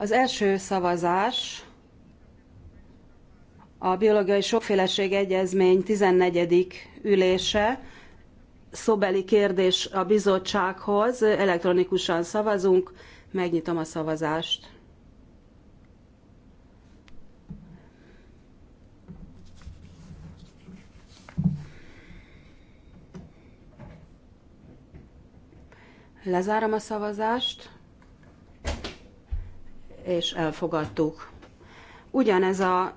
Az első szavazás a Biológiai Sokféleség Egyezmény 14. ülése, szobeli kérdés a bizottsághoz, elektronikusan szavazunk, megnyitom a szavazást. Lezárom a szavazást és elfogadtuk. Ugyanez a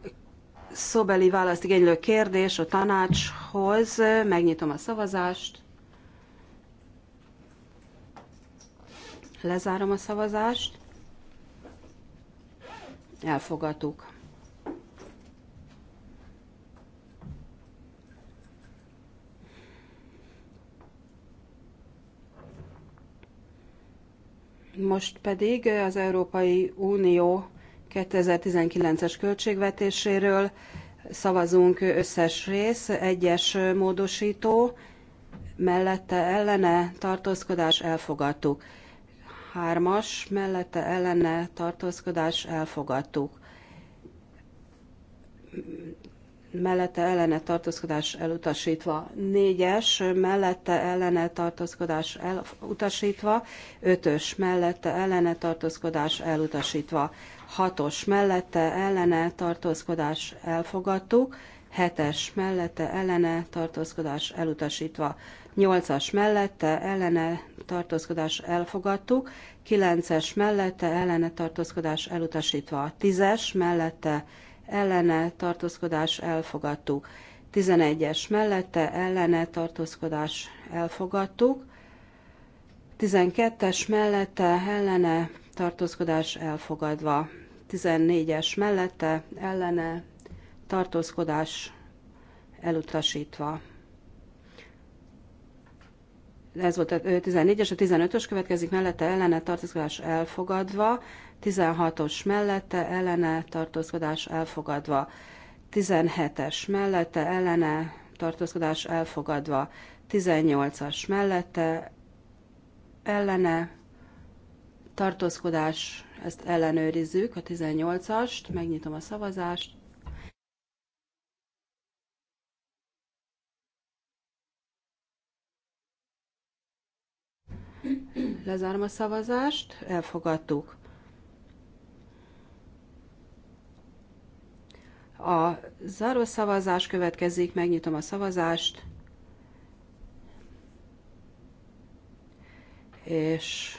szobeli választ igénylő kérdés a tanácshoz. Megnyitom a szavazást. Lezárom a szavazást. Elfogadtuk. Most pedig az Európai Unió 2019-es költségvetéséről szavazunk összes rész, egyes módosító, mellette ellene tartózkodás elfogadtuk. Hármas, mellette ellene tartózkodás elfogadtuk mellette ellene tartózkodás elutasítva, négyes mellette ellene tartózkodás elutasítva, ötös mellette ellene tartózkodás elutasítva, hatos mellette ellene tartózkodás elfogadtuk, hetes mellette ellene tartózkodás elutasítva, nyolcas mellette ellene tartózkodás elfogadtuk, kilences mellette ellene tartózkodás elutasítva, tízes mellette ellene tartózkodás elfogadtuk. 11-es mellette ellene tartózkodás elfogadtuk. 12-es mellette ellene tartózkodás elfogadva. 14-es mellette ellene tartózkodás elutasítva. Ez volt a 14-es, a 15-ös következik mellette ellene tartózkodás elfogadva, 16-os mellette ellene tartózkodás elfogadva, 17-es mellette ellene tartózkodás elfogadva, 18-as mellette ellene tartózkodás, ezt ellenőrizzük, a 18-ast, megnyitom a szavazást. Lezárom a szavazást, elfogadtuk. A záró szavazás következik, megnyitom a szavazást, és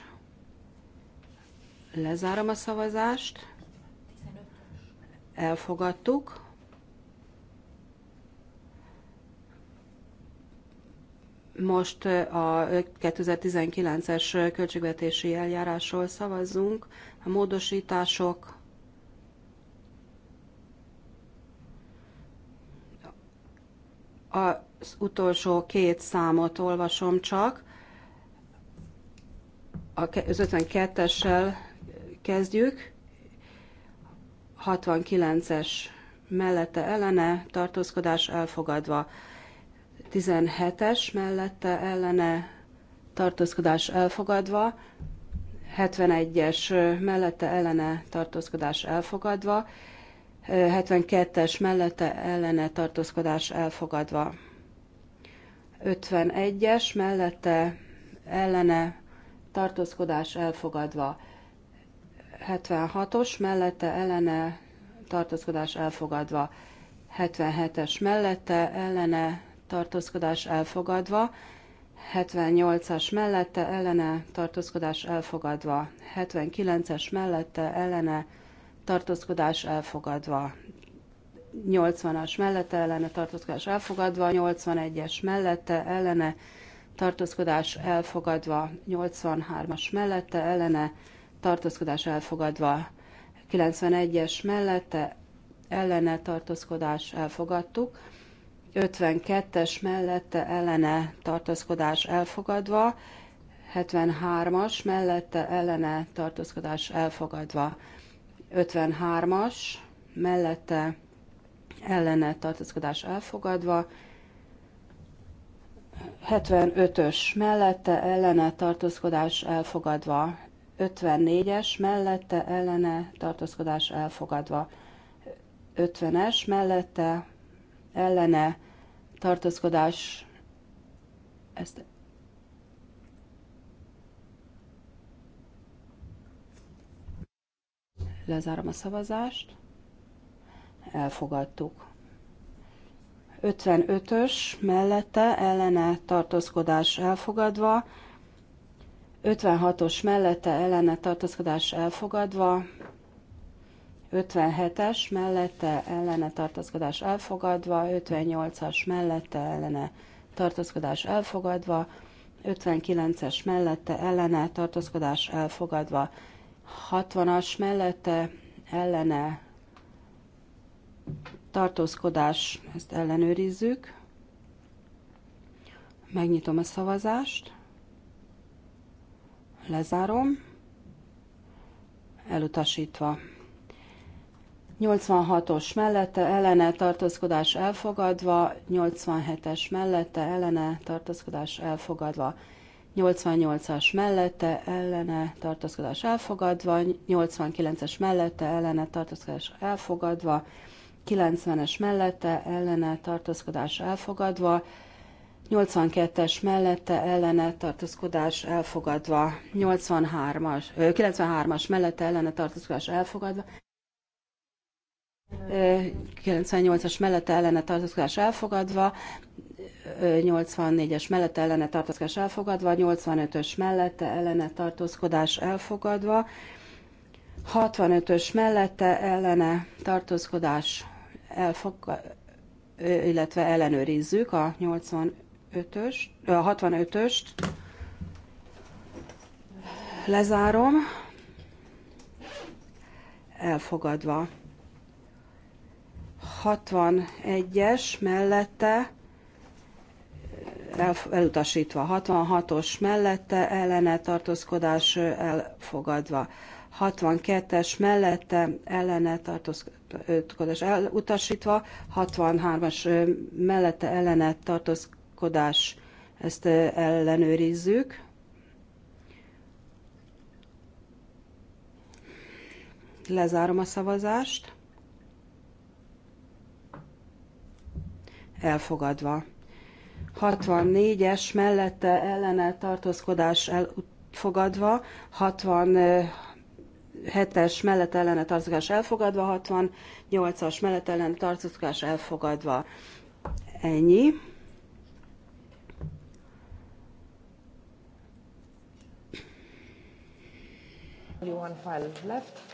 lezárom a szavazást. Elfogadtuk. Most a 2019-es költségvetési eljárásról szavazzunk. A módosítások Az utolsó két számot olvasom csak. Az 52-essel kezdjük. 69-es mellette ellene, tartózkodás elfogadva. 17-es mellette ellene, tartózkodás elfogadva. 71-es mellette ellene tartózkodás elfogadva, 72-es mellette ellene tartózkodás elfogadva. 51-es mellette ellene tartózkodás elfogadva. 76-os mellette ellene tartózkodás elfogadva. 77-es mellette ellene tartózkodás elfogadva. 78-as mellette ellene tartózkodás elfogadva. 79-es mellette ellene tartózkodás elfogadva. 80-as mellette ellene tartózkodás elfogadva, 81-es mellette ellene tartózkodás elfogadva, 83-as mellette ellene tartózkodás elfogadva, 91-es mellette ellene tartózkodás elfogadtuk, 52-es mellette ellene tartózkodás elfogadva, 73-as mellette ellene tartózkodás elfogadva, 53-as mellette ellene tartózkodás elfogadva, 75-ös mellette ellene tartózkodás elfogadva, 54-es mellette ellene tartózkodás elfogadva, 50-es mellette ellene tartózkodás ezt Lezárom a szavazást. Elfogadtuk. 55-ös mellette ellene tartózkodás elfogadva, 56-os mellette ellene tartózkodás elfogadva, 57-es mellette ellene tartózkodás elfogadva, 58-as mellette ellene tartózkodás elfogadva, 59-es mellette ellene tartózkodás elfogadva, 60-as mellette ellene tartózkodás, ezt ellenőrizzük. Megnyitom a szavazást, lezárom, elutasítva. 86-os mellette ellene tartózkodás elfogadva, 87-es mellette ellene tartózkodás elfogadva, 88-as mellette ellene tartózkodás elfogadva, 89-es mellette ellene tartózkodás elfogadva, 90-es mellette ellene tartózkodás elfogadva, 82-es mellette ellene tartózkodás elfogadva, 83-as, 93-as mellette ellene tartózkodás elfogadva, 98-as mellette ellene tartózkodás elfogadva, 84-es mellette ellene tartózkodás elfogadva, 85-ös mellette ellene tartózkodás elfogadva, 65-ös mellette ellene tartózkodás elfog, illetve ellenőrizzük a 85-ös, a 65-öst. Lezárom. Elfogadva. 61-es mellette elutasítva 66-os mellette ellene tartózkodás elfogadva. 62-es mellette ellene tartózkodás elutasítva, 63-as mellette ellene tartózkodás, ezt ellenőrizzük. Lezárom a szavazást. Elfogadva. 64-es mellette ellene tartózkodás elfogadva, 67-es mellette ellene tartózkodás elfogadva, 68-as mellette ellene tartózkodás elfogadva. Ennyi. Only one file left.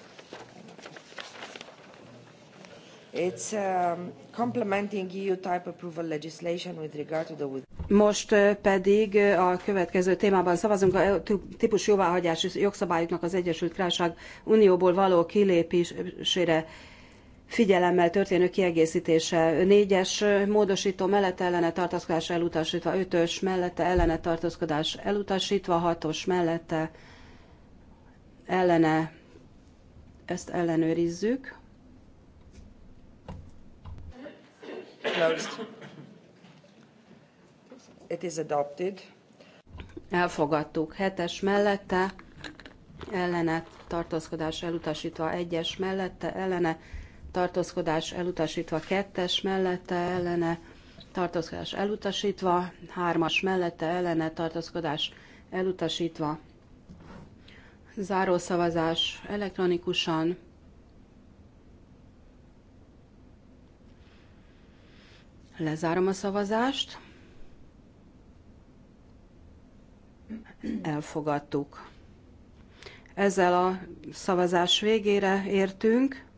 It's um, complementing EU type approval legislation with regard to the most uh, pedig uh, a következő témában szavazunk a típus jóváhagyási jogszabályoknak az Egyesült Királyság Unióból való kilépésére figyelemmel történő kiegészítése. Négyes uh, módosító mellette ellene tartózkodás elutasítva, ötös mellette ellene tartózkodás elutasítva, hatos mellette ellene ezt ellenőrizzük. Closed. It is adopted. Elfogadtuk. Hetes mellette, ellene, tartózkodás elutasítva. Egyes mellette, ellene, tartózkodás elutasítva. Kettes mellette, ellene, tartózkodás elutasítva. Hármas mellette, ellene, tartózkodás elutasítva. Zárószavazás elektronikusan. Lezárom a szavazást. Elfogadtuk. Ezzel a szavazás végére értünk.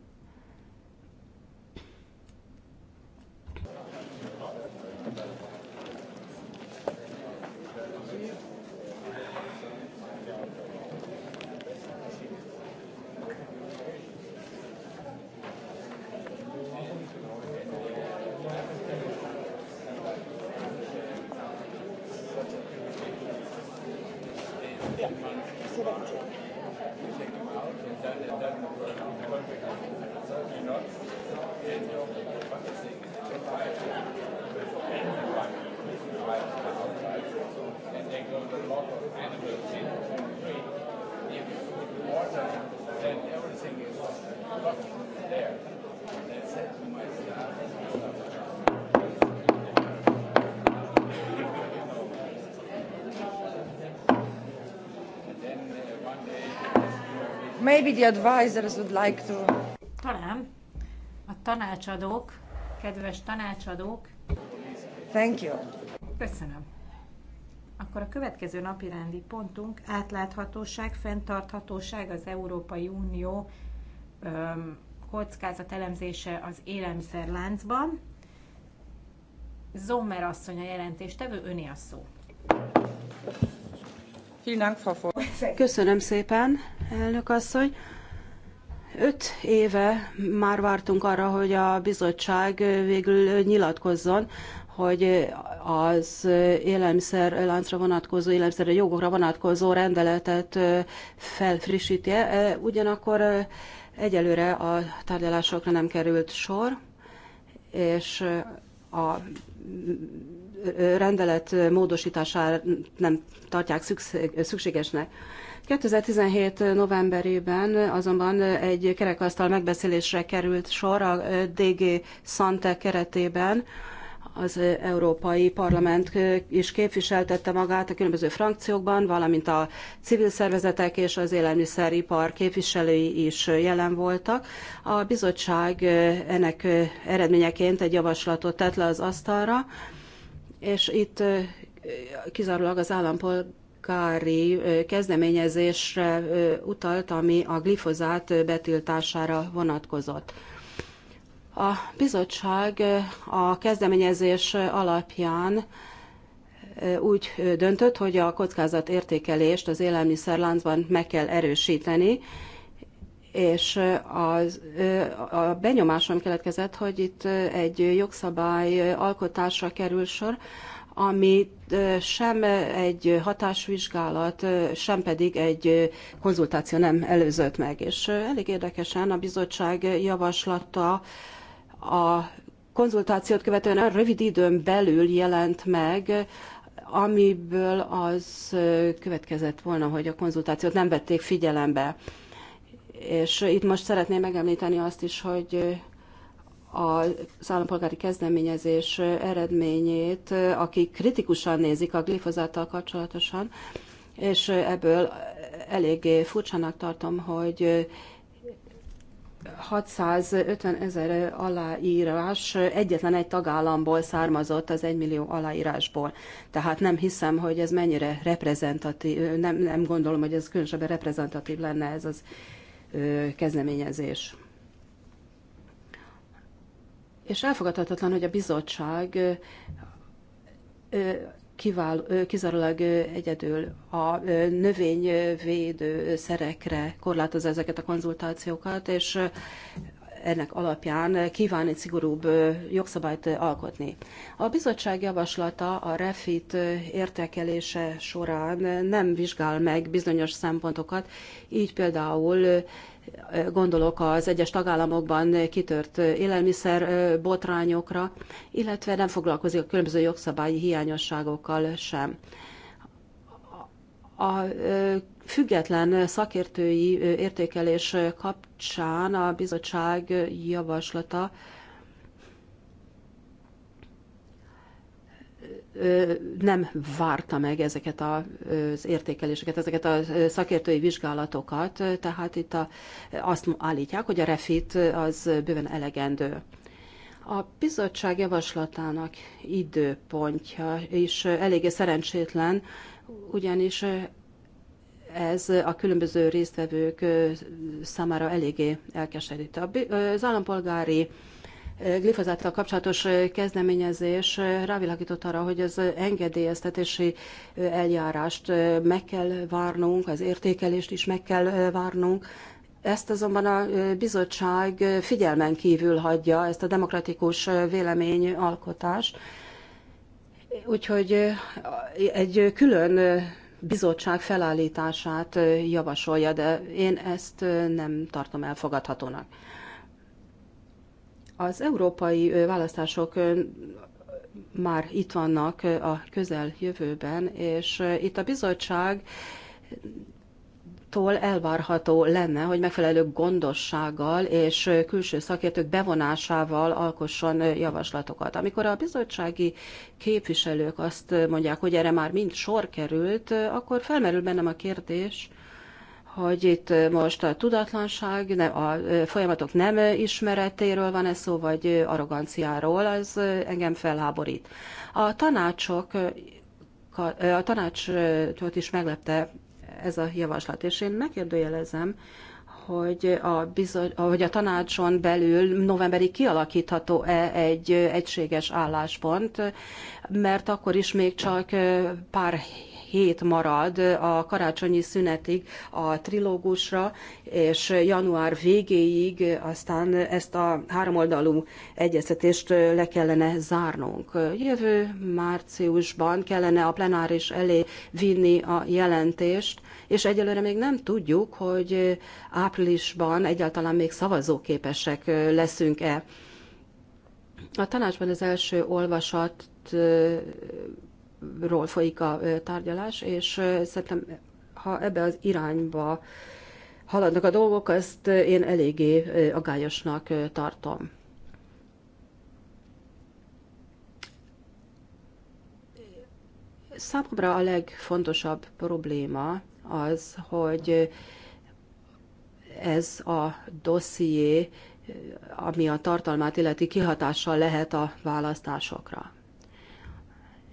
the advisors would like to... Talán a tanácsadók, kedves tanácsadók. Thank you. Köszönöm. Akkor a következő napi rendi pontunk átláthatóság, fenntarthatóság az Európai Unió öm, kockázat elemzése az élelmiszerláncban. Zomer asszony a jelentéstevő, öné a szó. Köszönöm szépen elnök asszony. Öt éve már vártunk arra, hogy a bizottság végül nyilatkozzon, hogy az élelmiszer láncra vonatkozó, élelmiszer jogokra vonatkozó rendeletet felfrissíti. Ugyanakkor egyelőre a tárgyalásokra nem került sor, és a rendelet módosítását nem tartják szükségesnek. 2017. novemberében azonban egy kerekasztal megbeszélésre került sor a DG Sante keretében, az Európai Parlament is képviseltette magát a különböző frakciókban, valamint a civil szervezetek és az élelmiszeripar képviselői is jelen voltak. A bizottság ennek eredményeként egy javaslatot tett le az asztalra, és itt kizárólag az állampolgárok polgári kezdeményezésre utalt, ami a glifozát betiltására vonatkozott. A bizottság a kezdeményezés alapján úgy döntött, hogy a kockázat értékelést az élelmiszerláncban meg kell erősíteni, és az, a benyomásom keletkezett, hogy itt egy jogszabály alkotásra kerül sor, amit sem egy hatásvizsgálat, sem pedig egy konzultáció nem előzött meg. És elég érdekesen a bizottság javaslata a konzultációt követően a rövid időn belül jelent meg, amiből az következett volna, hogy a konzultációt nem vették figyelembe. És itt most szeretném megemlíteni azt is, hogy az állampolgári kezdeményezés eredményét, akik kritikusan nézik a glifozáttal kapcsolatosan, és ebből eléggé furcsának tartom, hogy 650 ezer aláírás egyetlen egy tagállamból származott az 1 millió aláírásból. Tehát nem hiszem, hogy ez mennyire reprezentatív, nem, nem gondolom, hogy ez különösebben reprezentatív lenne ez az kezdeményezés. És elfogadhatatlan, hogy a bizottság kivál, kizárólag egyedül a növényvédő szerekre korlátozza ezeket a konzultációkat, és ennek alapján kíván egy szigorúbb jogszabályt alkotni. A bizottság javaslata a refit értékelése során nem vizsgál meg bizonyos szempontokat, így például gondolok az egyes tagállamokban kitört élelmiszer botrányokra, illetve nem foglalkozik a különböző jogszabályi hiányosságokkal sem. A független szakértői értékelés kapcsán a bizottság javaslata nem várta meg ezeket az értékeléseket, ezeket a szakértői vizsgálatokat, tehát itt a, azt állítják, hogy a refit az bőven elegendő. A bizottság javaslatának időpontja is eléggé szerencsétlen, ugyanis ez a különböző résztvevők számára eléggé elkeserítő. Az állampolgári glifozáttal kapcsolatos kezdeményezés rávilágított arra, hogy az engedélyeztetési eljárást meg kell várnunk, az értékelést is meg kell várnunk, ezt azonban a bizottság figyelmen kívül hagyja, ezt a demokratikus véleményalkotást. Úgyhogy egy külön bizottság felállítását javasolja, de én ezt nem tartom elfogadhatónak. Az európai választások már itt vannak a közel jövőben, és itt a bizottság tól elvárható lenne, hogy megfelelő gondossággal és külső szakértők bevonásával alkosson javaslatokat. Amikor a bizottsági képviselők azt mondják, hogy erre már mind sor került, akkor felmerül bennem a kérdés, hogy itt most a tudatlanság, nem, a folyamatok nem ismeretéről van ez szó, vagy arroganciáról, az engem felháborít. A tanácsok, a tanácsot is meglepte ez a javaslat, és én megkérdőjelezem, hogy a, bizony, hogy a tanácson belül novemberi kialakítható-e egy egységes álláspont mert akkor is még csak pár hét marad a karácsonyi szünetig a trilógusra, és január végéig aztán ezt a háromoldalú egyeztetést le kellene zárnunk. Jövő márciusban kellene a plenáris elé vinni a jelentést, és egyelőre még nem tudjuk, hogy áprilisban egyáltalán még szavazóképesek leszünk-e. A tanácsban az első olvasat ról folyik a tárgyalás, és szerintem, ha ebbe az irányba haladnak a dolgok, ezt én eléggé agályosnak tartom. Számomra a legfontosabb probléma az, hogy ez a dosszié, ami a tartalmát illeti kihatással lehet a választásokra.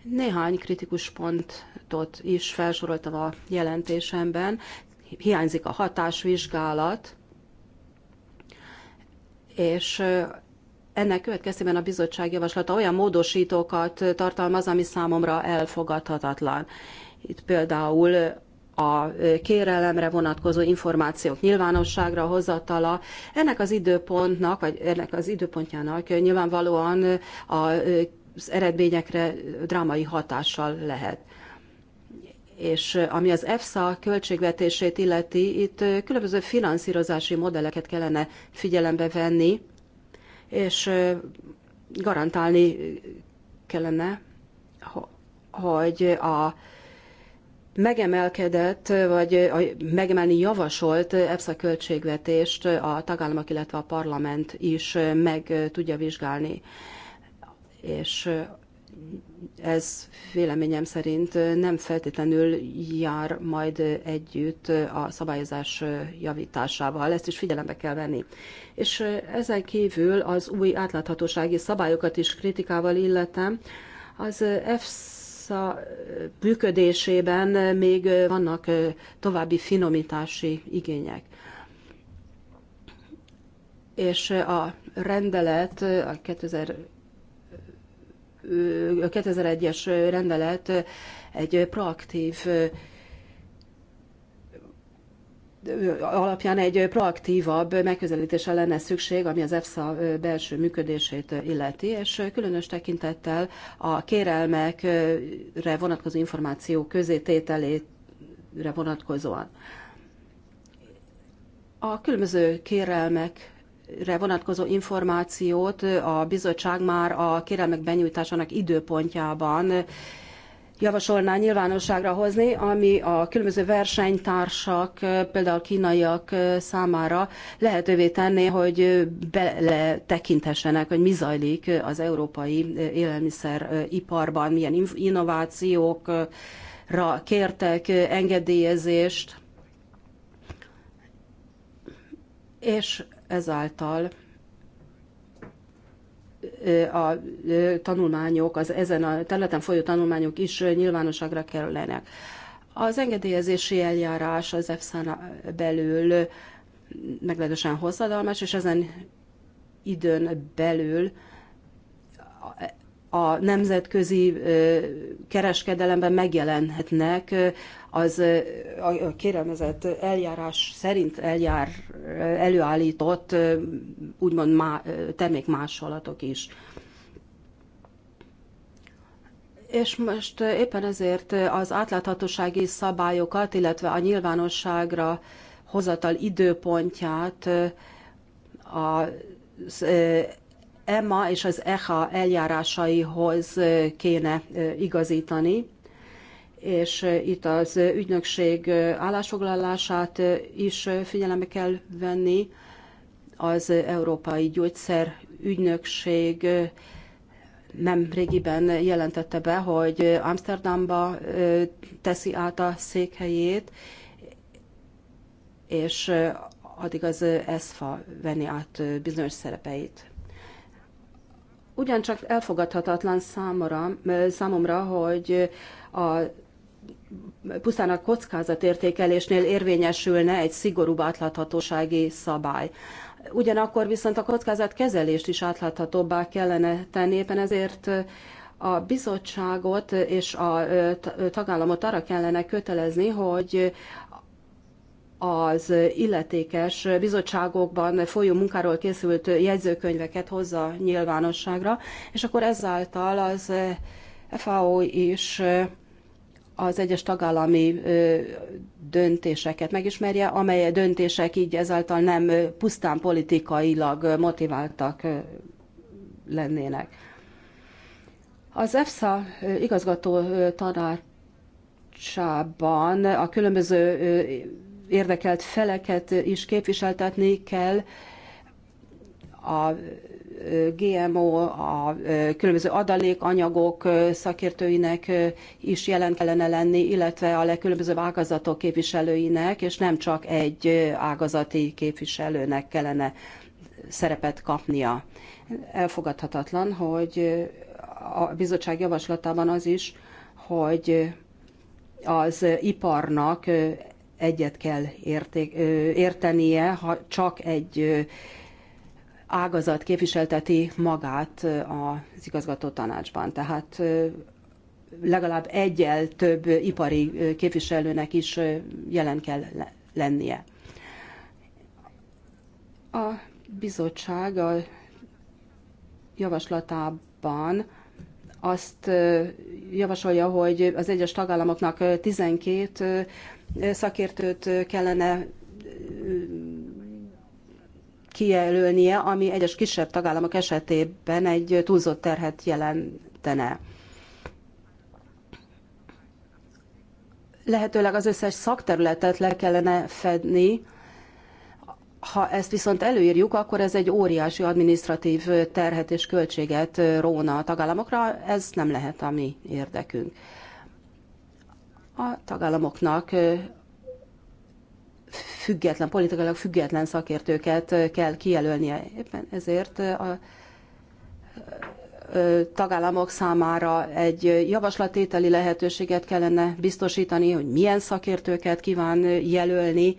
Néhány kritikus pontot is felsoroltam a jelentésemben. Hiányzik a hatásvizsgálat, és ennek következtében a bizottság javaslata olyan módosítókat tartalmaz, ami számomra elfogadhatatlan. Itt például a kérelemre vonatkozó információk nyilvánosságra hozatala. Ennek az időpontnak, vagy ennek az időpontjának nyilvánvalóan a az eredményekre drámai hatással lehet. És eh, ami az EFSA költségvetését illeti, itt eh, különböző finanszírozási modelleket kellene figyelembe venni, és eh, garantálni kellene, hogy a megemelkedett, vagy a megemelni javasolt EFSA költségvetést a tagállamok, illetve a parlament is meg tudja vizsgálni és ez véleményem szerint nem feltétlenül jár majd együtt a szabályozás javításával. Ezt is figyelembe kell venni. És ezen kívül az új átláthatósági szabályokat is kritikával illetem. Az EFSA működésében még vannak további finomítási igények. És a rendelet, a 2000 2001-es rendelet egy proaktív alapján egy proaktívabb megközelítésre lenne szükség, ami az EFSA belső működését illeti, és különös tekintettel a kérelmekre vonatkozó információ közétételére vonatkozóan. A különböző kérelmek re vonatkozó információt a bizottság már a kérelmek benyújtásának időpontjában javasolná nyilvánosságra hozni, ami a különböző versenytársak, például kínaiak számára lehetővé tenné, hogy beletekintessenek, hogy mi zajlik az európai élelmiszeriparban, milyen innovációkra kértek engedélyezést. És ezáltal a tanulmányok, az ezen a területen folyó tanulmányok is nyilvánosságra kerülnek. Az engedélyezési eljárás az EFSA belül meglehetősen hosszadalmas, és ezen időn belül a nemzetközi kereskedelemben megjelenhetnek az a kérelmezett eljárás szerint eljár, előállított úgymond má, másolatok is. És most éppen ezért az átláthatósági szabályokat, illetve a nyilvánosságra hozatal időpontját a EMA és az EHA e eljárásaihoz kéne igazítani és itt az ügynökség állásfoglalását is figyelembe kell venni. Az Európai Gyógyszer Ügynökség nem régiben jelentette be, hogy Amsterdamba teszi át a székhelyét, és addig az ESFA venni át bizonyos szerepeit. Ugyancsak elfogadhatatlan számomra, számomra hogy a pusztán a kockázatértékelésnél érvényesülne egy szigorúbb átláthatósági szabály. Ugyanakkor viszont a kockázatkezelést is átláthatóbbá kellene tenni, éppen ezért a bizottságot és a tagállamot arra kellene kötelezni, hogy az illetékes bizottságokban folyó munkáról készült jegyzőkönyveket hozza nyilvánosságra, és akkor ezáltal az FAO is az egyes tagállami döntéseket megismerje, amely döntések így ezáltal nem pusztán politikailag motiváltak lennének. Az EFSA igazgató tanácsában a különböző érdekelt feleket is képviseltetni kell, a GMO, a különböző adalékanyagok szakértőinek is jelen kellene lenni, illetve a legkülönbözőbb ágazatok képviselőinek, és nem csak egy ágazati képviselőnek kellene szerepet kapnia. Elfogadhatatlan, hogy a bizottság javaslatában az is, hogy az iparnak egyet kell értenie, ha csak egy ágazat képviselteti magát az igazgató tanácsban. Tehát legalább egyel több ipari képviselőnek is jelen kell lennie. A bizottság a javaslatában azt javasolja, hogy az egyes tagállamoknak 12 szakértőt kellene kijelölnie, ami egyes kisebb tagállamok esetében egy túlzott terhet jelentene. Lehetőleg az összes szakterületet le kellene fedni, ha ezt viszont előírjuk, akkor ez egy óriási administratív terhet és költséget róna a tagállamokra, ez nem lehet a mi érdekünk. A tagállamoknak független, politikailag független szakértőket kell kijelölnie. Éppen ezért a tagállamok számára egy javaslatételi lehetőséget kellene biztosítani, hogy milyen szakértőket kíván jelölni,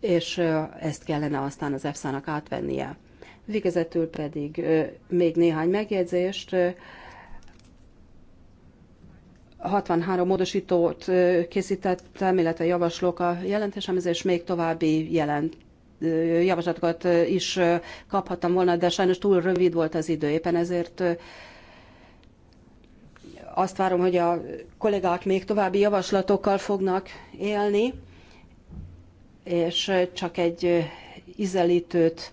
és ezt kellene aztán az EFSA-nak átvennie. Végezetül pedig még néhány megjegyzést 63 módosítót készítettem, illetve javaslok a jelentésemhez, és még további jelent javaslatokat is kaphattam volna, de sajnos túl rövid volt az idő, éppen ezért azt várom, hogy a kollégák még további javaslatokkal fognak élni, és csak egy izelítőt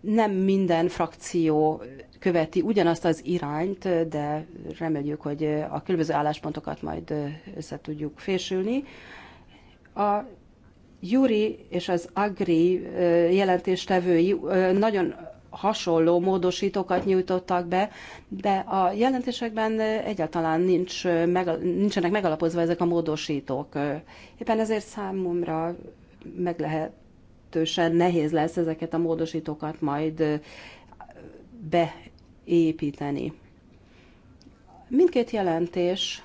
nem minden frakció követi ugyanazt az irányt, de reméljük, hogy a különböző álláspontokat majd össze tudjuk fésülni. A Juri és az Agri jelentéstevői nagyon hasonló módosítókat nyújtottak be, de a jelentésekben egyáltalán nincs, meg, nincsenek megalapozva ezek a módosítók. Éppen ezért számomra meg lehet nehéz lesz ezeket a módosítókat majd be építeni. Mindkét jelentés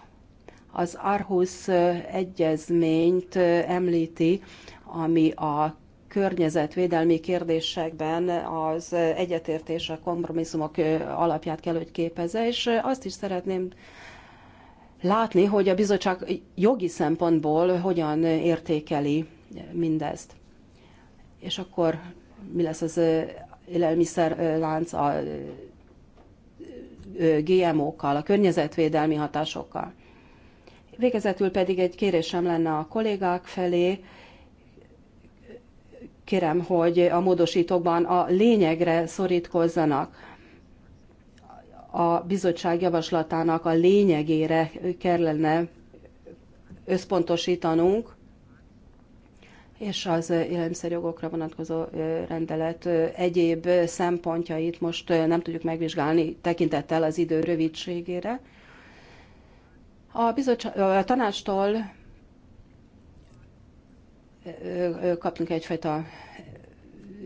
az Arhus egyezményt említi, ami a környezetvédelmi kérdésekben az egyetértés a kompromisszumok alapját kell, hogy képeze, és azt is szeretném látni, hogy a bizottság jogi szempontból hogyan értékeli mindezt. És akkor mi lesz az élelmiszerlánc, a GMO-kkal, a környezetvédelmi hatásokkal. Végezetül pedig egy kérésem lenne a kollégák felé, kérem, hogy a módosítókban a lényegre szorítkozzanak. A bizottság javaslatának a lényegére kellene összpontosítanunk, és az élelmiszerjogokra vonatkozó rendelet egyéb szempontjait most nem tudjuk megvizsgálni tekintettel az idő rövidségére. A, bizottság, a tanástól kaptunk egyfajta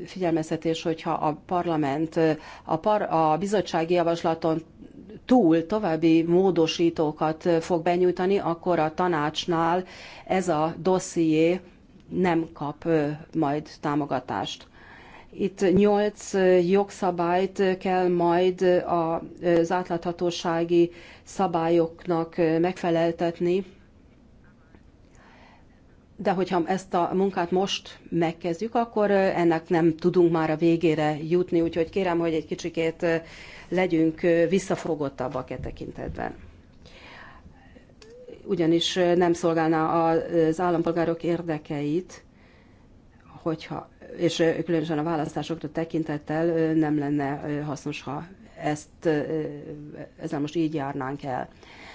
figyelmeztetés, hogyha a parlament a, par, a bizottsági javaslaton túl további módosítókat fog benyújtani, akkor a tanácsnál ez a dosszié nem kap majd támogatást. Itt nyolc jogszabályt kell majd az átláthatósági szabályoknak megfeleltetni, de hogyha ezt a munkát most megkezdjük, akkor ennek nem tudunk már a végére jutni, úgyhogy kérem, hogy egy kicsikét legyünk visszafogottabbak e tekintetben ugyanis nem szolgálná az állampolgárok érdekeit, hogyha, és különösen a választásokra tekintettel nem lenne hasznos, ha ezt, ezzel most így járnánk el.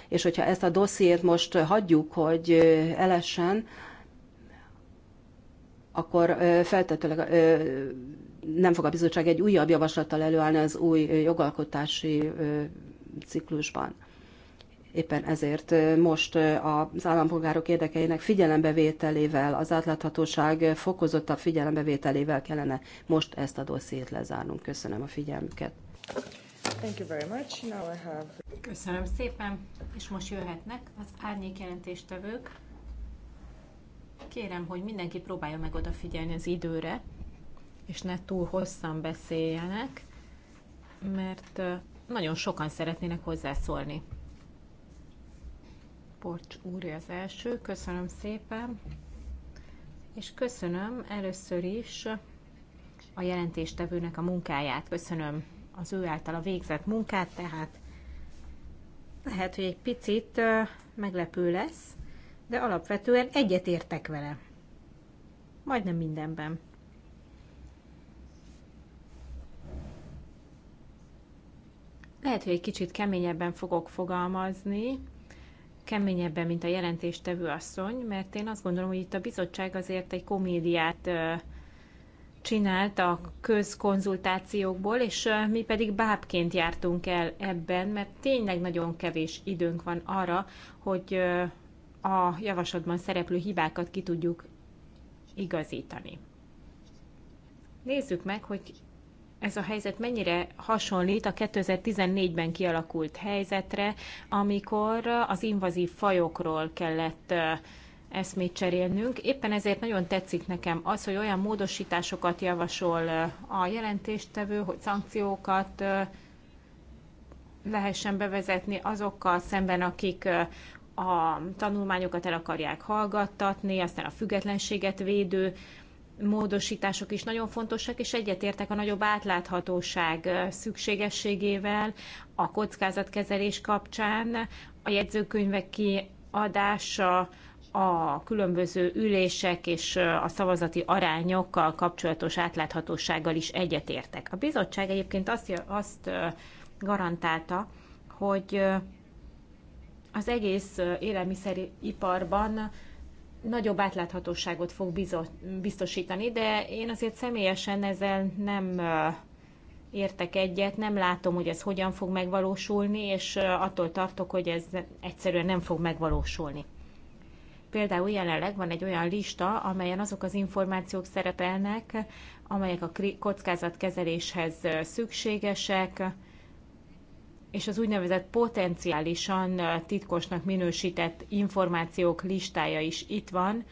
És hogyha ezt a dossziét most hagyjuk, hogy elessen, akkor feltetőleg nem fog a bizottság egy újabb javaslattal előállni az új jogalkotási ciklusban. Éppen ezért most az állampolgárok érdekeinek figyelembevételével, az átláthatóság fokozottabb figyelembevételével kellene most ezt a dossziét lezárnunk. Köszönöm a figyelmüket. Thank you very much. Now I have... Köszönöm szépen, és most jöhetnek az árnyék jelentéstevők. Kérem, hogy mindenki próbálja meg odafigyelni az időre, és ne túl hosszan beszéljenek, mert nagyon sokan szeretnének hozzászólni. Porcs úr az első. Köszönöm szépen, és köszönöm először is a jelentéstevőnek a munkáját. Köszönöm az ő által a végzett munkát, tehát lehet, hogy egy picit meglepő lesz, de alapvetően egyetértek vele. Majdnem mindenben. Lehet, hogy egy kicsit keményebben fogok fogalmazni, keményebben, mint a jelentéstevő asszony, mert én azt gondolom, hogy itt a bizottság azért egy komédiát csinált a közkonzultációkból, és mi pedig bábként jártunk el ebben, mert tényleg nagyon kevés időnk van arra, hogy a javaslatban szereplő hibákat ki tudjuk igazítani. Nézzük meg, hogy ez a helyzet mennyire hasonlít a 2014-ben kialakult helyzetre, amikor az invazív fajokról kellett eszmét cserélnünk. Éppen ezért nagyon tetszik nekem az, hogy olyan módosításokat javasol a jelentéstevő, hogy szankciókat lehessen bevezetni azokkal szemben, akik a tanulmányokat el akarják hallgattatni, aztán a függetlenséget védő módosítások is nagyon fontosak, és egyetértek a nagyobb átláthatóság szükségességével a kockázatkezelés kapcsán, a jegyzőkönyvek kiadása, a különböző ülések és a szavazati arányokkal kapcsolatos átláthatósággal is egyetértek. A bizottság egyébként azt, azt garantálta, hogy az egész élelmiszeriparban nagyobb átláthatóságot fog biztosítani, de én azért személyesen ezzel nem értek egyet, nem látom, hogy ez hogyan fog megvalósulni, és attól tartok, hogy ez egyszerűen nem fog megvalósulni. Például jelenleg van egy olyan lista, amelyen azok az információk szerepelnek, amelyek a kockázatkezeléshez szükségesek, és az úgynevezett potenciálisan titkosnak minősített információk listája is itt van.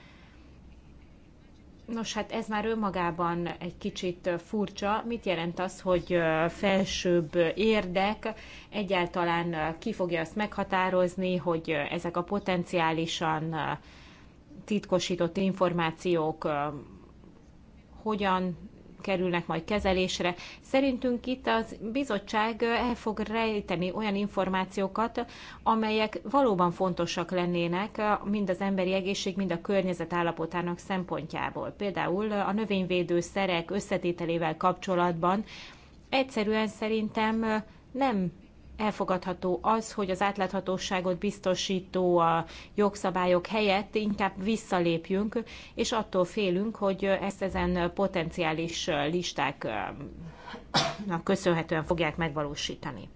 Nos, hát ez már önmagában egy kicsit furcsa. Mit jelent az, hogy felsőbb érdek egyáltalán ki fogja azt meghatározni, hogy ezek a potenciálisan titkosított információk hogyan kerülnek majd kezelésre. Szerintünk itt az bizottság el fog rejteni olyan információkat, amelyek valóban fontosak lennének mind az emberi egészség, mind a környezet állapotának szempontjából. Például a növényvédőszerek összetételével kapcsolatban egyszerűen szerintem nem elfogadható az, hogy az átláthatóságot biztosító a jogszabályok helyett inkább visszalépjünk, és attól félünk, hogy ezt ezen potenciális listáknak köszönhetően fogják megvalósítani.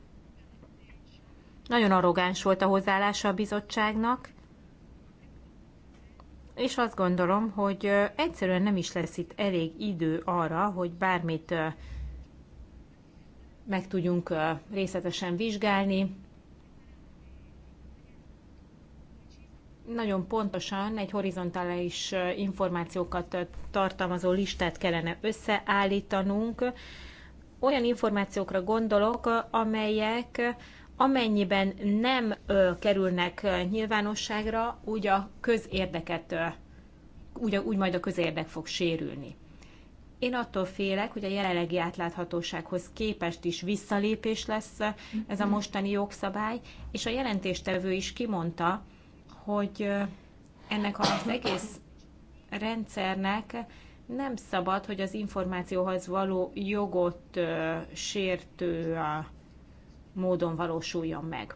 Nagyon arrogáns volt a hozzáállása a bizottságnak, és azt gondolom, hogy egyszerűen nem is lesz itt elég idő arra, hogy bármit meg tudjunk részletesen vizsgálni. Nagyon pontosan egy horizontális információkat tartalmazó listát kellene összeállítanunk. Olyan információkra gondolok, amelyek amennyiben nem kerülnek nyilvánosságra, úgy a közérdeket, úgy, úgy majd a közérdek fog sérülni. Én attól félek, hogy a jelenlegi átláthatósághoz képest is visszalépés lesz ez a mhm. mostani jogszabály, és a jelentéstevő is kimondta, hogy ennek az egész rendszernek nem szabad, hogy az információhoz való jogot sértő módon valósuljon meg.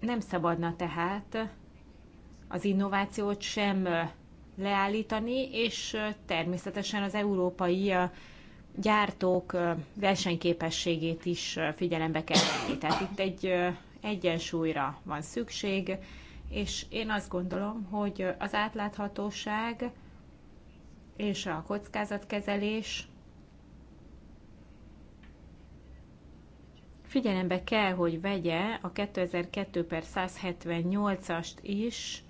Nem szabadna tehát az innovációt sem leállítani, és természetesen az európai gyártók versenyképességét is figyelembe kell venni. Tehát itt egy egyensúlyra van szükség, és én azt gondolom, hogy az átláthatóság és a kockázatkezelés figyelembe kell, hogy vegye a 2002 per 178-ast is,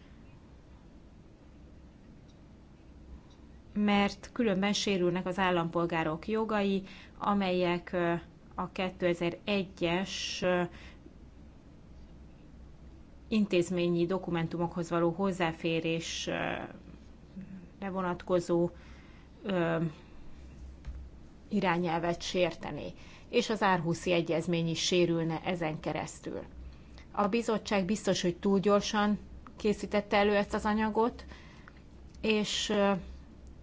mert különben sérülnek az állampolgárok jogai, amelyek a 2001-es intézményi dokumentumokhoz való hozzáférésre vonatkozó irányelvet sérteni, és az árhúszi Egyezmény is sérülne ezen keresztül. A bizottság biztos, hogy túl gyorsan készítette elő ezt az anyagot, és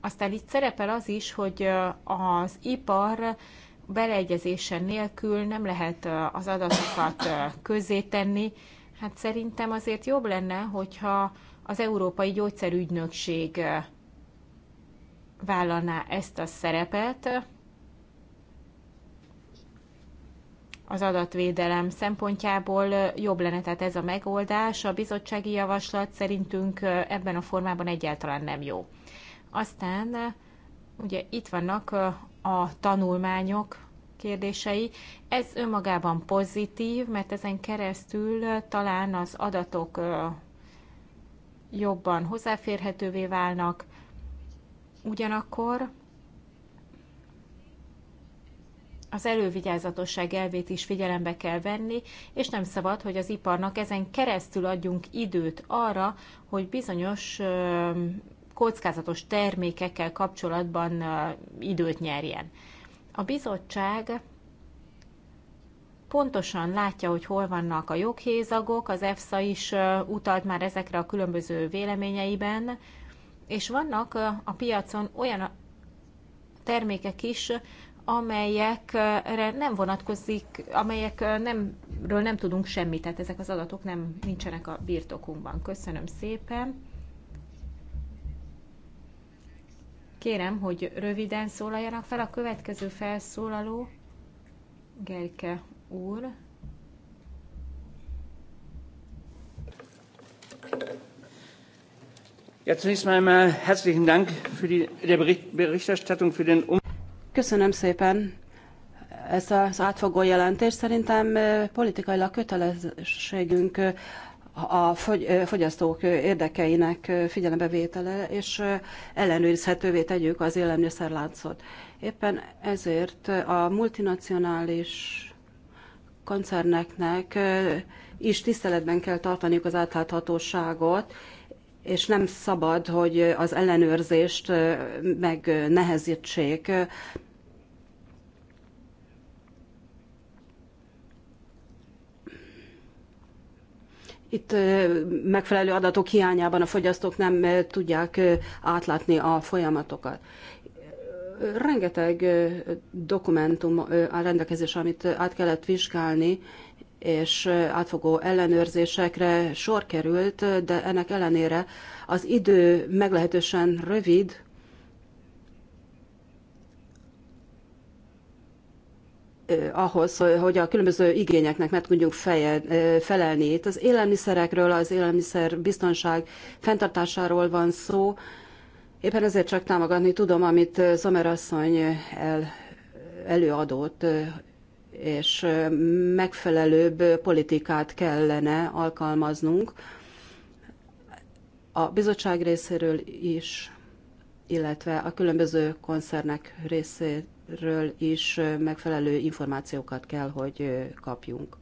aztán itt szerepel az is, hogy az ipar beleegyezése nélkül nem lehet az adatokat közzétenni. Hát szerintem azért jobb lenne, hogyha az Európai Gyógyszerügynökség vállalná ezt a szerepet az adatvédelem szempontjából jobb lenne, tehát ez a megoldás. A bizottsági javaslat szerintünk ebben a formában egyáltalán nem jó. Aztán ugye itt vannak a tanulmányok kérdései. Ez önmagában pozitív, mert ezen keresztül talán az adatok jobban hozzáférhetővé válnak. Ugyanakkor az elővigyázatosság elvét is figyelembe kell venni, és nem szabad, hogy az iparnak ezen keresztül adjunk időt arra, hogy bizonyos kockázatos termékekkel kapcsolatban időt nyerjen. A bizottság pontosan látja, hogy hol vannak a joghézagok, az EFSA is utalt már ezekre a különböző véleményeiben, és vannak a piacon olyan termékek is, amelyekre nem vonatkozik, amelyek nemről nem tudunk semmit, tehát ezek az adatok nem nincsenek a birtokunkban. Köszönöm szépen. Kérem, hogy röviden szólaljanak fel. A következő felszólaló Gerke úr. Ja, zunächst mal einmal äh, herzlichen Dank für die der Bericht, Berichterstattung für den um Köszönöm szépen ezt az átfogó jelentés Szerintem äh, politikailag kötelességünk a fogyasztók érdekeinek figyelembevétele, és ellenőrizhetővé tegyük az élelmiszerláncot. Éppen ezért a multinacionális koncerneknek is tiszteletben kell tartaniuk az átláthatóságot, és nem szabad, hogy az ellenőrzést megnehezítsék itt megfelelő adatok hiányában a fogyasztók nem tudják átlátni a folyamatokat. Rengeteg dokumentum a rendelkezés amit át kellett vizsgálni, és átfogó ellenőrzésekre sor került, de ennek ellenére az idő meglehetősen rövid, ahhoz, hogy a különböző igényeknek meg tudjunk feje, felelni. Itt az élelmiszerekről, az élelmiszer biztonság fenntartásáról van szó. Éppen ezért csak támogatni tudom, amit Zomer asszony el, előadott, és megfelelőbb politikát kellene alkalmaznunk a bizottság részéről is, illetve a különböző koncernek részéről ről is megfelelő információkat kell, hogy kapjunk.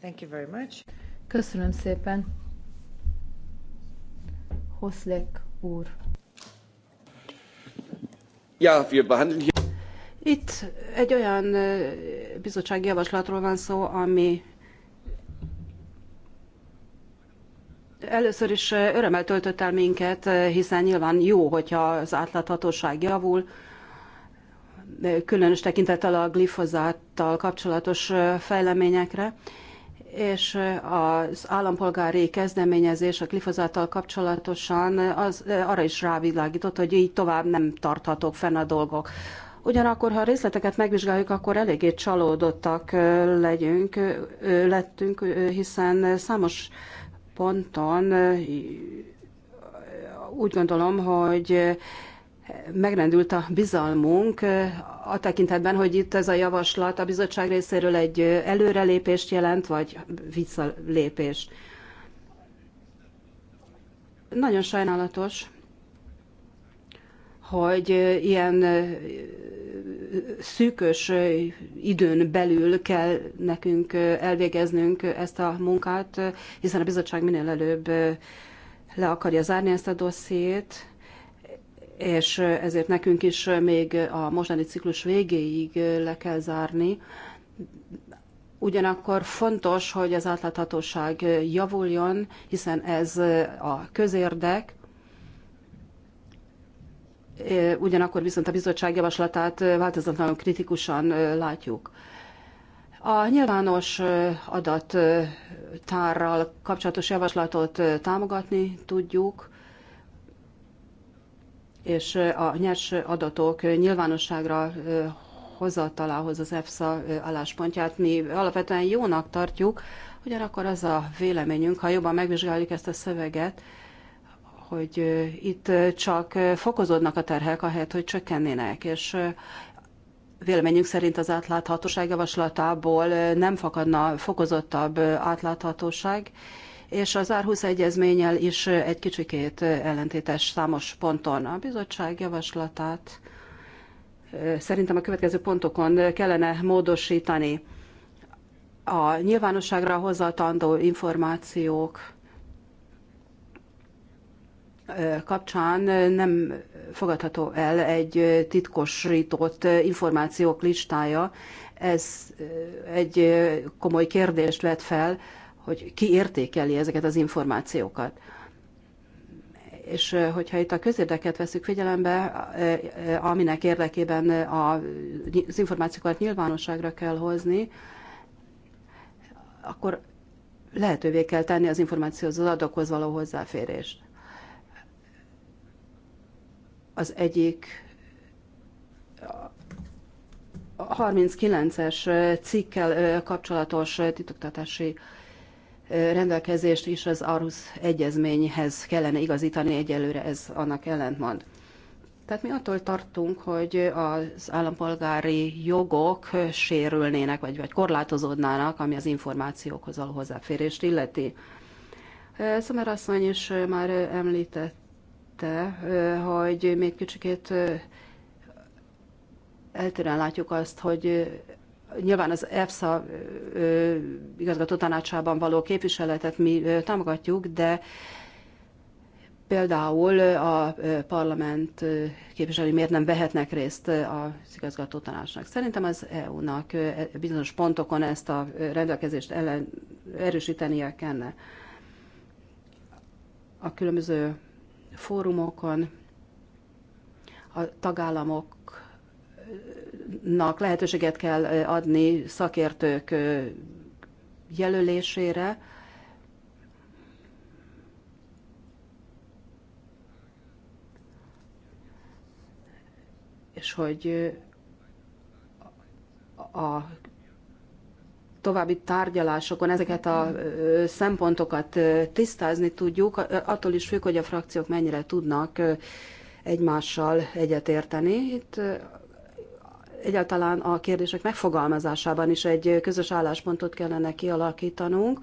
Thank you very much. Köszönöm szépen. Hoszlek úr. Ja, wir behandeln hier. Itt egy olyan bizottsági javaslatról van szó, ami Először is eh, örömmel töltött el minket, eh, hiszen nyilván jó, hogyha az átláthatóság javul, különös tekintettel a glifozáttal kapcsolatos eh, fejleményekre, és az állampolgári kezdeményezés a glifozáttal kapcsolatosan az, arra is rávilágított, hogy így tovább nem tarthatók fenn a dolgok. Ugyanakkor, ha a részleteket megvizsgáljuk, akkor eléggé csalódottak legyünk, lettünk, hiszen számos ponton úgy gondolom, hogy megrendült a bizalmunk a tekintetben, hogy itt ez a javaslat a bizottság részéről egy előrelépést jelent, vagy visszalépést. Nagyon sajnálatos, hogy ilyen szűkös időn belül kell nekünk elvégeznünk ezt a munkát, hiszen a bizottság minél előbb le akarja zárni ezt a dossziét, és ezért nekünk is még a mostani ciklus végéig le kell zárni. Ugyanakkor fontos, hogy az átláthatóság javuljon, hiszen ez a közérdek, ugyanakkor viszont a bizottság javaslatát változatlanul kritikusan látjuk. A nyilvános adattárral kapcsolatos javaslatot támogatni tudjuk, és a nyers adatok nyilvánosságra hozatalához az EFSA álláspontját mi alapvetően jónak tartjuk, ugyanakkor az a véleményünk, ha jobban megvizsgáljuk ezt a szöveget, hogy itt csak fokozódnak a terhek, ahelyett, hogy csökkennének, és véleményünk szerint az átláthatóság javaslatából nem fakadna fokozottabb átláthatóság, és az Árhusz egyezménnyel is egy kicsikét ellentétes számos ponton a bizottság javaslatát szerintem a következő pontokon kellene módosítani. A nyilvánosságra hozatandó információk kapcsán nem fogadható el egy titkosított információk listája. Ez egy komoly kérdést vet fel, hogy ki értékeli ezeket az információkat. És hogyha itt a közérdeket veszük figyelembe, aminek érdekében az információkat nyilvánosságra kell hozni, akkor lehetővé kell tenni az információhoz, az adokhoz való hozzáférést. Az egyik 39-es cikkel kapcsolatos titoktatási rendelkezést is az Aarhus egyezményhez kellene igazítani, egyelőre ez annak ellentmond. Tehát mi attól tartunk, hogy az állampolgári jogok sérülnének, vagy, vagy korlátozódnának, ami az információkhoz való hozzáférést illeti. Szomer asszony is már említett említette, hogy még kicsikét eltérően látjuk azt, hogy nyilván az EFSA igazgató tanácsában való képviseletet mi támogatjuk, de például a parlament képviselői miért nem vehetnek részt az igazgató tanácsnak. Szerintem az EU-nak e, bizonyos pontokon ezt a rendelkezést ellen erősítenie kellene. A különböző fórumokon a tagállamoknak lehetőséget kell adni szakértők jelölésére, és hogy a további tárgyalásokon ezeket a szempontokat tisztázni tudjuk, attól is függ, hogy a frakciók mennyire tudnak egymással egyetérteni. Itt egyáltalán a kérdések megfogalmazásában is egy közös álláspontot kellene kialakítanunk,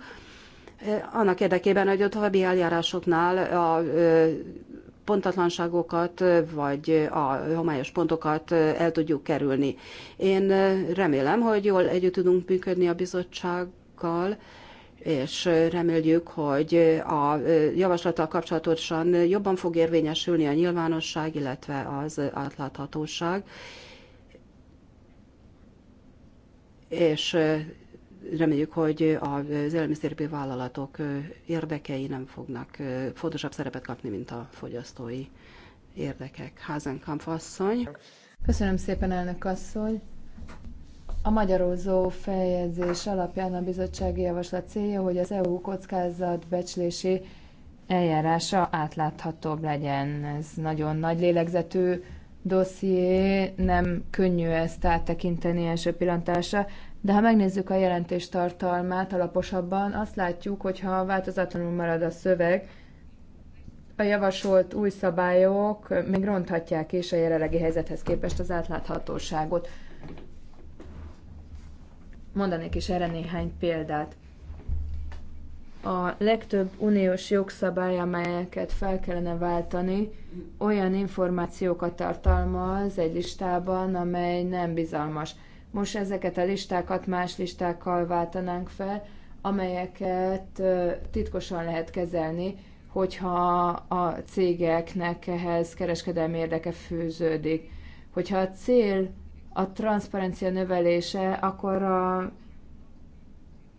annak érdekében, hogy a további eljárásoknál a pontatlanságokat vagy a homályos pontokat el tudjuk kerülni. Én remélem, hogy jól együtt tudunk működni a bizottsággal, és reméljük, hogy a javaslattal kapcsolatosan jobban fog érvényesülni a nyilvánosság, illetve az átláthatóság, és reméljük, hogy az élelmiszeripari vállalatok érdekei nem fognak fontosabb szerepet kapni, mint a fogyasztói érdekek. Házenkamp asszony. Köszönöm szépen, elnök asszony. A magyarózó feljegyzés alapján a bizottsági javaslat célja, hogy az EU becslési eljárása átláthatóbb legyen. Ez nagyon nagy lélegzetű dosszié, nem könnyű ezt áttekinteni első pillantásra, de ha megnézzük a jelentés tartalmát alaposabban, azt látjuk, hogy ha változatlanul marad a szöveg, a javasolt új szabályok még ronthatják is a jelenlegi helyzethez képest az átláthatóságot. Mondanék is erre néhány példát. A legtöbb uniós jogszabály, amelyeket fel kellene váltani, olyan információkat tartalmaz egy listában, amely nem bizalmas most ezeket a listákat más listákkal váltanánk fel, amelyeket titkosan lehet kezelni, hogyha a cégeknek ehhez kereskedelmi érdeke főződik. Hogyha a cél a transzparencia növelése, akkor a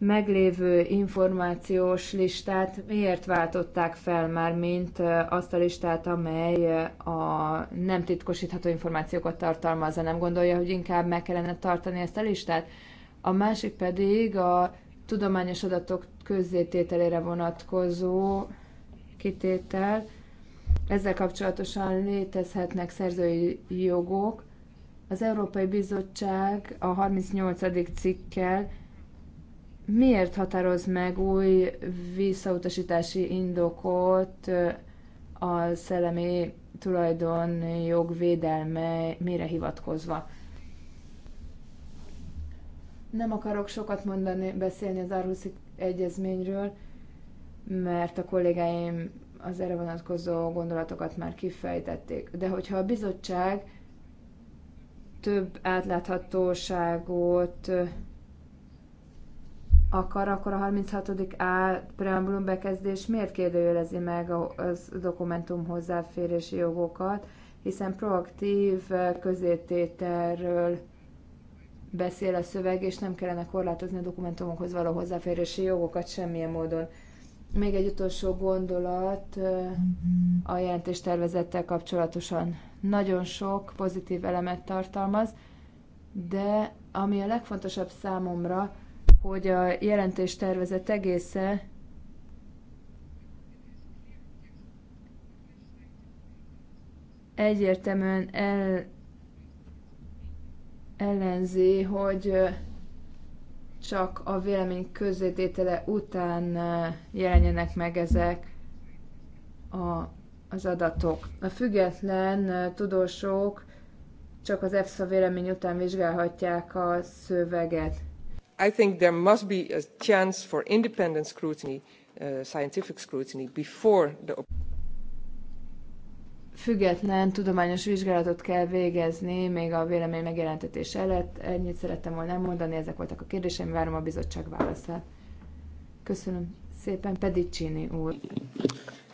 meglévő információs listát miért váltották fel már, mint eh, azt a listát, amely eh, a nem titkosítható információkat tartalmazza? Nem gondolja, hogy inkább meg kellene tartani ezt a listát? A másik pedig a tudományos adatok közzétételére vonatkozó kitétel. Ezzel kapcsolatosan létezhetnek szerzői jogok. Az Európai Bizottság a 38. cikkel miért határoz meg új visszautasítási indokot a szellemi tulajdonjog mire hivatkozva? Nem akarok sokat mondani, beszélni az Árhuszi egyezményről, mert a kollégáim az erre vonatkozó gondolatokat már kifejtették. De hogyha a bizottság több átláthatóságot akar, akkor a 36. A preambulum bekezdés miért kérdőjelezi meg a dokumentum hozzáférési jogokat, hiszen proaktív közétételről beszél a szöveg, és nem kellene korlátozni a dokumentumokhoz való hozzáférési jogokat semmilyen módon. Még egy utolsó gondolat a tervezettel kapcsolatosan. Nagyon sok pozitív elemet tartalmaz, de ami a legfontosabb számomra, hogy a jelentés tervezet egésze egyértelműen el, ellenzi, hogy csak a vélemény közzététele után jelenjenek meg ezek a, az adatok. A független tudósok csak az EFSA vélemény után vizsgálhatják a szöveget. I think there must be a chance for independent scrutiny, uh, scientific scrutiny, before the... Független tudományos vizsgálatot kell végezni, még a vélemény megjelentetés előtt. Ennyit szerettem volna elmondani, ezek voltak a kérdéseim, várom a bizottság válaszát. Köszönöm szépen, Pedicini úr.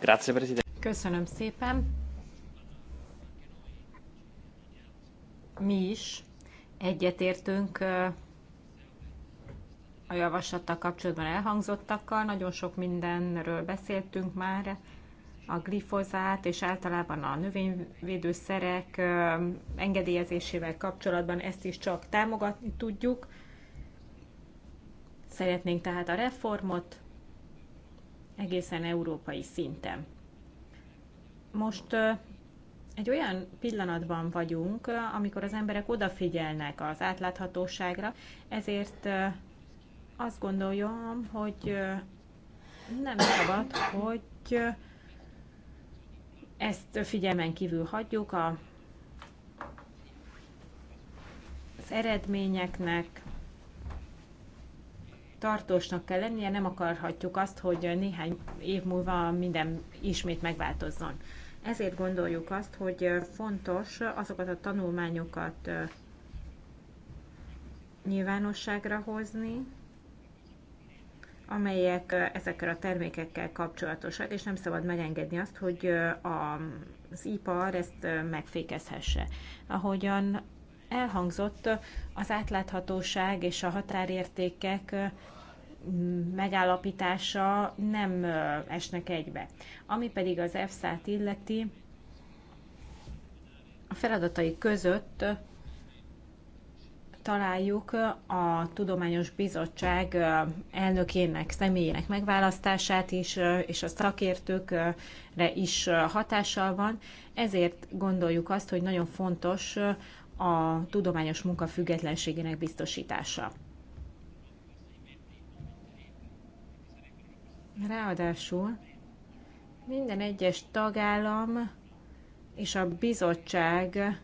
Grazie, Presidente. Köszönöm szépen. Mi is egyetértünk uh, a javaslattal kapcsolatban elhangzottakkal. Nagyon sok mindenről beszéltünk már, a glifozát és általában a növényvédőszerek engedélyezésével kapcsolatban ezt is csak támogatni tudjuk. Szeretnénk tehát a reformot egészen európai szinten. Most egy olyan pillanatban vagyunk, amikor az emberek odafigyelnek az átláthatóságra, ezért azt gondolom, hogy nem szabad, hogy ezt figyelmen kívül hagyjuk a, az eredményeknek, tartósnak kell lennie, nem akarhatjuk azt, hogy néhány év múlva minden ismét megváltozzon. Ezért gondoljuk azt, hogy fontos azokat a tanulmányokat nyilvánosságra hozni, amelyek ezekkel a termékekkel kapcsolatosak, és nem szabad megengedni azt, hogy az ipar ezt megfékezhesse. Ahogyan elhangzott, az átláthatóság és a határértékek megállapítása nem esnek egybe. Ami pedig az EFSA-t illeti, a feladatai között találjuk a Tudományos Bizottság elnökének, személyének megválasztását is, és a szakértőkre is hatással van. Ezért gondoljuk azt, hogy nagyon fontos a tudományos munka függetlenségének biztosítása. Ráadásul minden egyes tagállam és a bizottság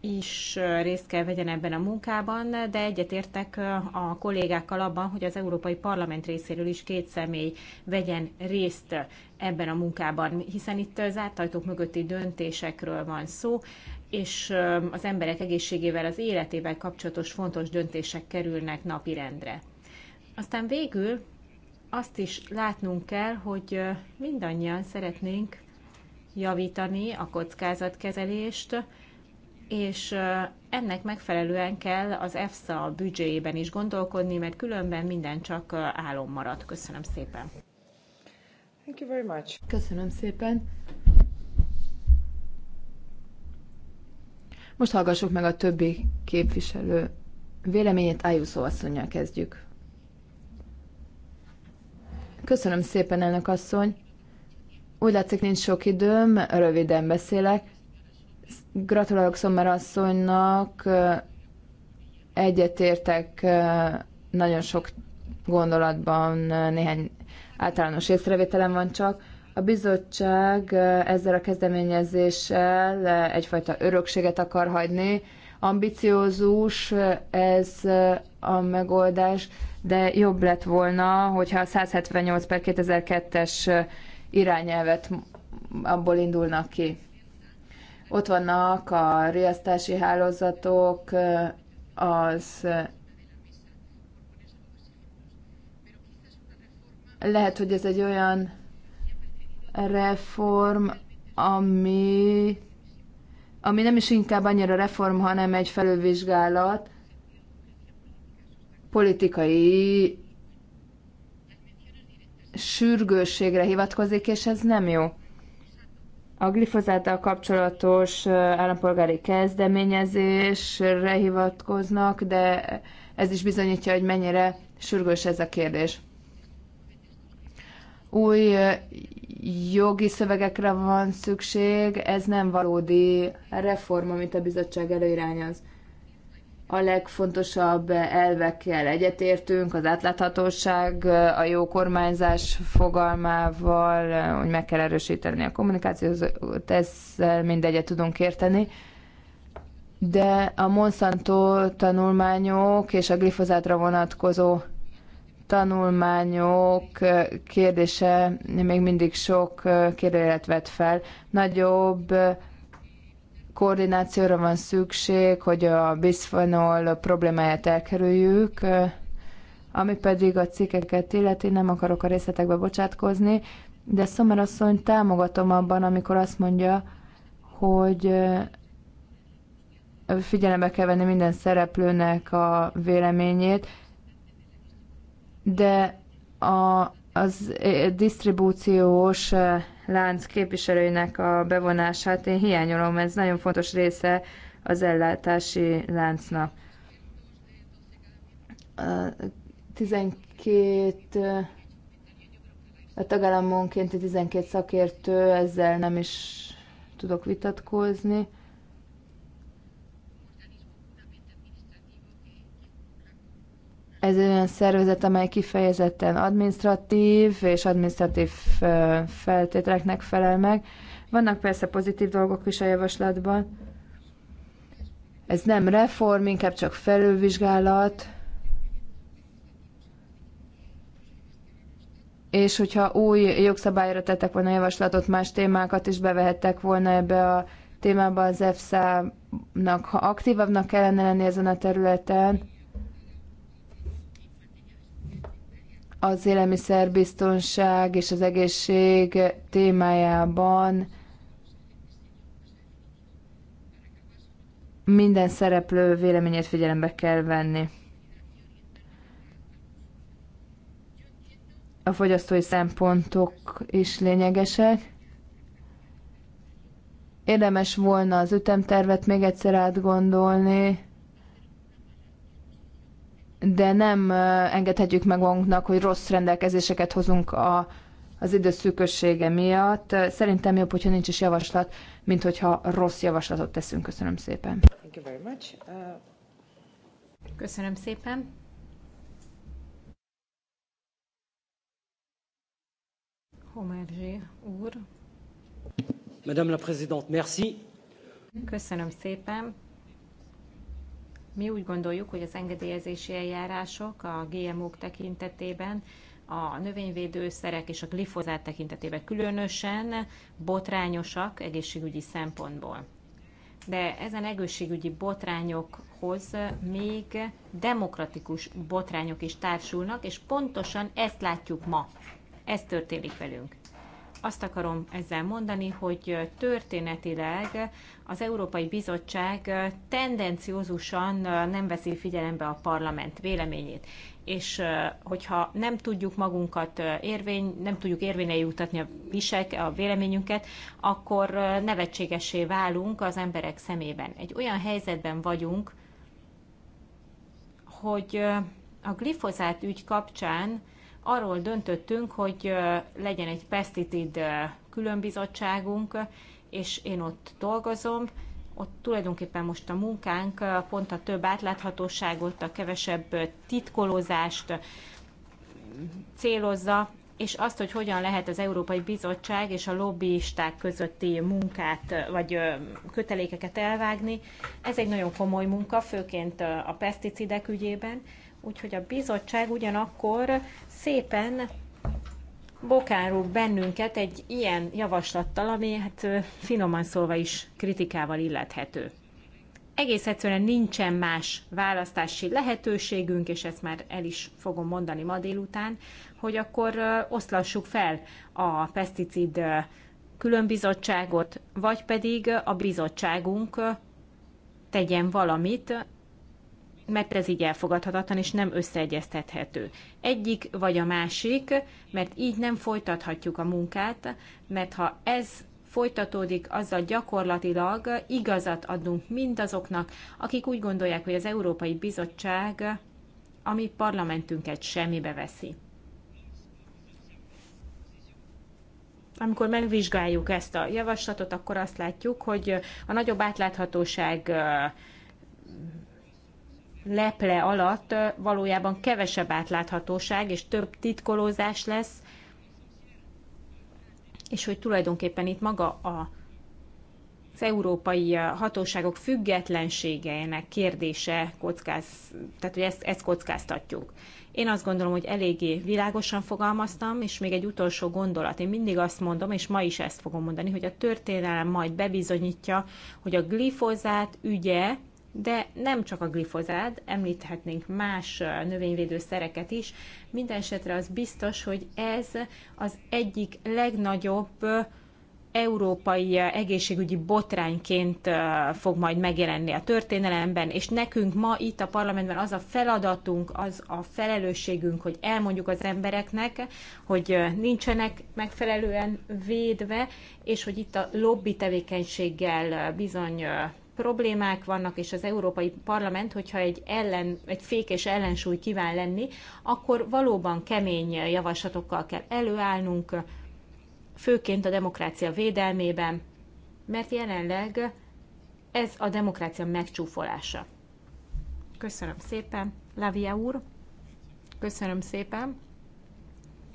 is részt kell vegyen ebben a munkában, de egyetértek a kollégákkal abban, hogy az Európai Parlament részéről is két személy vegyen részt ebben a munkában, hiszen itt az áttajtók mögötti döntésekről van szó, és az emberek egészségével, az életével kapcsolatos fontos döntések kerülnek napirendre. Aztán végül azt is látnunk kell, hogy mindannyian szeretnénk javítani a kockázatkezelést, és ennek megfelelően kell az EFSA büdzséjében is gondolkodni, mert különben minden csak álom marad. Köszönöm szépen. Thank you very much. Köszönöm szépen. Most hallgassuk meg a többi képviselő véleményét. Ájuszó asszonynal kezdjük. Köszönöm szépen, elnök asszony. Úgy látszik, nincs sok időm, röviden beszélek. Gratulálok Szommer asszonynak, egyetértek nagyon sok gondolatban, néhány általános észrevételem van csak. A bizottság ezzel a kezdeményezéssel egyfajta örökséget akar hagyni. Ambiciózus ez a megoldás, de jobb lett volna, hogyha a 178 per 2002-es irányelvet abból indulnak ki. Ott vannak a riasztási hálózatok, az lehet, hogy ez egy olyan reform, ami, ami nem is inkább annyira reform, hanem egy felülvizsgálat politikai sürgősségre hivatkozik, és ez nem jó. A glifozáttal kapcsolatos állampolgári kezdeményezésre hivatkoznak, de ez is bizonyítja, hogy mennyire sürgős ez a kérdés. Új jogi szövegekre van szükség, ez nem valódi reform, amit a bizottság előirányoz a legfontosabb elvekkel egyetértünk, az átláthatóság, a jó kormányzás fogalmával, hogy meg kell erősíteni a kommunikációt, ezzel mindegyet tudunk érteni. De a Monsanto tanulmányok és a glifozátra vonatkozó tanulmányok kérdése még mindig sok kérdőjelet vet fel. Nagyobb koordinációra van szükség, hogy a bisphenol problémáját elkerüljük, ami pedig a cikkeket illeti, nem akarok a részletekbe bocsátkozni, de Szomer asszony támogatom abban, amikor azt mondja, hogy figyelembe kell venni minden szereplőnek a véleményét, de a, az distribúciós lánc képviselőinek a bevonását én hiányolom, ez nagyon fontos része az ellátási láncnak. A 12 a tagállamonként 12 szakértő, ezzel nem is tudok vitatkozni. Ez olyan szervezet, amely kifejezetten administratív és administratív feltételeknek felel meg. Vannak persze pozitív dolgok is a javaslatban. Ez nem reform, inkább csak felülvizsgálat. És hogyha új jogszabályra tettek volna javaslatot, más témákat is bevehettek volna ebbe a témába az EFSA-nak, ha aktívabbnak kellene lenni ezen a területen, az élelmiszerbiztonság és az egészség témájában minden szereplő véleményét figyelembe kell venni. A fogyasztói szempontok is lényegesek. Érdemes volna az ütemtervet még egyszer átgondolni, de nem engedhetjük meg magunknak, hogy rossz rendelkezéseket hozunk a, az időszűkössége miatt. Szerintem jobb, hogyha nincs is javaslat, mint hogyha rossz javaslatot teszünk. Köszönöm szépen. Thank you very much. Uh... Köszönöm szépen. Homerzsi úr. Madame la Présidente, merci. Köszönöm szépen. Mi úgy gondoljuk, hogy az engedélyezési eljárások a GMO-k tekintetében a növényvédőszerek és a glifozát tekintetében különösen botrányosak egészségügyi szempontból. De ezen egészségügyi botrányokhoz még demokratikus botrányok is társulnak, és pontosan ezt látjuk ma. Ez történik velünk. Azt akarom ezzel mondani, hogy történetileg az Európai Bizottság tendenciózusan nem veszi figyelembe a parlament véleményét. És hogyha nem tudjuk magunkat érvény, nem tudjuk érvényre jutatni a visek, a véleményünket, akkor nevetségesé válunk az emberek szemében. Egy olyan helyzetben vagyunk, hogy a glifozát ügy kapcsán arról döntöttünk, hogy legyen egy pesztitid különbizottságunk, és én ott dolgozom. Ott tulajdonképpen most a munkánk pont a több átláthatóságot, a kevesebb titkolózást célozza, és azt, hogy hogyan lehet az Európai Bizottság és a lobbyisták közötti munkát, vagy kötelékeket elvágni. Ez egy nagyon komoly munka, főként a peszticidek ügyében. Úgyhogy a bizottság ugyanakkor szépen bokárul bennünket egy ilyen javaslattal, ami hát finoman szólva is kritikával illethető. Egész egyszerűen nincsen más választási lehetőségünk, és ezt már el is fogom mondani ma délután, hogy akkor oszlassuk fel a peszticid különbizottságot, vagy pedig a bizottságunk tegyen valamit mert ez így elfogadhatatlan és nem összeegyeztethető. Egyik vagy a másik, mert így nem folytathatjuk a munkát, mert ha ez folytatódik, azzal gyakorlatilag igazat adunk mindazoknak, akik úgy gondolják, hogy az Európai Bizottság a mi parlamentünket semmibe veszi. amikor megvizsgáljuk ezt a javaslatot, akkor azt látjuk, hogy a nagyobb átláthatóság leple alatt valójában kevesebb átláthatóság és több titkolózás lesz, és hogy tulajdonképpen itt maga a az európai hatóságok függetlenségeinek kérdése kockáz, tehát hogy ezt, ezt kockáztatjuk. Én azt gondolom, hogy eléggé világosan fogalmaztam, és még egy utolsó gondolat. Én mindig azt mondom, és ma is ezt fogom mondani, hogy a történelem majd bebizonyítja, hogy a glifozát ügye de nem csak a glifozát, említhetnénk más növényvédőszereket is. Minden esetre az biztos, hogy ez az egyik legnagyobb európai egészségügyi botrányként fog majd megjelenni a történelemben, és nekünk ma itt a parlamentben az a feladatunk, az a felelősségünk, hogy elmondjuk az embereknek, hogy nincsenek megfelelően védve, és hogy itt a lobby tevékenységgel bizony problémák vannak, és az Európai Parlament, hogyha egy, ellen, egy fék és ellensúly kíván lenni, akkor valóban kemény javaslatokkal kell előállnunk, főként a demokrácia védelmében, mert jelenleg ez a demokrácia megcsúfolása. Köszönöm szépen, Lavia úr. Köszönöm szépen.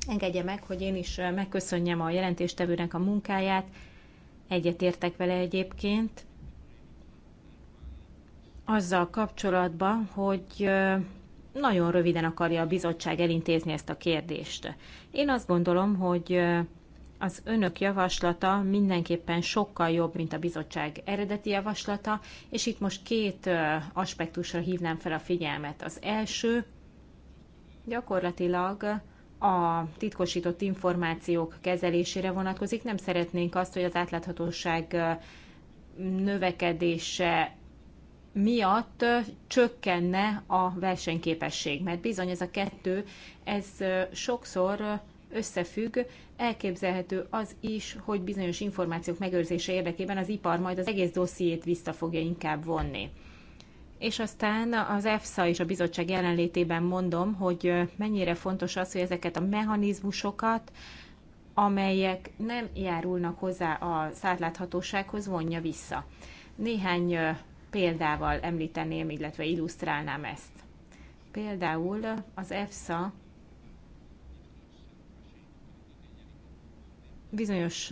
Engedje meg, hogy én is megköszönjem a jelentéstevőnek a munkáját. Egyetértek vele egyébként azzal kapcsolatban, hogy nagyon röviden akarja a bizottság elintézni ezt a kérdést. Én azt gondolom, hogy az önök javaslata mindenképpen sokkal jobb, mint a bizottság eredeti javaslata, és itt most két aspektusra hívnám fel a figyelmet. Az első gyakorlatilag a titkosított információk kezelésére vonatkozik. Nem szeretnénk azt, hogy az átláthatóság növekedése miatt csökkenne a versenyképesség, mert bizony ez a kettő, ez sokszor összefügg, elképzelhető az is, hogy bizonyos információk megőrzése érdekében az ipar majd az egész dossziét vissza fogja inkább vonni. És aztán az EFSA és a bizottság jelenlétében mondom, hogy mennyire fontos az, hogy ezeket a mechanizmusokat, amelyek nem járulnak hozzá a szátláthatósághoz, vonja vissza. Néhány példával említeném, illetve illusztrálnám ezt. Például az EFSA bizonyos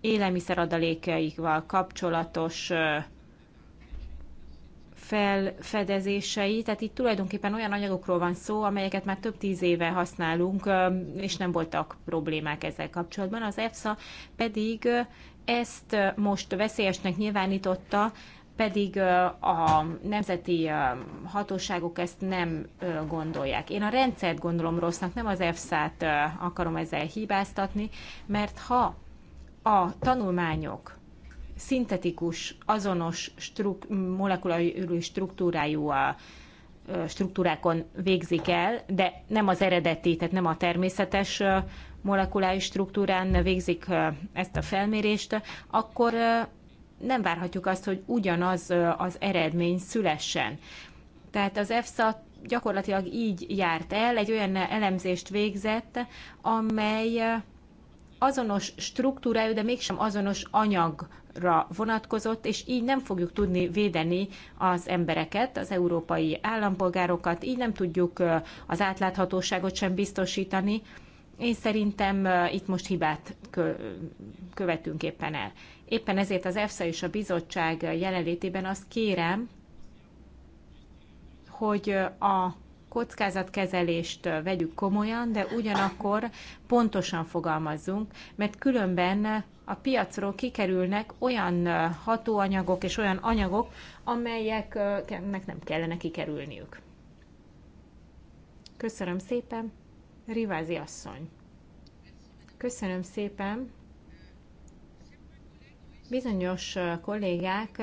élelmiszeradalékaikval kapcsolatos felfedezései, tehát itt tulajdonképpen olyan anyagokról van szó, amelyeket már több tíz éve használunk, és nem voltak problémák ezzel kapcsolatban. Az EFSA pedig ezt most veszélyesnek nyilvánította, pedig a nemzeti hatóságok ezt nem gondolják. Én a rendszert gondolom rossznak, nem az EFSA-t akarom ezzel hibáztatni, mert ha a tanulmányok szintetikus, azonos struk- molekulai struktúrájú a struktúrákon végzik el, de nem az eredeti, tehát nem a természetes molekulális struktúrán végzik ezt a felmérést, akkor nem várhatjuk azt, hogy ugyanaz az eredmény szülessen. Tehát az EFSA gyakorlatilag így járt el, egy olyan elemzést végzett, amely azonos struktúrájú, de mégsem azonos anyagra vonatkozott, és így nem fogjuk tudni védeni az embereket, az európai állampolgárokat, így nem tudjuk az átláthatóságot sem biztosítani, én szerintem itt most hibát követünk éppen el. Éppen ezért az EFSA és a bizottság jelenlétében azt kérem, hogy a kockázatkezelést vegyük komolyan, de ugyanakkor pontosan fogalmazzunk, mert különben a piacról kikerülnek olyan hatóanyagok és olyan anyagok, amelyeknek nem kellene kikerülniük. Köszönöm szépen! Rivázi asszony. Köszönöm szépen. Bizonyos kollégák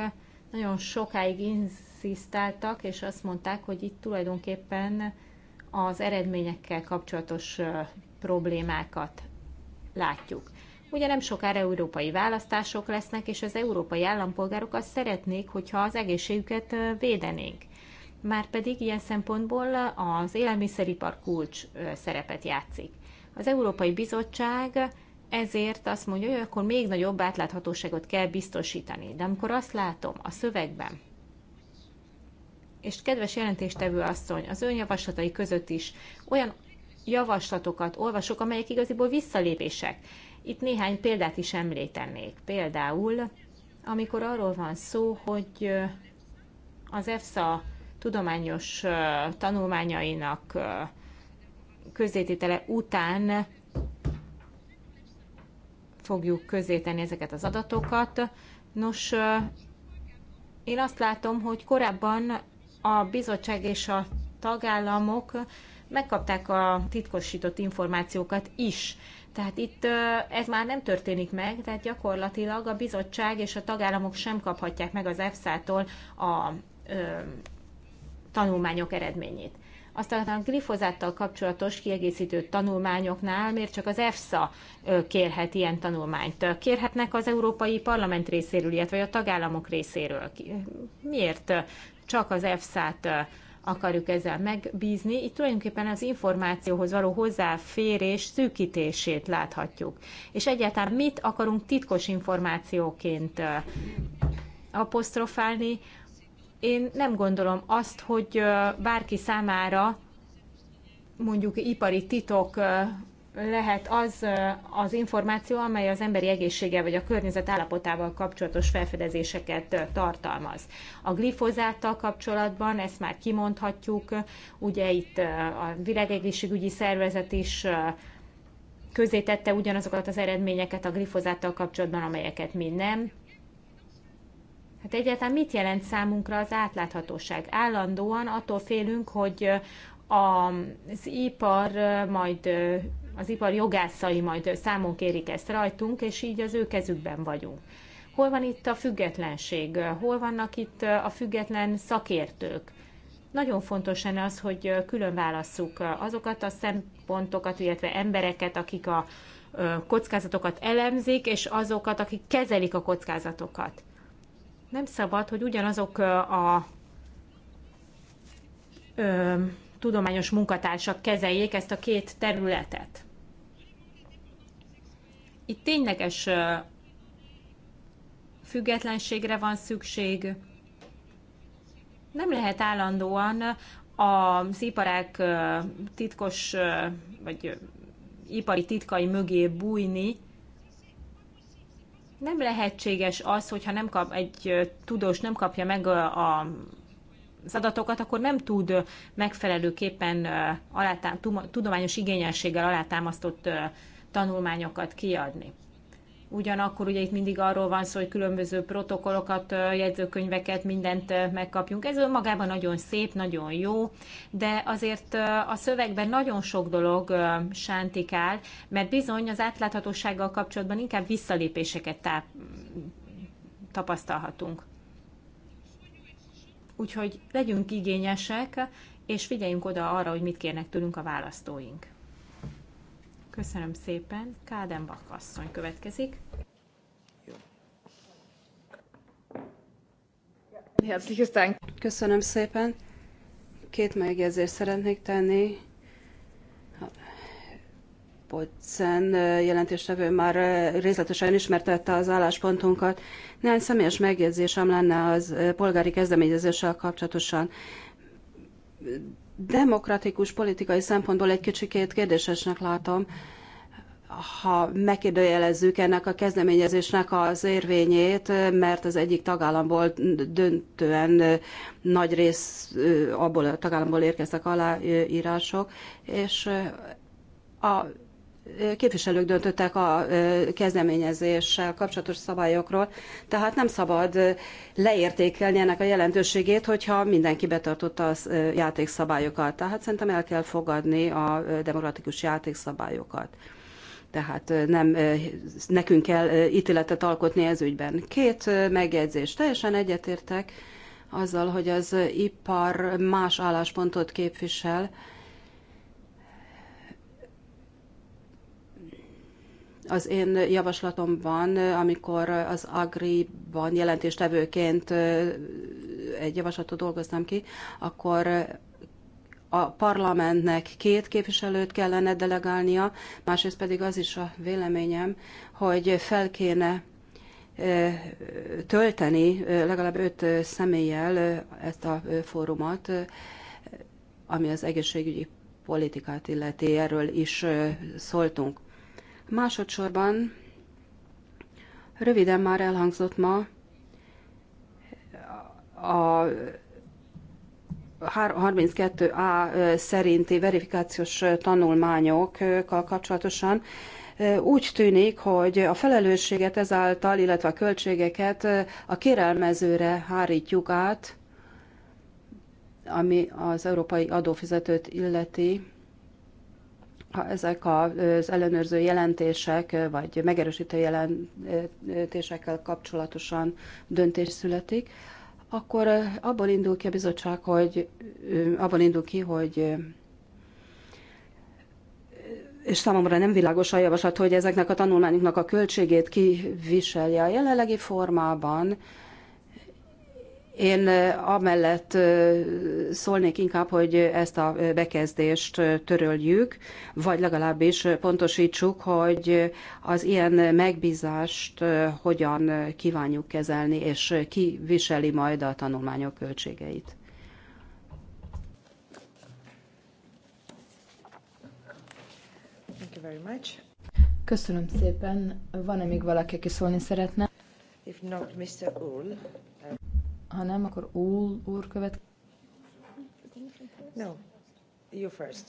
nagyon sokáig inszisztáltak, és azt mondták, hogy itt tulajdonképpen az eredményekkel kapcsolatos problémákat látjuk. Ugye nem sokára európai választások lesznek, és az európai állampolgárok azt szeretnék, hogyha az egészségüket védenénk már pedig ilyen szempontból az élelmiszeripar kulcs szerepet játszik. Az Európai Bizottság ezért azt mondja, hogy akkor még nagyobb átláthatóságot kell biztosítani. De amikor azt látom a szövegben, és kedves jelentéstevő asszony, az ön javaslatai között is olyan javaslatokat olvasok, amelyek igaziból visszalépések. Itt néhány példát is említenék. Például, amikor arról van szó, hogy az EFSA tudományos tanulmányainak közzététele után fogjuk közzétenni ezeket az adatokat. Nos, én azt látom, hogy korábban a bizottság és a tagállamok megkapták a titkosított információkat is. Tehát itt ez már nem történik meg, tehát gyakorlatilag a bizottság és a tagállamok sem kaphatják meg az EFSA-tól a tanulmányok eredményét. Aztán a glifozáttal kapcsolatos kiegészítő tanulmányoknál miért csak az EFSA kérhet ilyen tanulmányt? Kérhetnek az Európai Parlament részéről, illetve a tagállamok részéről. Miért csak az EFSA-t akarjuk ezzel megbízni. Itt tulajdonképpen az információhoz való hozzáférés szűkítését láthatjuk. És egyáltalán mit akarunk titkos információként apostrofálni, én nem gondolom azt, hogy bárki számára mondjuk ipari titok lehet az az információ, amely az emberi egészsége vagy a környezet állapotával kapcsolatos felfedezéseket tartalmaz. A glifozáttal kapcsolatban ezt már kimondhatjuk, ugye itt a világegészségügyi szervezet is közé tette ugyanazokat az eredményeket a glifozáttal kapcsolatban, amelyeket mi nem. Hát egyáltalán mit jelent számunkra az átláthatóság? Állandóan attól félünk, hogy az ipar majd az ipar jogászai majd számon kérik ezt rajtunk, és így az ő kezükben vagyunk. Hol van itt a függetlenség? Hol vannak itt a független szakértők? Nagyon fontos lenne az, hogy külön válasszuk azokat a szempontokat, illetve embereket, akik a kockázatokat elemzik, és azokat, akik kezelik a kockázatokat. Nem szabad, hogy ugyanazok a ö, tudományos munkatársak kezeljék ezt a két területet. Itt tényleges függetlenségre van szükség. Nem lehet állandóan az iparák titkos vagy ipari titkai mögé bújni, nem lehetséges az, hogyha nem kap, egy tudós nem kapja meg a, az adatokat, akkor nem tud megfelelőképpen alátám, tudományos igényességgel alátámasztott tanulmányokat kiadni ugyanakkor ugye itt mindig arról van szó, hogy különböző protokollokat, jegyzőkönyveket, mindent megkapjunk. Ez önmagában nagyon szép, nagyon jó, de azért a szövegben nagyon sok dolog sántikál, mert bizony az átláthatósággal kapcsolatban inkább visszalépéseket tá- tapasztalhatunk. Úgyhogy legyünk igényesek, és figyeljünk oda arra, hogy mit kérnek tőlünk a választóink. Köszönöm szépen. Kádenbach asszony következik. Köszönöm szépen. Két megjegyzést szeretnék tenni. Bocsán jelentéstevő már részletesen ismertette az álláspontunkat. Néhány személyes megjegyzésem lenne az polgári kezdeményezéssel kapcsolatosan demokratikus politikai szempontból egy kicsikét kérdésesnek látom, ha megkérdőjelezzük ennek a kezdeményezésnek az érvényét, mert az egyik tagállamból döntően nagy rész abból a tagállamból érkeztek aláírások, és a képviselők döntöttek a kezdeményezéssel kapcsolatos szabályokról, tehát nem szabad leértékelni ennek a jelentőségét, hogyha mindenki betartotta a játékszabályokat. Tehát szerintem el kell fogadni a demokratikus játékszabályokat. Tehát nem, nekünk kell ítéletet alkotni ez ügyben. Két megjegyzés. Teljesen egyetértek azzal, hogy az ipar más álláspontot képvisel, Az én javaslatomban, amikor az Agri-ban jelentéstevőként egy javaslatot dolgoztam ki, akkor a parlamentnek két képviselőt kellene delegálnia, másrészt pedig az is a véleményem, hogy fel kéne tölteni legalább öt személlyel ezt a fórumot, ami az egészségügyi politikát illeti, erről is szóltunk. Másodszorban röviden már elhangzott ma a 32A szerinti verifikációs tanulmányokkal kapcsolatosan úgy tűnik, hogy a felelősséget ezáltal, illetve a költségeket a kérelmezőre hárítjuk át, ami az európai adófizetőt illeti ha ezek az ellenőrző jelentések, vagy megerősítő jelentésekkel kapcsolatosan döntés születik, akkor abból indul ki a bizottság, hogy abból indul ki, hogy és számomra nem világos a javaslat, hogy ezeknek a tanulmányoknak a költségét kiviselje a jelenlegi formában, én amellett szólnék inkább, hogy ezt a bekezdést töröljük, vagy legalábbis pontosítsuk, hogy az ilyen megbízást hogyan kívánjuk kezelni, és ki viseli majd a tanulmányok költségeit. Köszönöm szépen. Van-e még valaki, aki szólni szeretne? If not, Mr. Ull. Ha nem, akkor Úl úr követ. No, you first,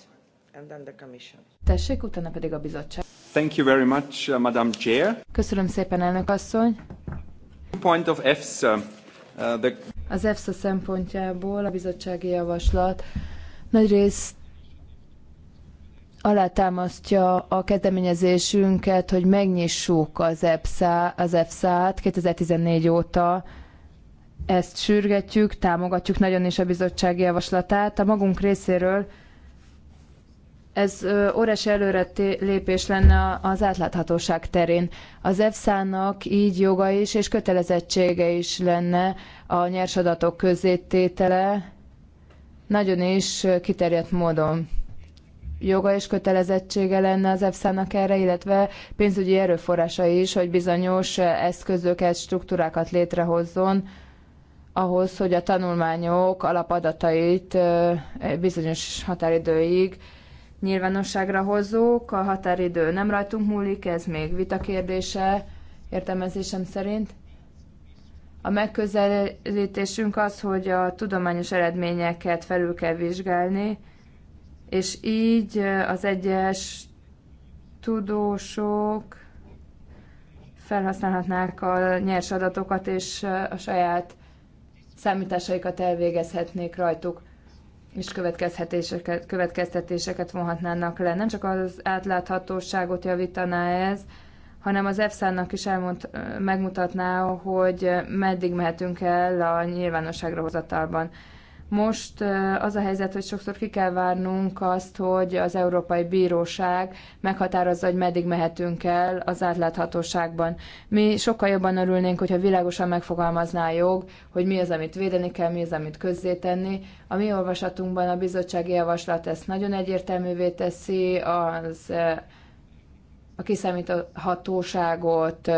and then the commission. Tessék, utána pedig a bizottság. Thank you very much, uh, Madam Chair. Köszönöm szépen, elnök asszony. Point of EFSA. Uh, the... Az EFSA szempontjából a bizottsági javaslat nagyrészt alátámasztja a kezdeményezésünket, hogy megnyissuk az EFSA-t 2014 óta ezt sürgetjük, támogatjuk nagyon is a bizottság javaslatát. A magunk részéről ez óriási előre lépés lenne az átláthatóság terén. Az EFSA-nak így joga is és kötelezettsége is lenne a nyers adatok közzététele nagyon is kiterjedt módon. Joga és kötelezettsége lenne az EFSA-nak erre, illetve pénzügyi erőforrása is, hogy bizonyos eszközöket, struktúrákat létrehozzon, ahhoz, hogy a tanulmányok alapadatait bizonyos határidőig nyilvánosságra hozzuk. A határidő nem rajtunk múlik, ez még vita kérdése értelmezésem szerint. A megközelítésünk az, hogy a tudományos eredményeket felül kell vizsgálni, és így az egyes tudósok felhasználhatnák a nyers adatokat, és a saját számításaikat elvégezhetnék rajtuk, és következtetéseket, következtetéseket vonhatnának le. Nem csak az átláthatóságot javítaná ez, hanem az EFSA-nak is elmond, megmutatná, hogy meddig mehetünk el a nyilvánosságra hozatalban. Most az a helyzet, hogy sokszor ki kell várnunk azt, hogy az Európai Bíróság meghatározza, hogy meddig mehetünk el az átláthatóságban. Mi sokkal jobban örülnénk, hogyha világosan megfogalmazná a jog, hogy mi az, amit védeni kell, mi az, amit közzétenni. A mi olvasatunkban a bizottsági javaslat ezt nagyon egyértelművé teszi, az a kiszámíthatóságot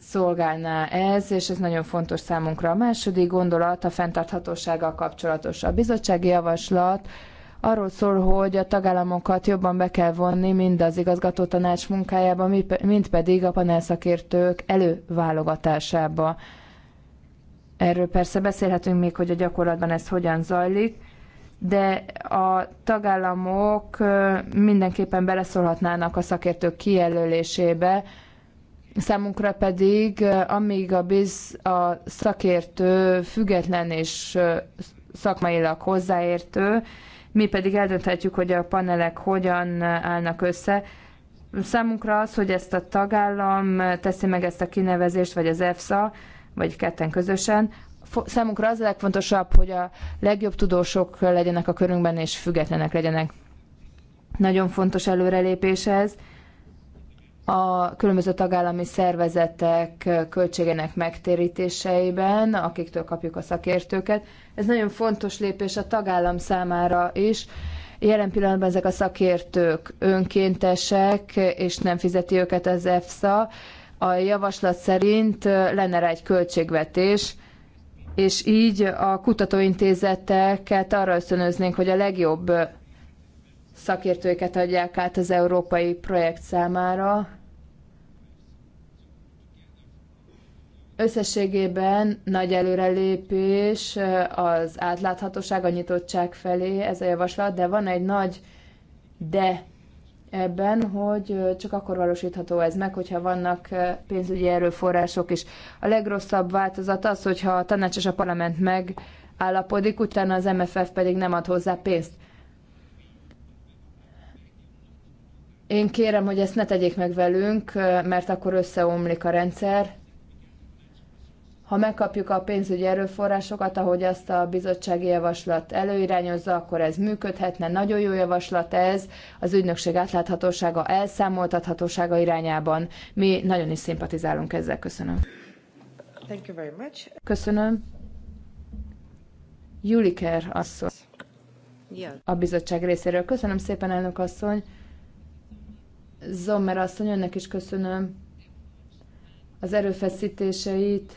szolgálná ez, és ez nagyon fontos számunkra. A második gondolat a fenntarthatósággal kapcsolatos. A bizottsági javaslat arról szól, hogy a tagállamokat jobban be kell vonni mind az igazgató tanács munkájába, mind pedig a panelszakértők előválogatásába. Erről persze beszélhetünk még, hogy a gyakorlatban ez hogyan zajlik, de a tagállamok mindenképpen beleszólhatnának a szakértők kijelölésébe, Számunkra pedig, amíg a, biz, a szakértő független és szakmailag hozzáértő, mi pedig eldönthetjük, hogy a panelek hogyan állnak össze. Számunkra az, hogy ezt a tagállam teszi meg ezt a kinevezést, vagy az EFSA, vagy ketten közösen, számunkra az a legfontosabb, hogy a legjobb tudósok legyenek a körünkben, és függetlenek legyenek. Nagyon fontos előrelépés ez a különböző tagállami szervezetek költségének megtérítéseiben, akiktől kapjuk a szakértőket. Ez nagyon fontos lépés a tagállam számára is. Jelen pillanatban ezek a szakértők önkéntesek, és nem fizeti őket az EFSA. A javaslat szerint lenne rá egy költségvetés, és így a kutatóintézeteket arra ösztönöznénk, hogy a legjobb szakértőiket adják át az európai projekt számára, Összességében nagy előrelépés az átláthatóság, a nyitottság felé ez a javaslat, de van egy nagy de ebben, hogy csak akkor valósítható ez meg, hogyha vannak pénzügyi erőforrások is. A legrosszabb változat az, hogyha a tanács és a parlament megállapodik, utána az MFF pedig nem ad hozzá pénzt. Én kérem, hogy ezt ne tegyék meg velünk, mert akkor összeomlik a rendszer, ha megkapjuk a pénzügyi erőforrásokat, ahogy azt a bizottsági javaslat előirányozza, akkor ez működhetne. Nagyon jó javaslat ez az ügynökség átláthatósága, elszámoltathatósága irányában. Mi nagyon is szimpatizálunk ezzel. Köszönöm. Thank you very much. Köszönöm. Juliker asszony. A bizottság részéről. Köszönöm szépen, elnök asszony. Zommer asszony, önnek is köszönöm az erőfeszítéseit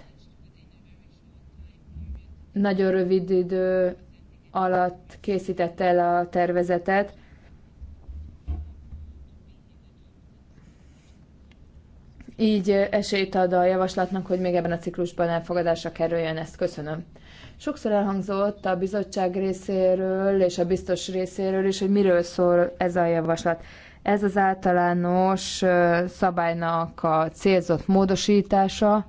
nagyon rövid idő alatt készített el a tervezetet. Így esélyt ad a javaslatnak, hogy még ebben a ciklusban elfogadásra kerüljön. Ezt köszönöm. Sokszor elhangzott a bizottság részéről és a biztos részéről is, hogy miről szól ez a javaslat. Ez az általános szabálynak a célzott módosítása,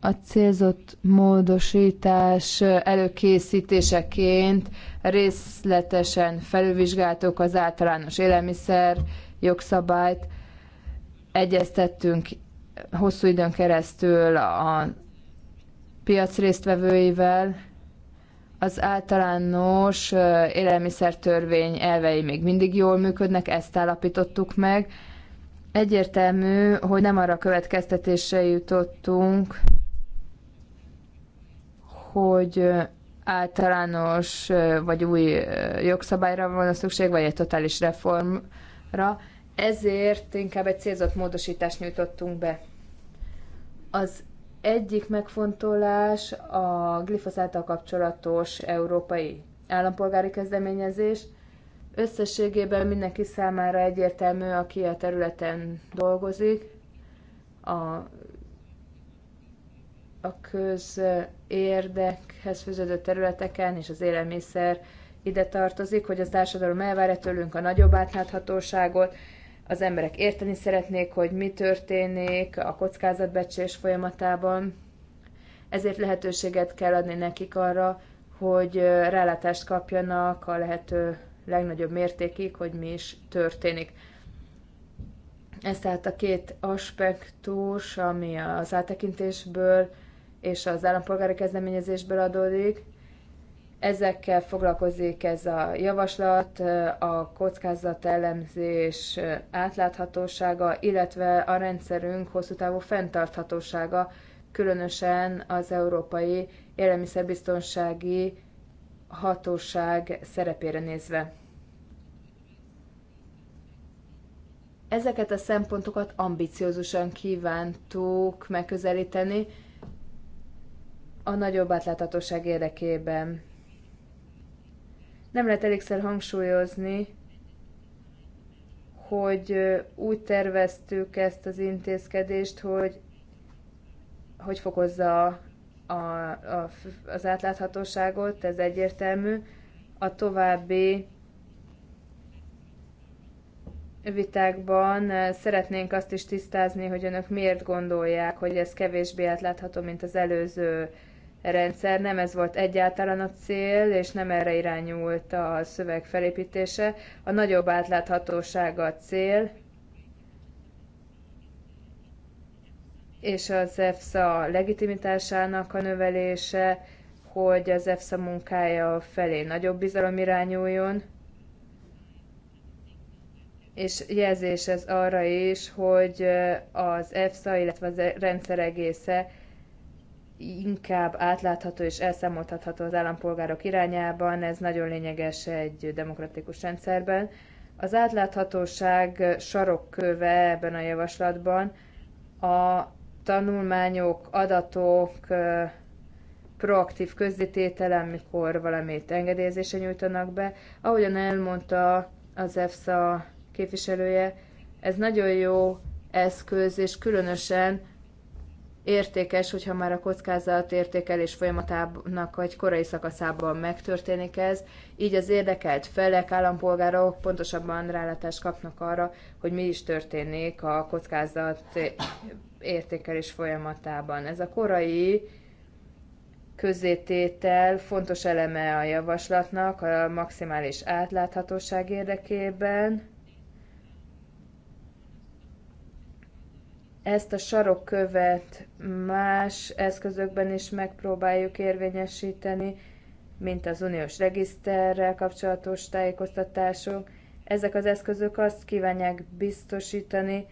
a célzott módosítás előkészítéseként részletesen felülvizsgáltuk az általános élelmiszer jogszabályt, egyeztettünk hosszú időn keresztül a piac résztvevőivel, az általános élelmiszertörvény elvei még mindig jól működnek, ezt állapítottuk meg. Egyértelmű, hogy nem arra következtetésre jutottunk, hogy általános vagy új jogszabályra van a szükség, vagy egy totális reformra, ezért inkább egy célzott módosítást nyújtottunk be. Az egyik megfontolás a glifoszáttal kapcsolatos európai állampolgári kezdeményezés. Összességében mindenki számára egyértelmű, aki a területen dolgozik, a a közérdekhez fűződő területeken, és az élelmiszer ide tartozik, hogy a társadalom elvárja tőlünk a nagyobb átláthatóságot, az emberek érteni szeretnék, hogy mi történik a kockázatbecsés folyamatában. Ezért lehetőséget kell adni nekik arra, hogy rálátást kapjanak a lehető legnagyobb mértékig, hogy mi is történik. Ez tehát a két aspektus, ami az áttekintésből és az állampolgári kezdeményezésből adódik. Ezekkel foglalkozik ez a javaslat, a kockázat elemzés átláthatósága, illetve a rendszerünk hosszú távú fenntarthatósága, különösen az Európai Élelmiszerbiztonsági Hatóság szerepére nézve. Ezeket a szempontokat ambiciózusan kívántuk megközelíteni, a nagyobb átláthatóság érdekében. Nem lehet elégszer hangsúlyozni, hogy úgy terveztük ezt az intézkedést, hogy hogy fokozza a, a, az átláthatóságot, ez egyértelmű. A további vitákban szeretnénk azt is tisztázni, hogy önök miért gondolják, hogy ez kevésbé átlátható, mint az előző rendszer, nem ez volt egyáltalán a cél, és nem erre irányult a szöveg felépítése. A nagyobb átláthatósága a cél, és az EFSA legitimitásának a növelése, hogy az EFSA munkája felé nagyobb bizalom irányuljon, és jelzés ez arra is, hogy az EFSA, illetve a rendszer egésze inkább átlátható és elszámoltatható az állampolgárok irányában, ez nagyon lényeges egy demokratikus rendszerben. Az átláthatóság sarokköve ebben a javaslatban a tanulmányok, adatok proaktív közzététele, amikor valamit engedélyezése nyújtanak be. Ahogyan elmondta az EFSA képviselője, ez nagyon jó eszköz, és különösen értékes, hogyha már a kockázat értékelés folyamatának vagy korai szakaszában megtörténik ez, így az érdekelt felek, állampolgárok pontosabban rálátást kapnak arra, hogy mi is történik a kockázat értékelés folyamatában. Ez a korai közzététel fontos eleme a javaslatnak a maximális átláthatóság érdekében, Ezt a sarokkövet más eszközökben is megpróbáljuk érvényesíteni, mint az uniós regiszterrel kapcsolatos tájékoztatások. Ezek az eszközök azt kívánják biztosítani,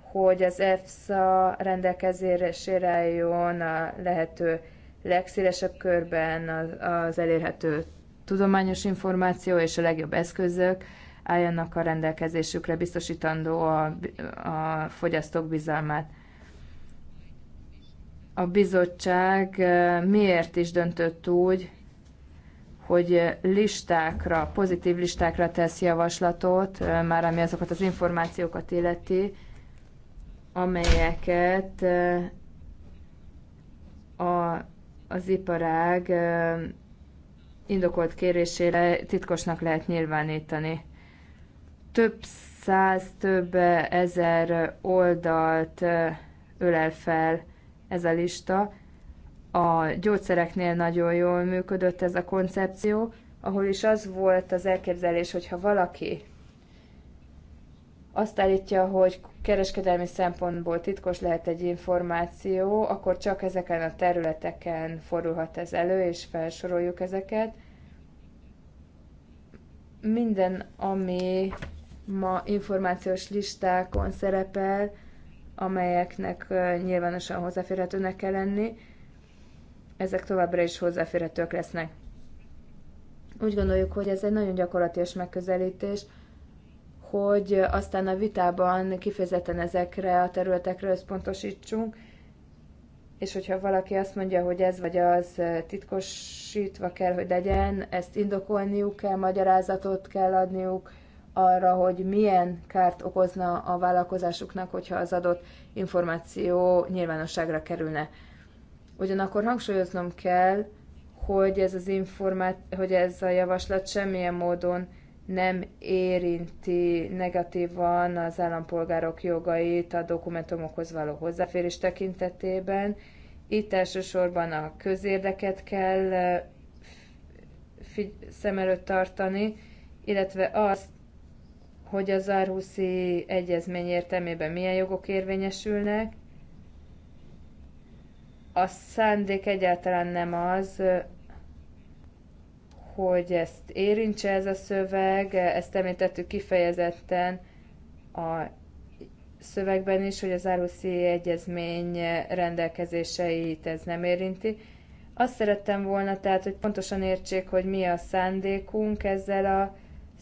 hogy az EFSA rendelkezésére álljon a lehető legszélesebb körben az elérhető tudományos információ és a legjobb eszközök, álljanak a rendelkezésükre, biztosítandó a, a fogyasztók bizalmát. A bizottság miért is döntött úgy, hogy listákra, pozitív listákra tesz javaslatot, már ami azokat az információkat illeti, amelyeket a, az iparág indokolt kérésére titkosnak lehet nyilvánítani több száz, több ezer oldalt ölel fel ez a lista. A gyógyszereknél nagyon jól működött ez a koncepció, ahol is az volt az elképzelés, hogyha valaki azt állítja, hogy kereskedelmi szempontból titkos lehet egy információ, akkor csak ezeken a területeken fordulhat ez elő, és felsoroljuk ezeket. Minden, ami ma információs listákon szerepel, amelyeknek nyilvánosan hozzáférhetőnek kell lenni, ezek továbbra is hozzáférhetők lesznek. Úgy gondoljuk, hogy ez egy nagyon gyakorlatilag megközelítés, hogy aztán a vitában kifejezetten ezekre a területekre összpontosítsunk, és hogyha valaki azt mondja, hogy ez vagy az titkosítva kell, hogy legyen, ezt indokolniuk kell, magyarázatot kell adniuk, arra, hogy milyen kárt okozna a vállalkozásuknak, hogyha az adott információ nyilvánosságra kerülne. Ugyanakkor hangsúlyoznom kell, hogy ez, az informát, hogy ez a javaslat semmilyen módon nem érinti negatívan az állampolgárok jogait a dokumentumokhoz való hozzáférés tekintetében. Itt elsősorban a közérdeket kell szem előtt tartani, illetve azt, hogy az Árhuszi Egyezmény értelmében milyen jogok érvényesülnek. A szándék egyáltalán nem az, hogy ezt érintse ez a szöveg, ezt említettük kifejezetten a szövegben is, hogy az Árhuszi Egyezmény rendelkezéseit ez nem érinti. Azt szerettem volna tehát, hogy pontosan értsék, hogy mi a szándékunk ezzel a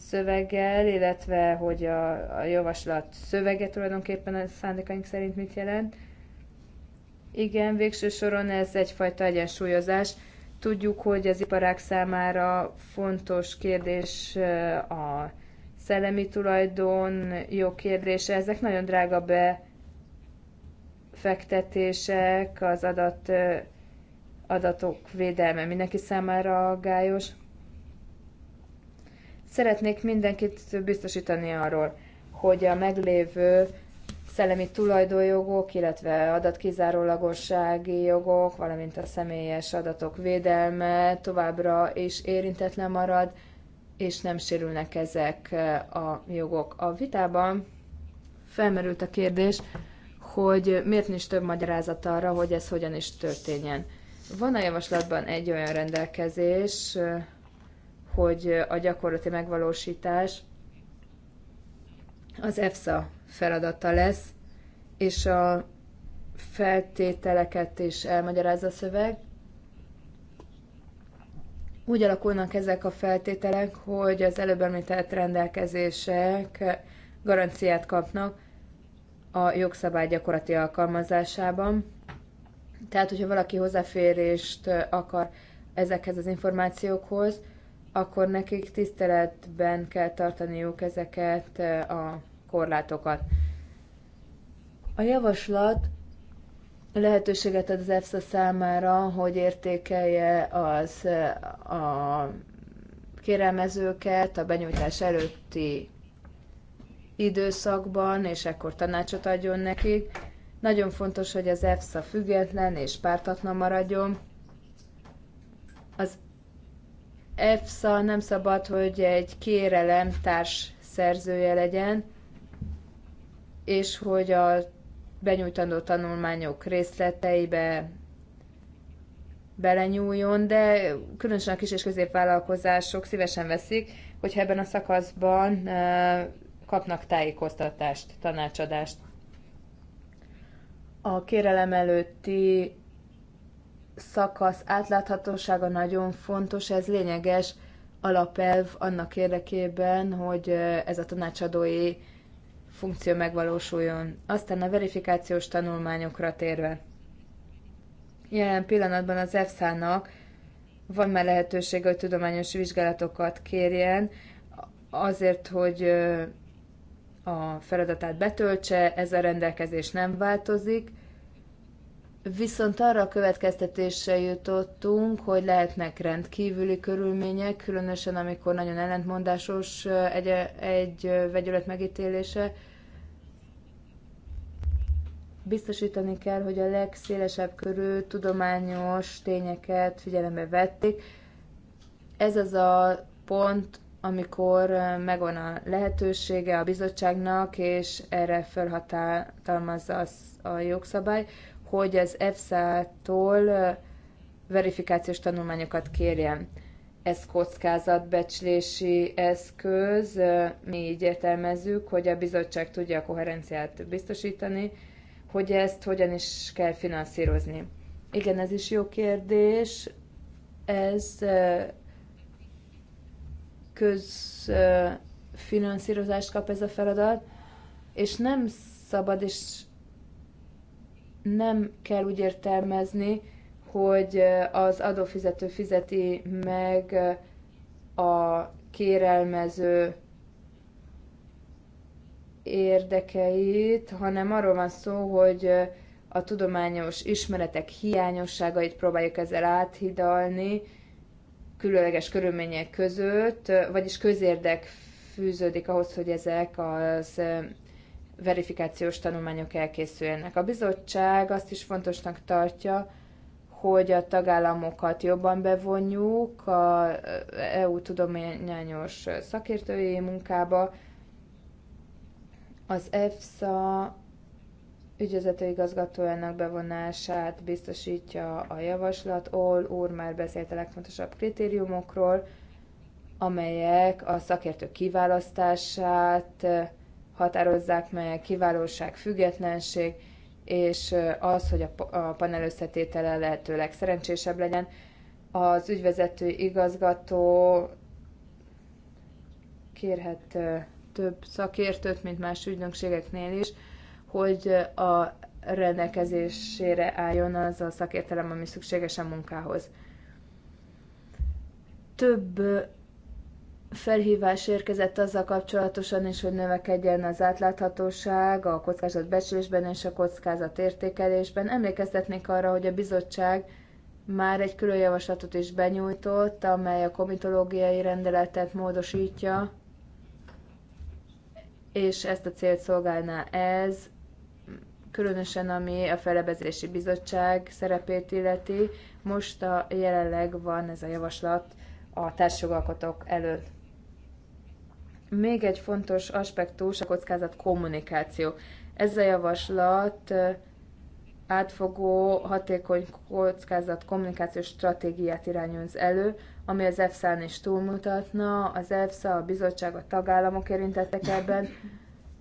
szöveggel, illetve hogy a, a javaslat szövege tulajdonképpen a szándékaink szerint mit jelent. Igen, végső soron ez egyfajta egyensúlyozás. Tudjuk, hogy az iparák számára fontos kérdés a szellemi tulajdon, kérdése Ezek nagyon drága befektetések, az adat, adatok védelme mindenki számára gályos. Szeretnék mindenkit biztosítani arról, hogy a meglévő szellemi tulajdonjogok, illetve adatkizárólagossági jogok, valamint a személyes adatok védelme továbbra is érintetlen marad, és nem sérülnek ezek a jogok. A vitában felmerült a kérdés, hogy miért nincs több magyarázat arra, hogy ez hogyan is történjen. Van a javaslatban egy olyan rendelkezés, hogy a gyakorlati megvalósítás az EFSA feladata lesz, és a feltételeket is elmagyarázza a szöveg. Úgy alakulnak ezek a feltételek, hogy az előbb említett rendelkezések garanciát kapnak a jogszabály gyakorlati alkalmazásában. Tehát, hogyha valaki hozzáférést akar ezekhez az információkhoz, akkor nekik tiszteletben kell tartaniuk ezeket a korlátokat. A javaslat lehetőséget ad az EFSA számára, hogy értékelje az a kérelmezőket a benyújtás előtti időszakban, és ekkor tanácsot adjon nekik. Nagyon fontos, hogy az EFSA független és pártatlan maradjon, EFSA nem szabad, hogy egy kérelem társ szerzője legyen, és hogy a benyújtandó tanulmányok részleteibe belenyúljon, de különösen a kis és középvállalkozások szívesen veszik, hogyha ebben a szakaszban kapnak tájékoztatást, tanácsadást. A kérelem előtti szakasz átláthatósága nagyon fontos, ez lényeges alapelv annak érdekében, hogy ez a tanácsadói funkció megvalósuljon. Aztán a verifikációs tanulmányokra térve. Jelen pillanatban az EFSA-nak van már lehetőség, hogy tudományos vizsgálatokat kérjen, azért, hogy a feladatát betöltse, ez a rendelkezés nem változik, Viszont arra a következtetésre jutottunk, hogy lehetnek rendkívüli körülmények, különösen amikor nagyon ellentmondásos egy, egy vegyület megítélése. Biztosítani kell, hogy a legszélesebb körű tudományos tényeket figyelembe vették. Ez az a pont, amikor megvan a lehetősége a bizottságnak, és erre felhatalmazza a jogszabály, hogy az EFSA-tól verifikációs tanulmányokat kérjen. Ez kockázatbecslési eszköz, mi így értelmezzük, hogy a bizottság tudja a koherenciát biztosítani, hogy ezt hogyan is kell finanszírozni. Igen, ez is jó kérdés. Ez közfinanszírozást kap ez a feladat, és nem szabad, és nem kell úgy értelmezni, hogy az adófizető fizeti meg a kérelmező érdekeit, hanem arról van szó, hogy a tudományos ismeretek hiányosságait próbáljuk ezzel áthidalni különleges körülmények között, vagyis közérdek fűződik ahhoz, hogy ezek az verifikációs tanulmányok elkészüljenek. A bizottság azt is fontosnak tartja, hogy a tagállamokat jobban bevonjuk a e, EU tudományos szakértői munkába. Az EFSA ügyvezető igazgatójának bevonását biztosítja a javaslat. Ol úr már beszélt a legfontosabb kritériumokról, amelyek a szakértő kiválasztását, határozzák meg, kiválóság, függetlenség, és az, hogy a panel összetétele lehetőleg szerencsésebb legyen. Az ügyvezető igazgató kérhet több szakértőt, mint más ügynökségeknél is, hogy a rendelkezésére álljon az a szakértelem, ami szükséges a munkához. Több felhívás érkezett azzal kapcsolatosan is, hogy növekedjen az átláthatóság a kockázatbecsülésben és a kockázatértékelésben. Emlékeztetnék arra, hogy a bizottság már egy külön javaslatot is benyújtott, amely a komitológiai rendeletet módosítja, és ezt a célt szolgálná ez, különösen ami a Felebezési Bizottság szerepét illeti. Most a jelenleg van ez a javaslat a társjogalkotók előtt. Még egy fontos aspektus a kockázat kommunikáció. Ez a javaslat átfogó, hatékony kockázat kommunikációs stratégiát irányoz elő, ami az EFSA-n is túlmutatna. Az EFSA, a bizottság, a tagállamok érintettek ebben.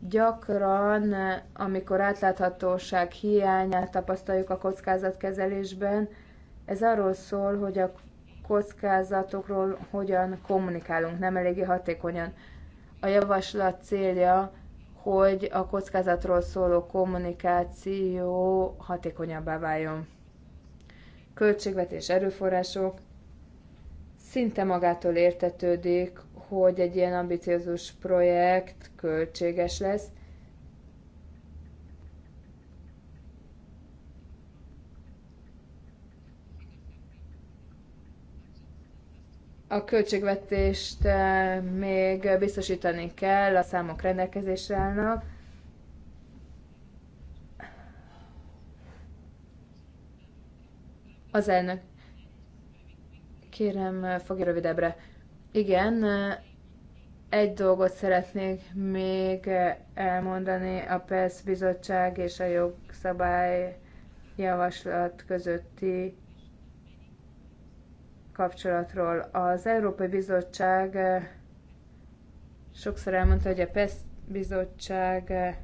Gyakran, amikor átláthatóság hiányát tapasztaljuk a kockázatkezelésben, ez arról szól, hogy a kockázatokról hogyan kommunikálunk, nem eléggé hatékonyan. A javaslat célja, hogy a kockázatról szóló kommunikáció hatékonyabbá váljon. Költségvetés erőforrások. Szinte magától értetődik, hogy egy ilyen ambiciózus projekt költséges lesz, a költségvetést eh, még biztosítani kell, a számok rendelkezésre állnak. Az elnök. Kérem, fogja rövidebbre. Igen, egy dolgot szeretnék még elmondani a PESZ bizottság és a jogszabály javaslat közötti kapcsolatról. Az Európai Bizottság eh, sokszor elmondta, hogy a PESZ bizottság eh,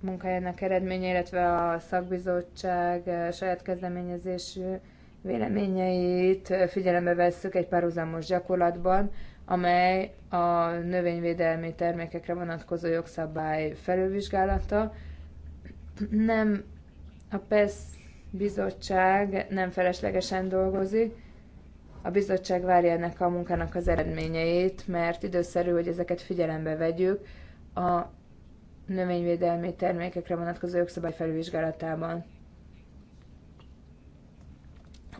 munkájának eredménye, illetve a szakbizottság eh, saját kezdeményezésű véleményeit figyelembe vesszük egy párhuzamos gyakorlatban, amely a növényvédelmi termékekre vonatkozó jogszabály felülvizsgálata. Nem a PESZ bizottság nem feleslegesen dolgozik, a bizottság várja ennek a munkának az eredményeit, mert időszerű, hogy ezeket figyelembe vegyük a növényvédelmi termékekre vonatkozó jogszabály felülvizsgálatában.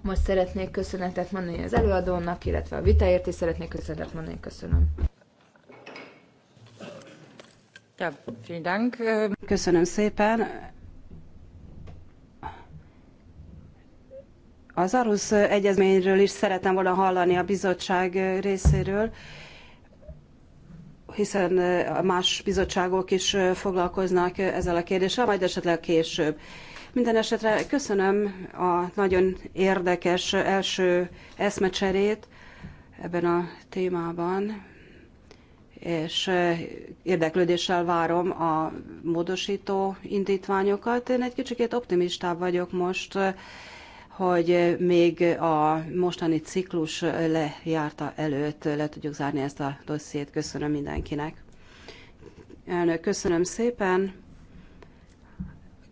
Most szeretnék köszönetet mondani az előadónak, illetve a vitáért, is szeretnék köszönetet mondani. Köszönöm. Ja, Köszönöm szépen. Az Arusz egyezményről is szeretem volna hallani a bizottság részéről, hiszen más bizottságok is foglalkoznak ezzel a kérdéssel, majd esetleg később. Minden esetre köszönöm a nagyon érdekes első eszmecserét ebben a témában, és érdeklődéssel várom a módosító indítványokat. Én egy kicsikét optimistább vagyok most, hogy még a mostani ciklus lejárta előtt le tudjuk zárni ezt a dossziét. Köszönöm mindenkinek. Elnök, köszönöm szépen.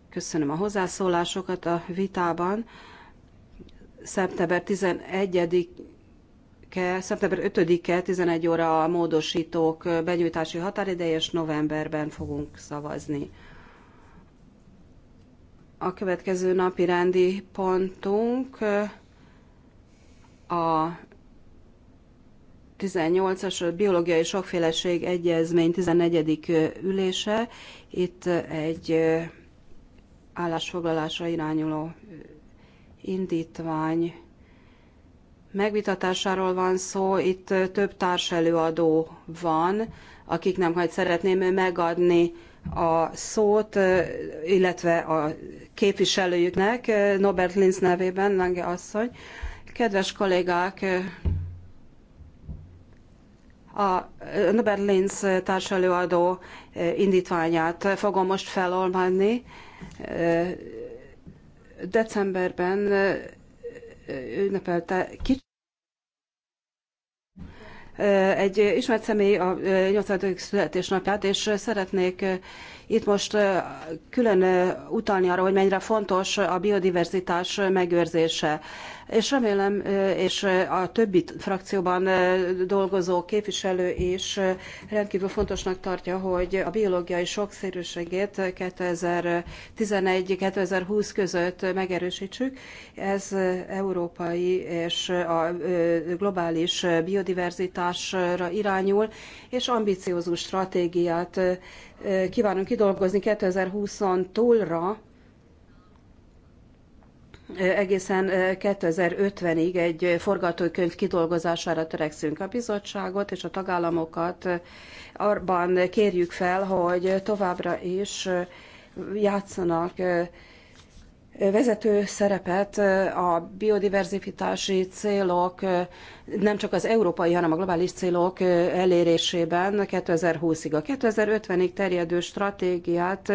Köszönöm a hozzászólásokat a vitában. Szeptember 11 szeptember 5-e 11 óra a módosítók benyújtási határideje, és novemberben fogunk szavazni. A következő napi rendi pontunk a 18-as Biológiai Sokféleség Egyezmény 14. ülése. Itt egy állásfoglalásra irányuló indítvány megvitatásáról van szó. Itt több társelőadó van, akik nem majd szeretném megadni a szót, illetve a képviselőjüknek, Norbert Linz nevében, Lange asszony. Kedves kollégák, a Norbert Linz társelőadó indítványát fogom most felolvani. Decemberben ünnepelte kicsit egy ismert személy a 85. születésnapját, és szeretnék itt most külön utalni arra, hogy mennyire fontos a biodiverzitás megőrzése. És remélem, és a többi frakcióban dolgozó képviselő is rendkívül fontosnak tartja, hogy a biológiai sokszínűségét 2011-2020 között megerősítsük. Ez európai és a globális biodiverzitásra irányul, és ambiciózus stratégiát kívánunk kidolgozni 2020-on túlra, egészen 2050-ig egy forgatókönyv kidolgozására törekszünk a bizottságot és a tagállamokat. Arban kérjük fel, hogy továbbra is játszanak vezető szerepet a biodiverzifitási célok, nem csak az európai, hanem a globális célok elérésében 2020-ig. A 2050-ig terjedő stratégiát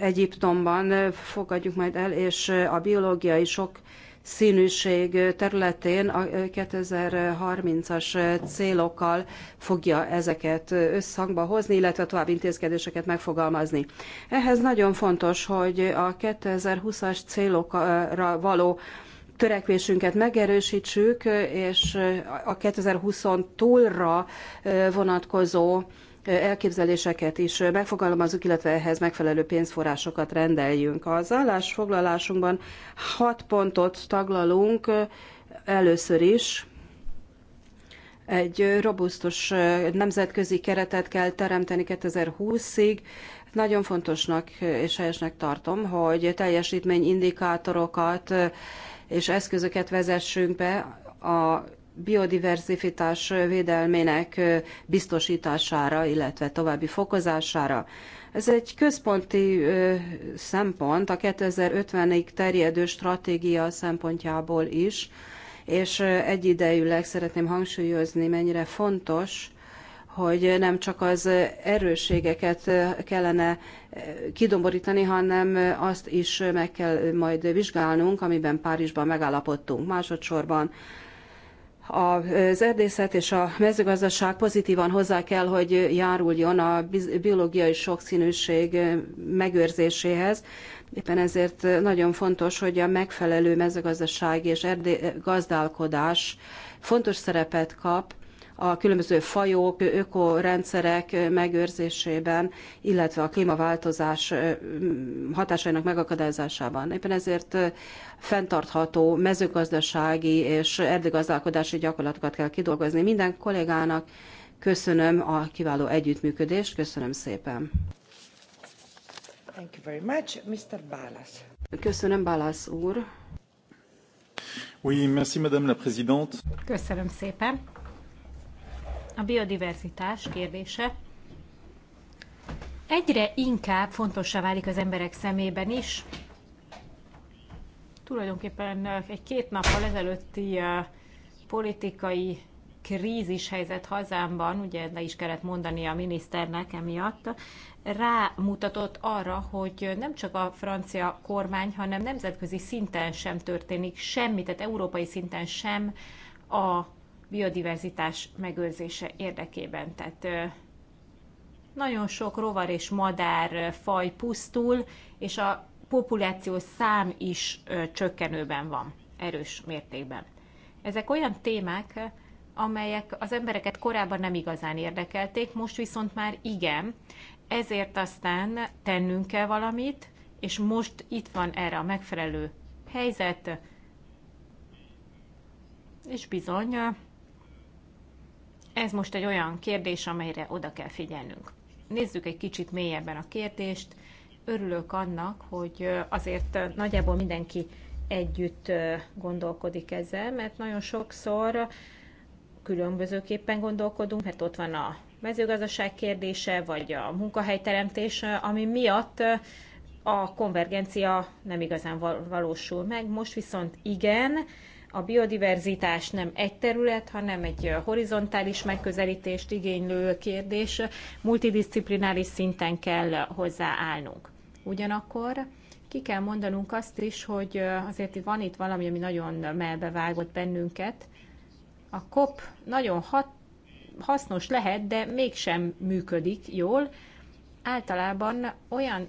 Egyiptomban fogadjuk majd el, és a biológiai sok színűség területén a 2030-as célokkal fogja ezeket összhangba hozni, illetve további intézkedéseket megfogalmazni. Ehhez nagyon fontos, hogy a 2020-as célokra való törekvésünket megerősítsük, és a 2020-on túlra vonatkozó elképzeléseket is megfogalmazunk, illetve ehhez megfelelő pénzforrásokat rendeljünk. Az állásfoglalásunkban hat pontot taglalunk először is, egy robusztus nemzetközi keretet kell teremteni 2020-ig. Nagyon fontosnak és helyesnek tartom, hogy teljesítményindikátorokat és eszközöket vezessünk be a biodiverzifitás védelmének biztosítására, illetve további fokozására. Ez egy központi szempont a 2050-ig terjedő stratégia szempontjából is, és egyidejűleg szeretném hangsúlyozni, mennyire fontos, hogy nem csak az erősségeket kellene kidomborítani, hanem azt is meg kell majd vizsgálnunk, amiben Párizsban megállapodtunk. Másodszorban az erdészet és a mezőgazdaság pozitívan hozzá kell, hogy járuljon a biológiai sokszínűség megőrzéséhez. Éppen ezért nagyon fontos, hogy a megfelelő mezőgazdaság és erdély gazdálkodás fontos szerepet kap a különböző fajok, ökorendszerek megőrzésében, illetve a klímaváltozás hatásainak megakadályozásában. Éppen ezért fenntartható mezőgazdasági és erdőgazdálkodási gyakorlatokat kell kidolgozni. Minden kollégának köszönöm a kiváló együttműködést, köszönöm szépen. Thank you very much, Mr. Balas. Köszönöm, Balas úr. Oui, merci, Madame la Présidente. Köszönöm szépen a biodiverzitás kérdése egyre inkább fontossá válik az emberek szemében is. Tulajdonképpen eh, egy két nappal ezelőtti eh, politikai krízis helyzet hazámban, ugye le is kellett mondani a miniszternek emiatt, rámutatott arra, hogy nem csak a francia kormány, hanem nemzetközi szinten sem történik semmi, tehát európai szinten sem a biodiverzitás megőrzése érdekében. Tehát nagyon sok rovar és madár faj pusztul, és a populáció szám is csökkenőben van, erős mértékben. Ezek olyan témák, amelyek az embereket korábban nem igazán érdekelték, most viszont már igen, ezért aztán tennünk kell valamit, és most itt van erre a megfelelő helyzet, és bizony ez most egy olyan kérdés, amelyre oda kell figyelnünk. Nézzük egy kicsit mélyebben a kérdést. Örülök annak, hogy azért nagyjából mindenki együtt gondolkodik ezzel, mert nagyon sokszor különbözőképpen gondolkodunk, mert ott van a mezőgazdaság kérdése, vagy a munkahelyteremtés, ami miatt a konvergencia nem igazán valósul meg. Most viszont igen, a biodiverzitás nem egy terület, hanem egy horizontális megközelítést igénylő kérdés. Multidisciplináris szinten kell hozzáállnunk. Ugyanakkor ki kell mondanunk azt is, hogy azért van itt valami, ami nagyon melbevágott bennünket. A COP nagyon hat, hasznos lehet, de mégsem működik jól. Általában olyan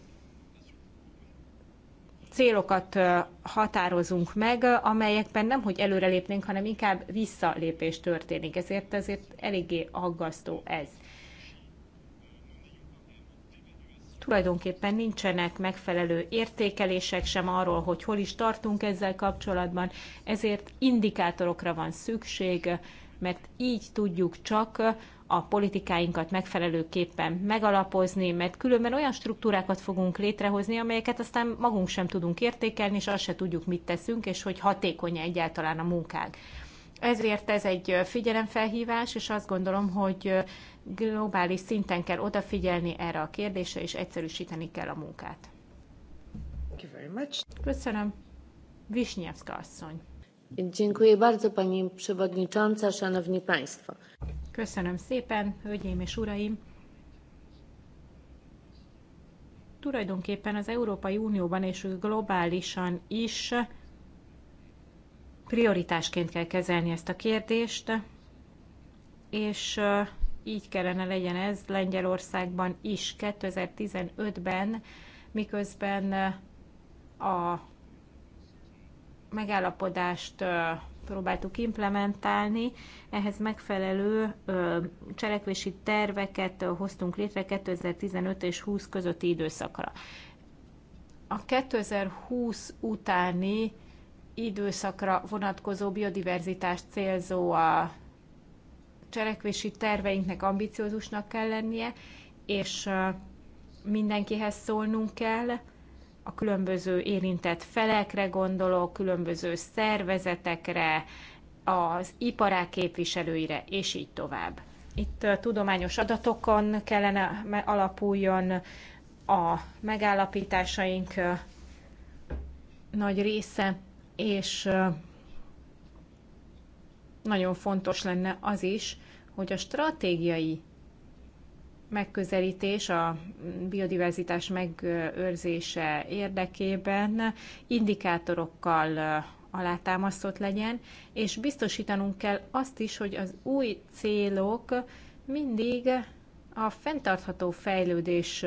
célokat határozunk meg, amelyekben nem, hogy előrelépnénk, hanem inkább visszalépés történik. Ezért ezért eléggé aggasztó ez. Tulajdonképpen nincsenek megfelelő értékelések sem arról, hogy hol is tartunk ezzel kapcsolatban, ezért indikátorokra van szükség, mert így tudjuk csak a politikáinkat megfelelőképpen megalapozni, mert különben olyan struktúrákat fogunk létrehozni, amelyeket aztán magunk sem tudunk értékelni, és azt se tudjuk, mit teszünk, és hogy hatékony -e egyáltalán a munkánk. Ezért ez egy figyelemfelhívás, és azt gondolom, hogy globális szinten kell odafigyelni erre a kérdésre, és egyszerűsíteni kell a munkát. Köszönöm. Visnyevska asszony. Dziękuję bardzo, pani przewodnicząca, szanowni państwo. Köszönöm szépen, hölgyeim és uraim! Tulajdonképpen az Európai Unióban és globálisan is prioritásként kell kezelni ezt a kérdést, és így kellene legyen ez Lengyelországban is 2015-ben, miközben a megállapodást próbáltuk implementálni, ehhez megfelelő cselekvési terveket hoztunk létre 2015 és 20 közötti időszakra. A 2020 utáni időszakra vonatkozó biodiverzitást célzó a cselekvési terveinknek ambiciózusnak kell lennie, és mindenkihez szólnunk kell, a különböző érintett felekre gondolok, különböző szervezetekre, az iparák képviselőire, és így tovább. Itt tudományos adatokon kellene alapuljon a megállapításaink nagy része, és nagyon fontos lenne az is, hogy a stratégiai megközelítés a biodiverzitás megőrzése érdekében indikátorokkal alátámasztott legyen, és biztosítanunk kell azt is, hogy az új célok mindig a fenntartható fejlődés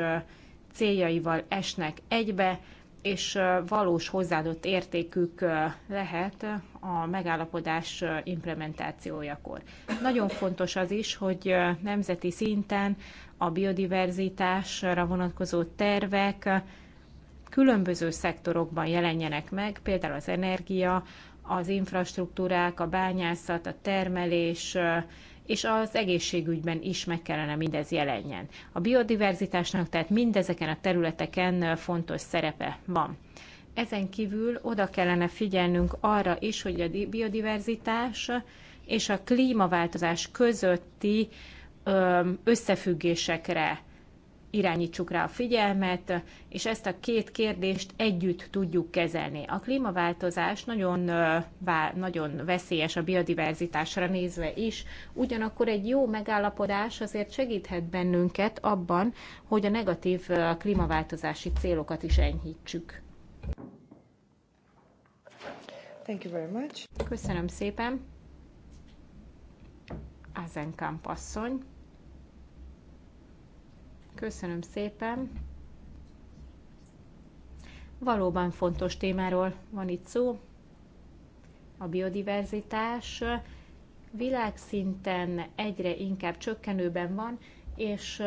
céljaival esnek egybe, és valós hozzáadott értékük lehet a megállapodás implementációjakor. Nagyon fontos az is, hogy nemzeti szinten a biodiverzitásra vonatkozó tervek különböző szektorokban jelenjenek meg, például az energia, az infrastruktúrák, a bányászat, a termelés, és az egészségügyben is meg kellene mindez jelenjen. A biodiverzitásnak tehát mindezeken a területeken fontos szerepe van. Ezen kívül oda kellene figyelnünk arra is, hogy a biodiverzitás és a klímaváltozás közötti összefüggésekre irányítsuk rá a figyelmet, és ezt a két kérdést együtt tudjuk kezelni. A klímaváltozás nagyon, nagyon veszélyes a biodiverzitásra nézve is, ugyanakkor egy jó megállapodás azért segíthet bennünket abban, hogy a negatív klímaváltozási célokat is enyhítsük. Thank you very much. Köszönöm szépen. Azenkamp asszony. Köszönöm szépen. Valóban fontos témáról van itt szó. A biodiverzitás világszinten egyre inkább csökkenőben van, és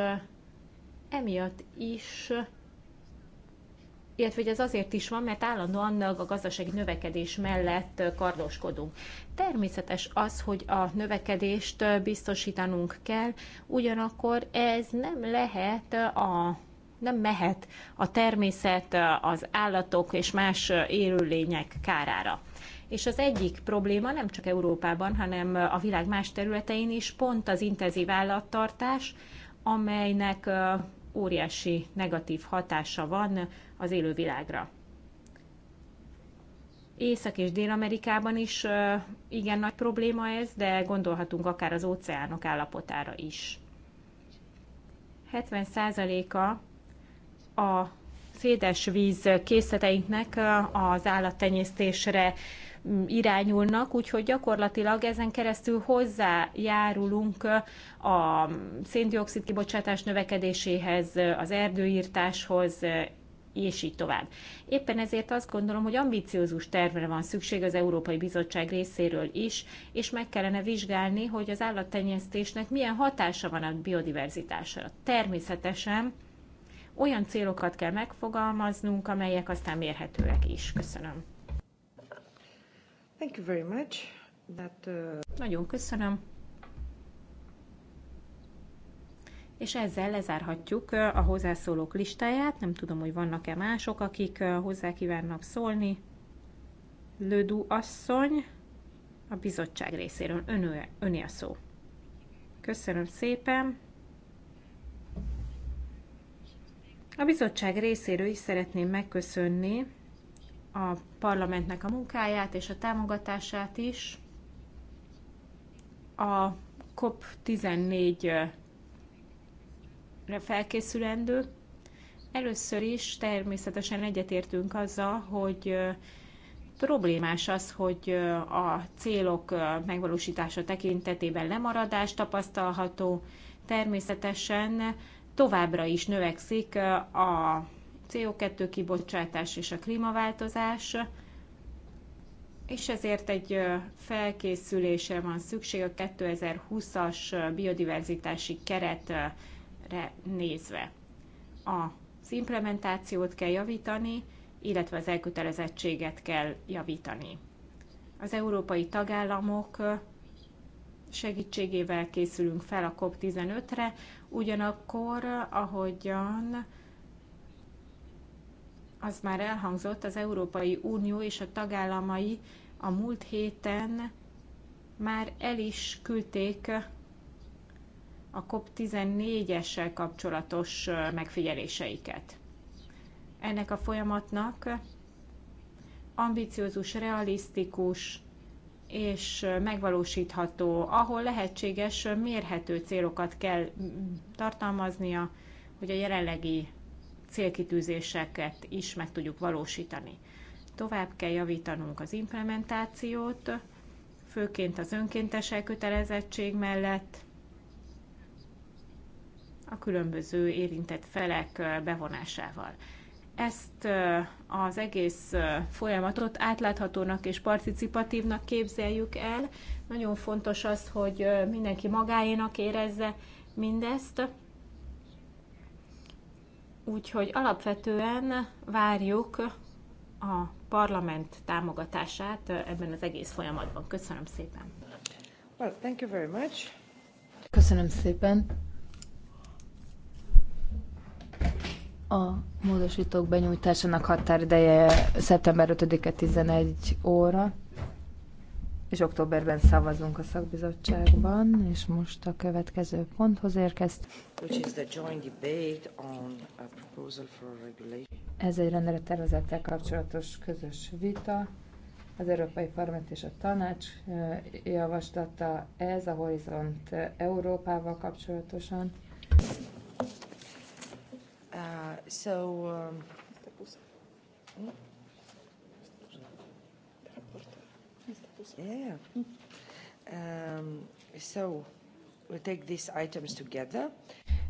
emiatt is illetve hogy ez azért is van, mert állandóan a gazdasági növekedés mellett kardoskodunk. Természetes az, hogy a növekedést biztosítanunk kell, ugyanakkor ez nem lehet a nem mehet a természet, az állatok és más élőlények kárára. És az egyik probléma nem csak Európában, hanem a világ más területein is pont az intenzív állattartás, amelynek óriási negatív hatása van az élővilágra. Észak- és Dél-Amerikában is igen nagy probléma ez, de gondolhatunk akár az óceánok állapotára is. 70%-a a víz készleteinknek az állattenyésztésre irányulnak, úgyhogy gyakorlatilag ezen keresztül hozzájárulunk a széndiokszid kibocsátás növekedéséhez, az erdőírtáshoz, és így tovább. Éppen ezért azt gondolom, hogy ambiciózus tervre van szükség az Európai Bizottság részéről is, és meg kellene vizsgálni, hogy az állattenyésztésnek milyen hatása van a biodiverzitásra. Természetesen olyan célokat kell megfogalmaznunk, amelyek aztán mérhetőek is. Köszönöm. Thank you very much. That, uh... Nagyon köszönöm. És ezzel lezárhatjuk uh, a hozzászólók listáját. Nem tudom, hogy vannak-e mások, akik uh, hozzá kívánnak szólni. Lödu asszony a bizottság részéről. Önő, öné a szó. Köszönöm szépen. A bizottság részéről is szeretném megköszönni a parlamentnek a munkáját és a támogatását is. A COP14 felkészülendő. Először is természetesen egyetértünk azzal, hogy problémás az, hogy a célok megvalósítása tekintetében lemaradás tapasztalható. Természetesen továbbra is növekszik a CO2 kibocsátás és a klímaváltozás, és ezért egy felkészülésre van szükség a 2020-as biodiverzitási keretre nézve. Az implementációt kell javítani, illetve az elkötelezettséget kell javítani. Az európai tagállamok segítségével készülünk fel a COP15-re, ugyanakkor, ahogyan az már elhangzott, az Európai Unió és a tagállamai a múlt héten már el is küldték a COP14-essel kapcsolatos megfigyeléseiket. Ennek a folyamatnak ambiciózus, realisztikus és megvalósítható, ahol lehetséges, mérhető célokat kell tartalmaznia, hogy a jelenlegi célkitűzéseket is meg tudjuk valósítani. Tovább kell javítanunk az implementációt, főként az önkéntes elkötelezettség mellett a különböző érintett felek bevonásával. Ezt az egész folyamatot átláthatónak és participatívnak képzeljük el. Nagyon fontos az, hogy mindenki magáénak érezze mindezt, Úgyhogy alapvetően várjuk a parlament támogatását ebben az egész folyamatban. Köszönöm szépen. Well, thank you very much. Köszönöm szépen. A módosítók benyújtásának határideje szeptember 5-e 11 óra és októberben szavazunk a szakbizottságban, és most a következő ponthoz érkeztünk. Ez egy rendelettervezettel kapcsolatos közös vita. Az Európai Parlament és a Tanács javaslata ez a Horizont Európával kapcsolatosan. Uh, so, um, Yeah. Um, so we'll take these items together.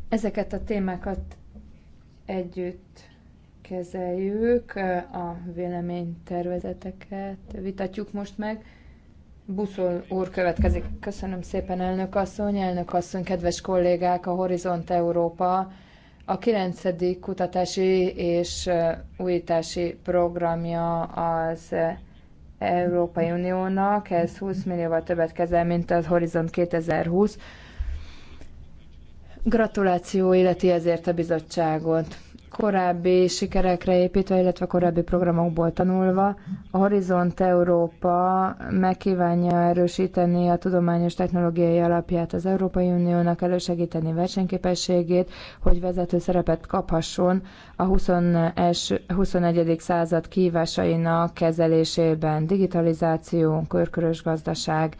Ezeket a témákat együtt kezeljük, a véleménytervezeteket vitatjuk most meg. Buszol úr következik. Köszönöm szépen, elnök asszony, elnök asszony, kedves kollégák, a Horizont Európa a 9. kutatási és újítási programja az Európai Uniónak, ez 20 millióval többet kezel, mint az Horizont 2020. Gratuláció illeti ezért a bizottságot korábbi sikerekre építve, illetve korábbi programokból tanulva, a Horizont Európa megkívánja erősíteni a tudományos technológiai alapját az Európai Uniónak, elősegíteni versenyképességét, hogy vezető szerepet kaphasson a 21. század kívásainak kezelésében, digitalizáció, körkörös gazdaság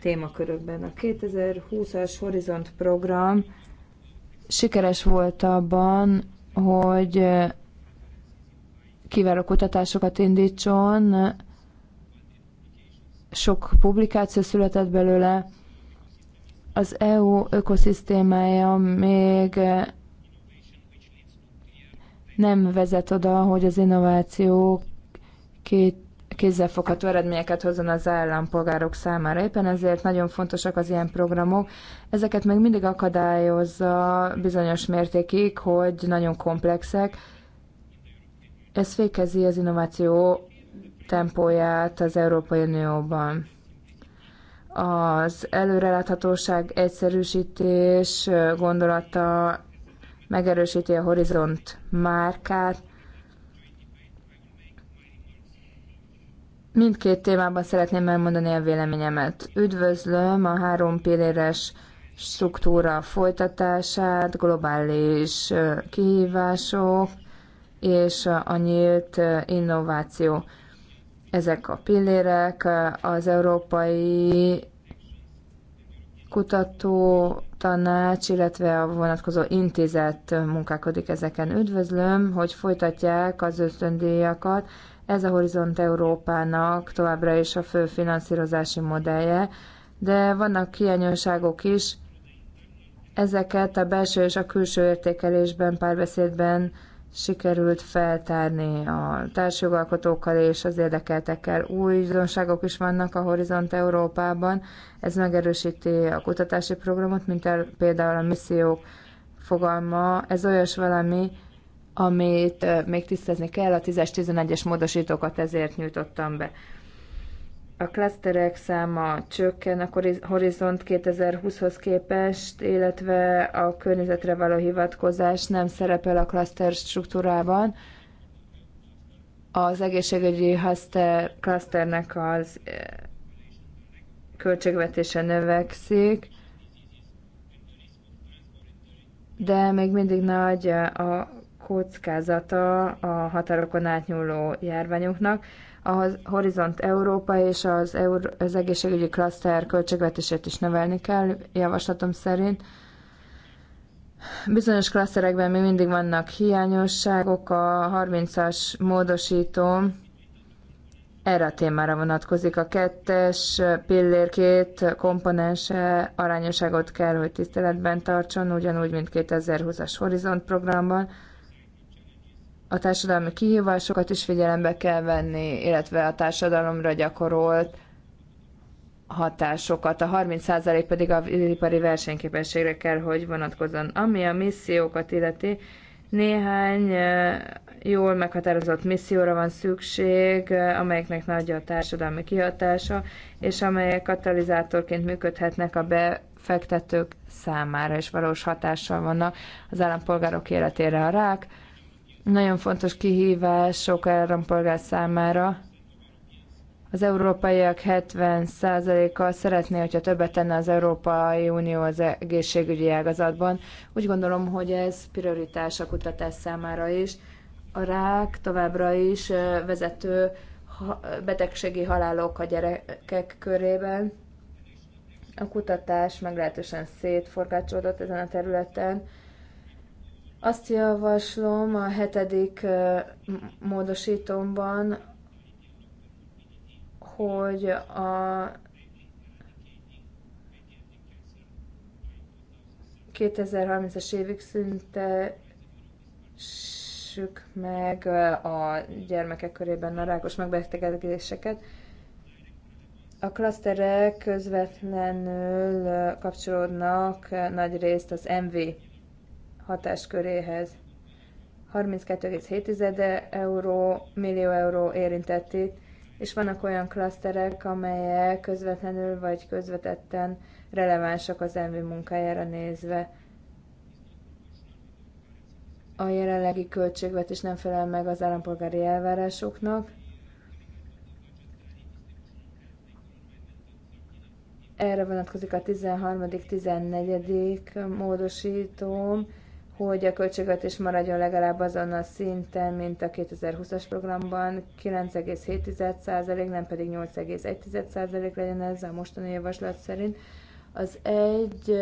témakörökben. A 2020-as Horizont program sikeres volt abban, hogy kiváló kutatásokat indítson, sok publikáció született belőle, az EU ökoszisztémája még nem vezet oda, hogy az innováció két kézzelfogható eredményeket hozzon az állampolgárok számára. Éppen ezért nagyon fontosak az ilyen programok. Ezeket meg mindig akadályozza bizonyos mértékig, hogy nagyon komplexek. Ez fékezi az innováció tempóját az Európai Unióban az előreláthatóság egyszerűsítés gondolata megerősíti a Horizont márkát, Mindkét témában szeretném elmondani a véleményemet. Üdvözlöm a három pilléres struktúra folytatását, globális kihívások és a nyílt innováció. Ezek a pillérek az európai kutató tanács, illetve a vonatkozó intézet munkálkodik ezeken. Üdvözlöm, hogy folytatják az ösztöndíjakat, ez a Horizont Európának továbbra is a fő finanszírozási modellje, de vannak hiányosságok is, ezeket a belső és a külső értékelésben, párbeszédben sikerült feltárni a társjogalkotókkal és az érdekeltekkel. Új újdonságok is vannak a Horizont Európában, ez megerősíti a kutatási programot, mint például a missziók fogalma. Ez olyas valami, amit még tisztázni kell, a 10-es, 11-es módosítókat ezért nyújtottam be. A klaszterek száma csökken a Horizont 2020-hoz képest, illetve a környezetre való hivatkozás nem szerepel a klaszter struktúrában. Az egészségügyi klaszternek az költségvetése növekszik, de még mindig nagy a kockázata a határokon átnyúló járványoknak. A Horizont Európa és az, eur az egészségügyi klaszter költségvetését is növelni kell, javaslatom szerint. Bizonyos klaszterekben még mindig vannak hiányosságok, a 30-as módosító erre a témára vonatkozik. A kettes pillér két komponense arányosságot kell, hogy tiszteletben tartson, ugyanúgy, mint 2020-as Horizont programban a társadalmi kihívásokat is figyelembe kell venni, illetve a társadalomra gyakorolt hatásokat. A 30% pedig a ipari versenyképességre kell, hogy vonatkozzon. Ami a missziókat illeti, néhány jól meghatározott misszióra van szükség, amelyeknek nagy a társadalmi kihatása, és amelyek katalizátorként működhetnek a befektetők számára, és valós hatással vannak az állampolgárok életére a rák, nagyon fontos kihívás, sok állampolgár számára. Az európaiak 70%-a szeretné, hogyha többet tenne az Európai Unió az egészségügyi ágazatban. Úgy gondolom, hogy ez prioritás a kutatás számára is. A rák továbbra is vezető betegségi halálok a gyerekek körében. A kutatás meglehetősen szétforgácsolódott ezen a területen azt javaslom a hetedik módosítomban, hogy a 2030-as évig szüntessük meg a gyermekek körében a rákos megbetegedéseket. A klaszterek közvetlenül kapcsolódnak nagy részt az MV hatásköréhez. 32,7 euró, millió euró érintett itt, és vannak olyan klaszterek, amelyek közvetlenül vagy közvetetten relevánsak az elmű munkájára nézve. A jelenlegi költségvetés nem felel meg az állampolgári elvárásoknak, erre vonatkozik a 13.-14. módosítóm, hogy a költségvetés maradjon legalább azon a szinten, mint a 2020-as programban, 9,7%, nem pedig 8,1% legyen ez a mostani javaslat szerint. Az egy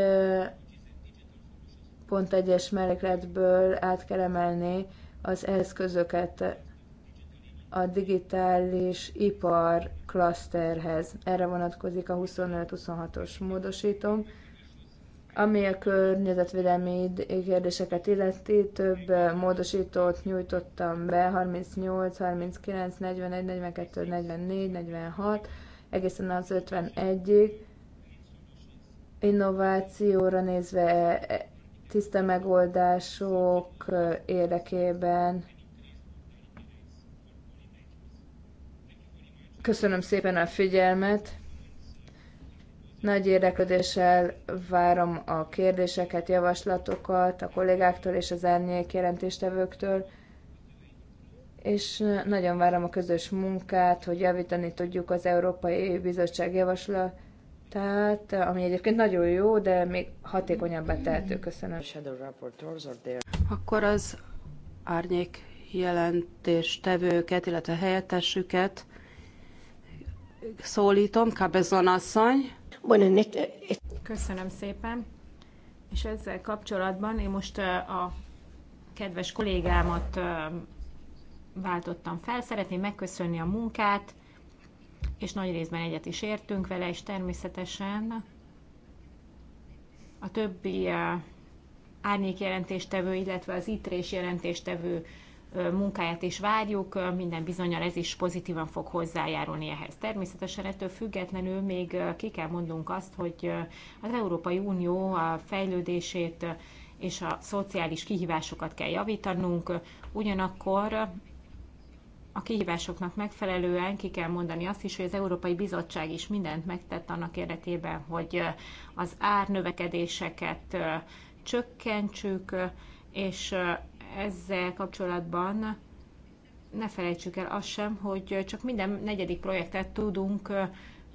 pont egyes mellékletből át kell emelni az eszközöket a digitális ipar klaszterhez. Erre vonatkozik a 25-26-os módosítom ami a környezetvédelmi kérdéseket illeti, több módosítót nyújtottam be, 38, 39, 41, 42, 44, 46, egészen az 51-ig. Innovációra nézve tiszta megoldások érdekében. Köszönöm szépen a figyelmet! Nagy érdeklődéssel várom a kérdéseket, javaslatokat a kollégáktól és az árnyék jelentéstevőktől, és nagyon várom a közös munkát, hogy javítani tudjuk az Európai Bizottság javaslat, tehát, ami egyébként nagyon jó, de még hatékonyabbá tehető. Köszönöm. Akkor az árnyék jelentéstevőket, illetve helyettesüket szólítom. Kábezon asszony. Köszönöm szépen. És ezzel kapcsolatban én most a kedves kollégámat váltottam fel. Szeretném megköszönni a munkát, és nagy részben egyet is értünk vele, és természetesen a többi árnyék jelentéstevő, illetve az ITRÉS jelentéstevő munkáját is várjuk, minden bizonyal ez is pozitívan fog hozzájárulni ehhez. Természetesen ettől függetlenül még ki kell mondunk azt, hogy az Európai Unió a fejlődését és a szociális kihívásokat kell javítanunk, ugyanakkor a kihívásoknak megfelelően ki kell mondani azt is, hogy az Európai Bizottság is mindent megtett annak érdekében, hogy az árnövekedéseket csökkentsük, és ezzel kapcsolatban ne felejtsük el azt sem, hogy csak minden negyedik projektet tudunk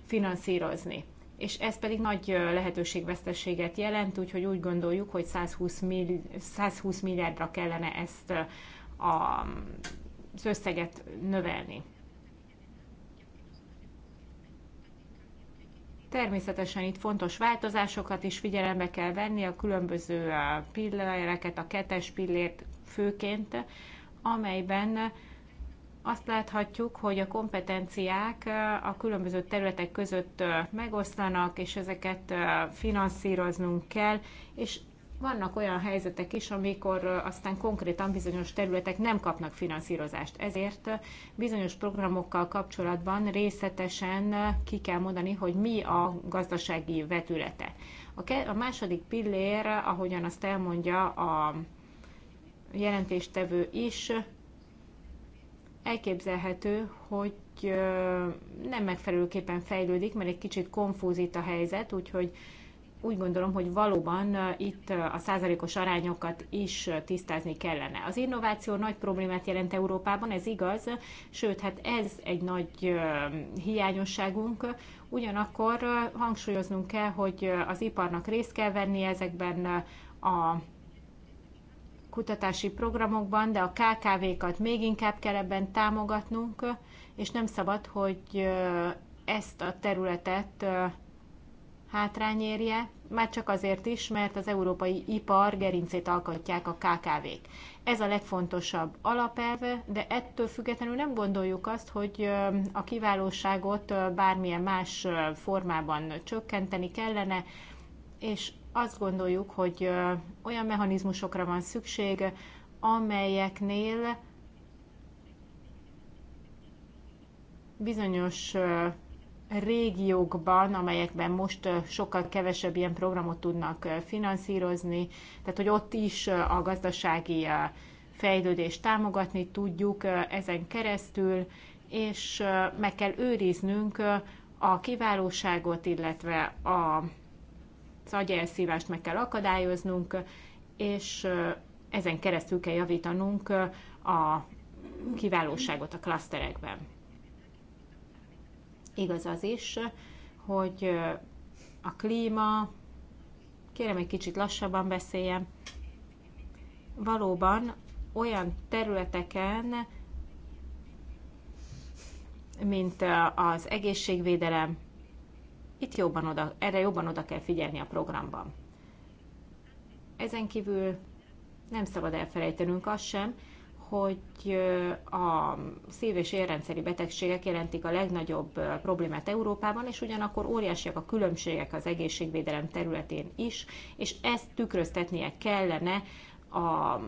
finanszírozni. És ez pedig nagy lehetőségvesztességet jelent, úgyhogy úgy gondoljuk, hogy 120, milli, 120 milliárdra kellene ezt a, az összeget növelni. Természetesen itt fontos változásokat is figyelembe kell venni, a különböző pilléreket, a kettes pillért főként, amelyben azt láthatjuk, hogy a kompetenciák a különböző területek között megoszlanak, és ezeket finanszíroznunk kell, és vannak olyan helyzetek is, amikor aztán konkrétan bizonyos területek nem kapnak finanszírozást. Ezért bizonyos programokkal kapcsolatban részletesen ki kell mondani, hogy mi a gazdasági vetülete. A, második pillér, ahogyan azt elmondja a jelentéstevő is, elképzelhető, hogy nem megfelelőképpen fejlődik, mert egy kicsit konfúz itt a helyzet, úgyhogy úgy gondolom, hogy valóban itt a százalékos arányokat is tisztázni kellene. Az innováció nagy problémát jelent Európában, ez igaz, sőt, hát ez egy nagy hiányosságunk. Ugyanakkor hangsúlyoznunk kell, hogy az iparnak részt kell venni ezekben a kutatási programokban, de a KKV-kat még inkább kell ebben támogatnunk, és nem szabad, hogy ezt a területet hátrány érje, már csak azért is, mert az európai ipar gerincét alkotják a KKV-k. Ez a legfontosabb alapelve, de ettől függetlenül nem gondoljuk azt, hogy a kiválóságot bármilyen más formában csökkenteni kellene, és azt gondoljuk, hogy olyan mechanizmusokra van szükség, amelyeknél bizonyos régiókban, amelyekben most sokkal kevesebb ilyen programot tudnak finanszírozni, tehát hogy ott is a gazdasági fejlődést támogatni tudjuk ezen keresztül, és meg kell őriznünk a kiválóságot, illetve a agyelszívást meg kell akadályoznunk, és ezen keresztül kell javítanunk a kiválóságot a klaszterekben. Igaz az is, hogy a klíma, kérem egy kicsit lassabban beszéljem, valóban olyan területeken, mint az egészségvédelem, itt jobban oda, erre jobban oda kell figyelni a programban. Ezen kívül nem szabad elfelejtenünk azt sem, hogy a szív- és érrendszeri betegségek jelentik a legnagyobb problémát Európában, és ugyanakkor óriásiak a különbségek az egészségvédelem területén is, és ezt tükröztetnie kellene a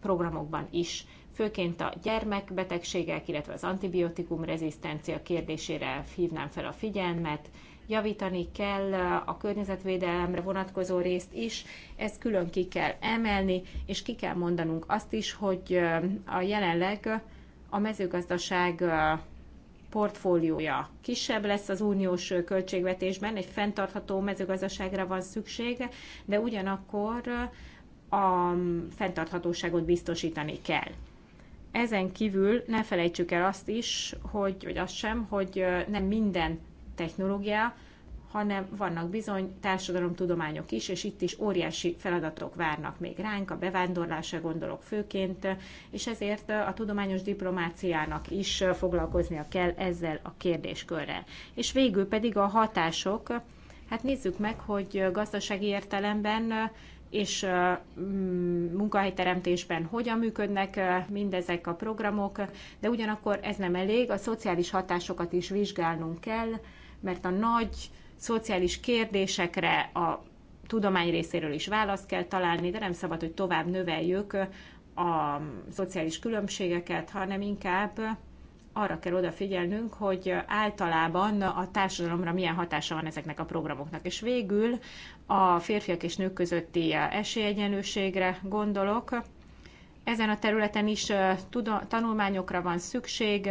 programokban is. Főként a gyermekbetegségek, illetve az antibiotikum rezisztencia kérdésére hívnám fel a figyelmet, javítani kell a környezetvédelemre vonatkozó részt is, ezt külön ki kell emelni, és ki kell mondanunk azt is, hogy a jelenleg a mezőgazdaság portfóliója kisebb lesz az uniós költségvetésben, egy fenntartható mezőgazdaságra van szüksége, de ugyanakkor a fenntarthatóságot biztosítani kell. Ezen kívül ne felejtsük el azt is, hogy, vagy azt sem, hogy nem minden technológia, hanem vannak bizony társadalomtudományok is, és itt is óriási feladatok várnak még ránk, a bevándorlásra gondolok főként, és ezért a tudományos diplomáciának is foglalkoznia kell ezzel a kérdéskörrel. És végül pedig a hatások, hát nézzük meg, hogy gazdasági értelemben és mm, munkahelyteremtésben hogyan működnek mindezek a programok, de ugyanakkor ez nem elég, a szociális hatásokat is vizsgálnunk kell, mert a nagy szociális kérdésekre a tudomány részéről is választ kell találni, de nem szabad, hogy tovább növeljük a szociális különbségeket, hanem inkább arra kell odafigyelnünk, hogy általában a társadalomra milyen hatása van ezeknek a programoknak. És végül a férfiak és nők közötti esélyegyenlőségre gondolok. Ezen a területen is eh, tanulmányokra van szükség,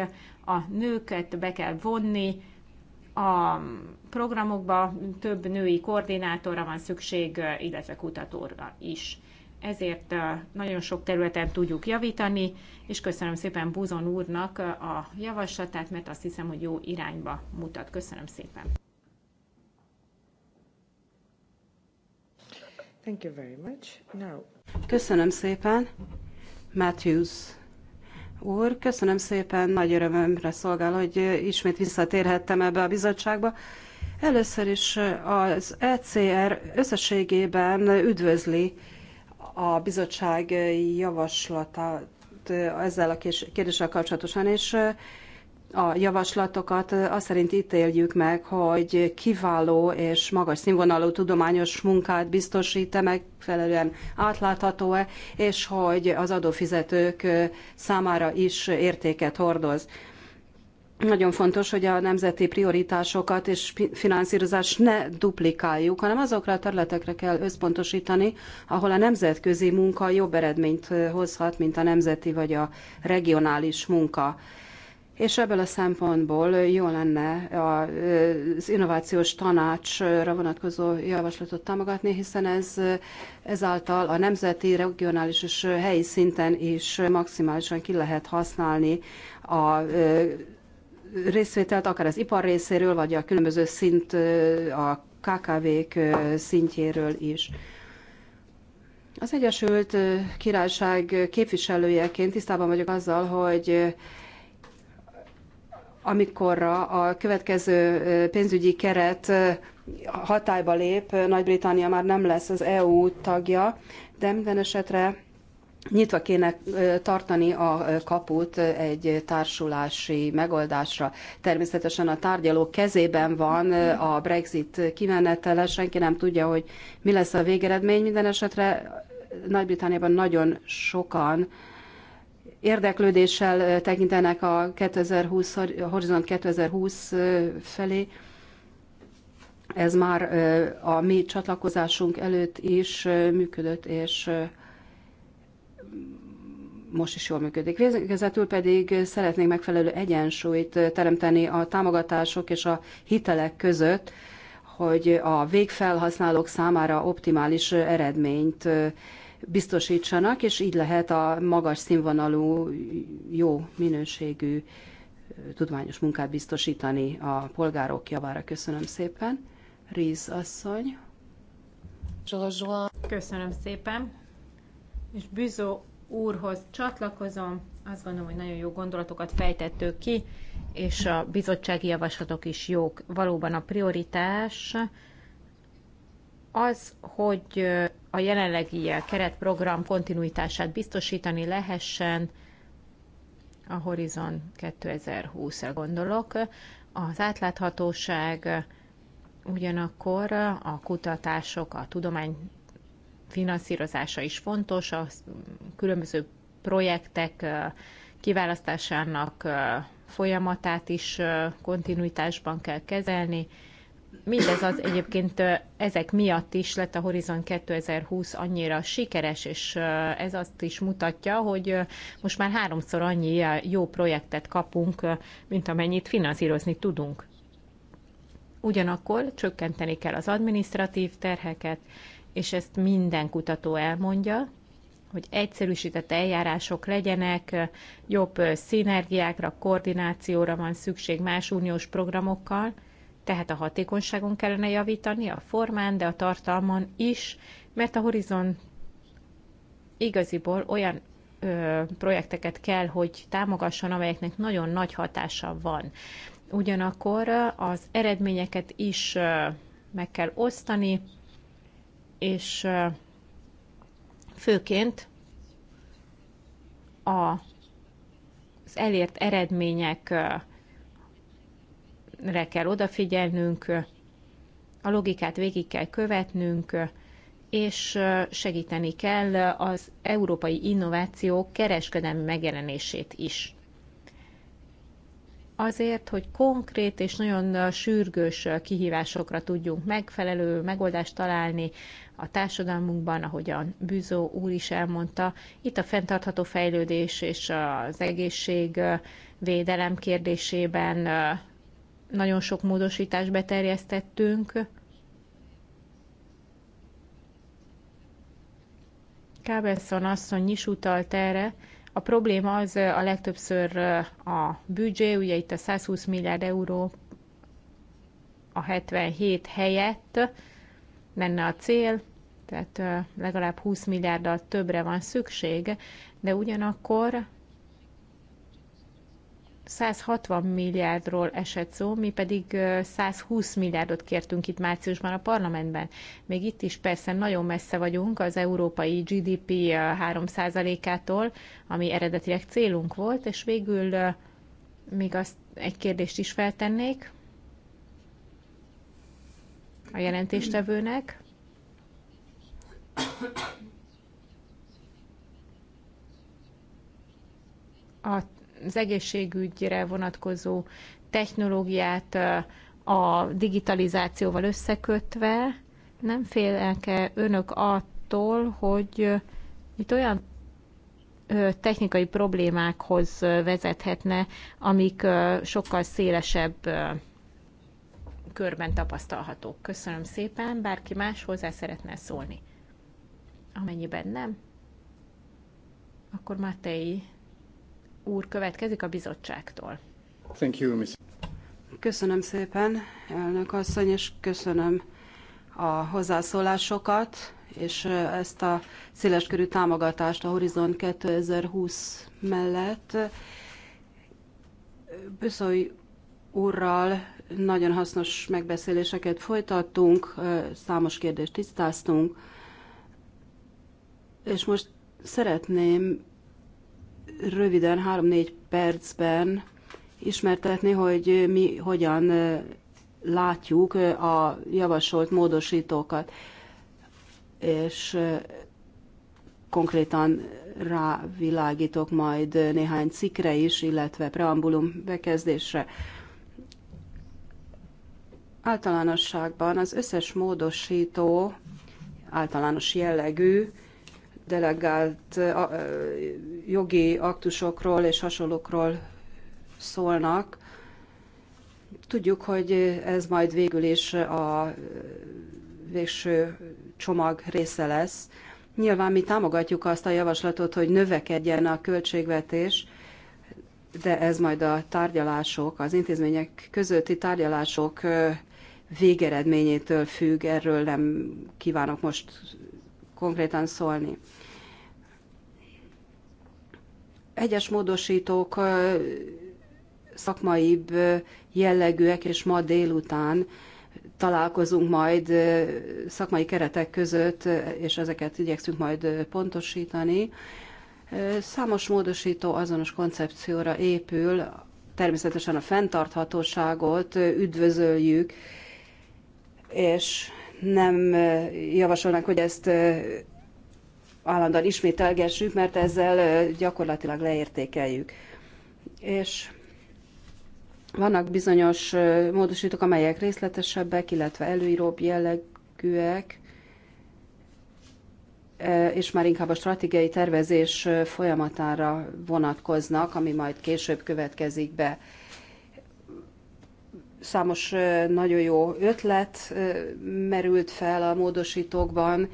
a nőket be kell vonni, a programokba több női koordinátorra van szükség, illetve kutatóra is. Ezért nagyon sok területen tudjuk javítani, és köszönöm szépen Buzon úrnak a javaslatát, mert azt hiszem, hogy jó irányba mutat. Köszönöm szépen. Thank you very much. Now... Köszönöm szépen. Matthews úr, köszönöm szépen, nagy örömömre szolgál, hogy ismét visszatérhettem ebbe a bizottságba. Először is az ECR összességében üdvözli a bizottság javaslatát ezzel a kérdéssel kapcsolatosan, és a javaslatokat, azt szerint ítéljük meg, hogy kiváló és magas színvonalú tudományos munkát biztosít-e, megfelelően átlátható-e, és hogy az adófizetők számára is értéket hordoz. Nagyon fontos, hogy a nemzeti prioritásokat és finanszírozást ne duplikáljuk, hanem azokra a területekre kell összpontosítani, ahol a nemzetközi munka jobb eredményt hozhat, mint a nemzeti vagy a regionális munka és ebből a szempontból jó lenne az innovációs tanácsra vonatkozó javaslatot támogatni, hiszen ez ezáltal a nemzeti, regionális és helyi szinten is maximálisan ki lehet használni a részvételt, akár az ipar részéről, vagy a különböző szint a KKV-k szintjéről is. Az Egyesült Királyság képviselőjeként tisztában vagyok azzal, hogy amikorra a következő pénzügyi keret hatályba lép, Nagy-Britannia már nem lesz az EU tagja, de minden esetre nyitva kéne tartani a kaput egy társulási megoldásra. Természetesen a tárgyalók kezében van a Brexit kimenetele, senki nem tudja, hogy mi lesz a végeredmény. Minden esetre Nagy-Britanniában nagyon sokan érdeklődéssel tekintenek a 2020, Horizont 2020 felé. Ez már a mi csatlakozásunk előtt is működött, és most is jól működik. Végezetül pedig szeretnénk megfelelő egyensúlyt teremteni a támogatások és a hitelek között, hogy a végfelhasználók számára optimális eredményt biztosítsanak, és így lehet a magas színvonalú, jó minőségű tudományos munkát biztosítani a polgárok javára. Köszönöm szépen. Ríz asszony. Köszönöm szépen. És Büzó úrhoz csatlakozom. Azt gondolom, hogy nagyon jó gondolatokat fejtettük ki, és a bizottsági javaslatok is jók. Valóban a prioritás az, hogy a jelenlegi keretprogram kontinuitását biztosítani lehessen, a Horizon 2020-ra gondolok. Az átláthatóság ugyanakkor a kutatások, a tudomány finanszírozása is fontos, a különböző projektek kiválasztásának folyamatát is kontinuitásban kell kezelni, mindez az egyébként ezek miatt is lett a Horizon 2020 annyira sikeres, és ez azt is mutatja, hogy most már háromszor annyi jó projektet kapunk, mint amennyit finanszírozni tudunk. Ugyanakkor csökkenteni kell az administratív terheket, és ezt minden kutató elmondja, hogy egyszerűsített eljárások legyenek, jobb szinergiákra, koordinációra van szükség más uniós programokkal, tehát a hatékonyságon kellene javítani, a formán, de a tartalmon is, mert a horizon igaziból olyan ö, projekteket kell, hogy támogasson, amelyeknek nagyon nagy hatása van. Ugyanakkor az eredményeket is ö, meg kell osztani, és ö, főként a, az elért eredmények ö, re kell odafigyelnünk, a logikát végig kell követnünk, és segíteni kell az európai innovációk kereskedelmi megjelenését is. Azért, hogy konkrét és nagyon sürgős kihívásokra tudjunk megfelelő megoldást találni a társadalmunkban, ahogyan Bűzó úr is elmondta, itt a fenntartható fejlődés és az egészségvédelem kérdésében nagyon sok módosítást beterjesztettünk. Kábelszon asszony is utalt erre. A probléma az a legtöbbször a büdzsé, ugye itt a 120 milliárd euró a 77 helyett lenne a cél, tehát legalább 20 milliárddal többre van szükség, de ugyanakkor 160 milliárdról esett szó, mi pedig 120 milliárdot kértünk itt márciusban a parlamentben. Még itt is persze nagyon messze vagyunk az európai GDP 3%-ától, ami eredetileg célunk volt, és végül még azt egy kérdést is feltennék a jelentéstevőnek. A az egészségügyre vonatkozó technológiát a digitalizációval összekötve. Nem félnek-e önök attól, hogy itt olyan technikai problémákhoz vezethetne, amik sokkal szélesebb körben tapasztalhatók. Köszönöm szépen, bárki más hozzá szeretne szólni. Amennyiben nem, akkor így úr következik a bizottságtól. Thank you, Ms. Köszönöm szépen, elnök asszony, és köszönöm a hozzászólásokat, és ezt a széleskörű támogatást a Horizon 2020 mellett. Büszöly úrral nagyon hasznos megbeszéléseket folytattunk, számos kérdést tisztáztunk, és most szeretném röviden, 3-4 percben ismertetni, hogy mi hogyan látjuk a javasolt módosítókat, és konkrétan rávilágítok majd néhány cikkre is, illetve preambulum bekezdésre. Általánosságban az összes módosító általános jellegű, delegált jogi aktusokról és hasonlókról szólnak. Tudjuk, hogy ez majd végül is a végső csomag része lesz. Nyilván mi támogatjuk azt a javaslatot, hogy növekedjen a költségvetés, de ez majd a tárgyalások, az intézmények közötti tárgyalások végeredményétől függ, erről nem kívánok most konkrétan szólni. Egyes módosítók szakmaibb jellegűek, és ma délután találkozunk majd szakmai keretek között, és ezeket igyekszünk majd pontosítani. Számos módosító azonos koncepcióra épül, természetesen a fenntarthatóságot üdvözöljük, és nem javasolnak, hogy ezt állandóan ismételgessük, mert ezzel gyakorlatilag leértékeljük. És vannak bizonyos módosítók, amelyek részletesebbek, illetve előíróbb jellegűek, és már inkább a stratégiai tervezés folyamatára vonatkoznak, ami majd később következik be. Számos nagyon jó ötlet merült fel a módosítókban,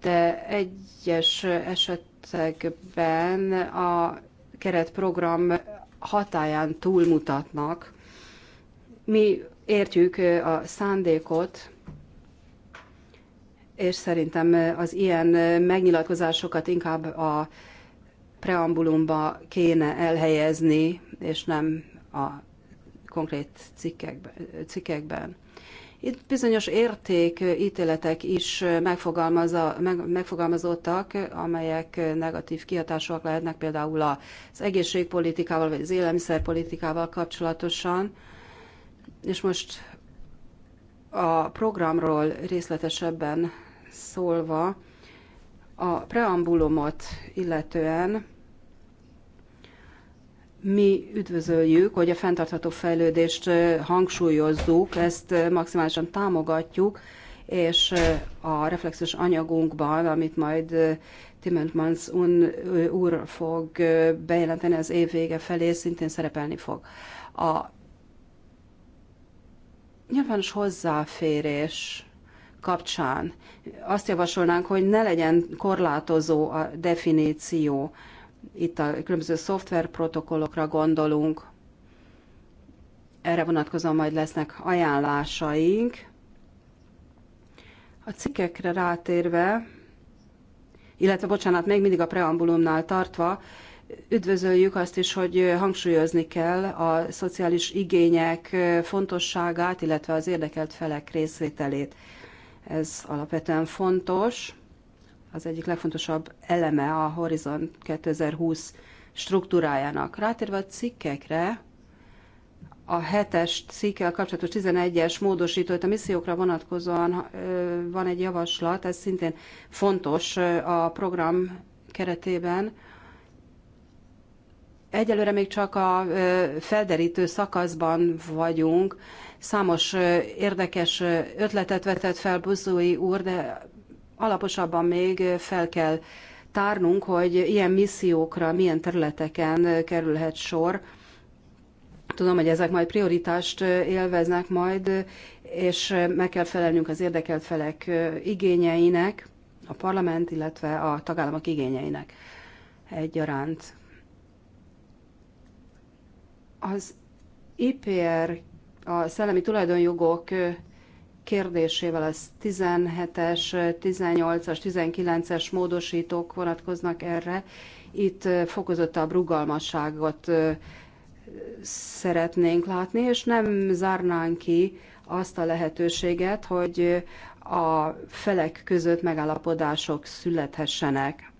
de egyes esetekben a keretprogram hatáján túlmutatnak. Mi értjük a szándékot, és szerintem az ilyen megnyilatkozásokat inkább a preambulumba kéne elhelyezni, és nem a konkrét cikkekben. cikkekben. Itt bizonyos értékítéletek is megfogalmazottak, amelyek negatív kihatások lehetnek például az egészségpolitikával vagy az élelmiszerpolitikával kapcsolatosan. És most a programról részletesebben szólva, a preambulumot illetően mi üdvözöljük, hogy a fenntartható fejlődést hangsúlyozzuk, ezt maximálisan támogatjuk, és a reflexes anyagunkban, amit majd Timmermans úr fog bejelenteni az év vége felé, szintén szerepelni fog. A nyilvános hozzáférés kapcsán azt javasolnánk, hogy ne legyen korlátozó a definíció itt a különböző szoftverprotokollokra gondolunk. Erre vonatkozóan majd lesznek ajánlásaink. A cikkekre rátérve, illetve bocsánat, még mindig a preambulumnál tartva, üdvözöljük azt is, hogy hangsúlyozni kell a szociális igények fontosságát, illetve az érdekelt felek részvételét. Ez alapvetően fontos az egyik legfontosabb eleme a Horizon 2020 struktúrájának. Rátérve a cikkekre, a hetes cikkel kapcsolatos 11-es módosítót a missziókra vonatkozóan van egy javaslat, ez szintén fontos a program keretében. Egyelőre még csak a felderítő szakaszban vagyunk. Számos érdekes ötletet vetett fel Buzói úr, de alaposabban még fel kell tárnunk, hogy ilyen missziókra, milyen területeken kerülhet sor. Tudom, hogy ezek majd prioritást élveznek majd, és meg kell felelnünk az érdekelt felek igényeinek, a parlament, illetve a tagállamok igényeinek egyaránt. Az IPR, a szellemi tulajdonjogok kérdésével az 17-es, 18-as, 19-es módosítók vonatkoznak erre. Itt fokozottabb rugalmasságot szeretnénk látni, és nem zárnánk ki azt a lehetőséget, hogy a felek között megállapodások születhessenek.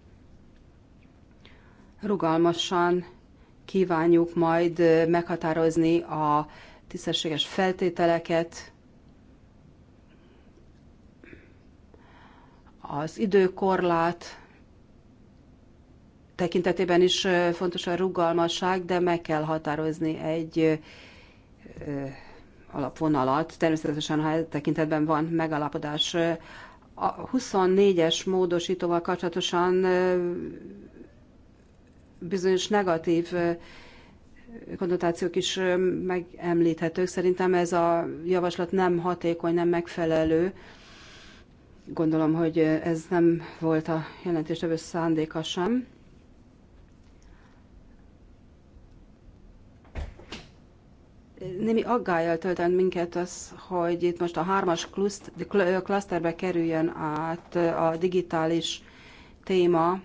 Rugalmasan kívánjuk majd meghatározni a tisztességes feltételeket, az időkorlát tekintetében is fontos a rugalmasság, de meg kell határozni egy alapvonalat. Természetesen, ha e tekintetben van megalapodás, a 24-es módosítóval kapcsolatosan bizonyos negatív konnotációk is megemlíthetők. Szerintem ez a javaslat nem hatékony, nem megfelelő. Gondolom, hogy ez nem volt a jelentéstevő szándéka sem. Némi aggájjal töltött minket az, hogy itt most a hármas klaszterbe kerüljön át a digitális téma,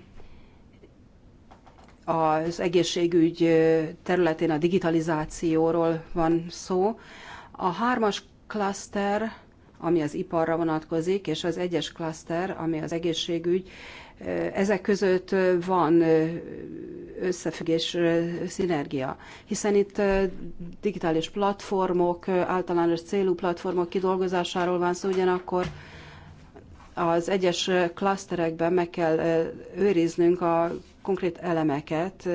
az egészségügy területén a digitalizációról van szó. A hármas klaszter ami az iparra vonatkozik, és az egyes klaszter, ami az egészségügy, eh, ezek között eh, van eh, összefüggés, szinergia, hiszen itt digitális platformok, általános célú platformok kidolgozásáról van szó, ugyanakkor az egyes klaszterekben meg kell őriznünk a konkrét elemeket,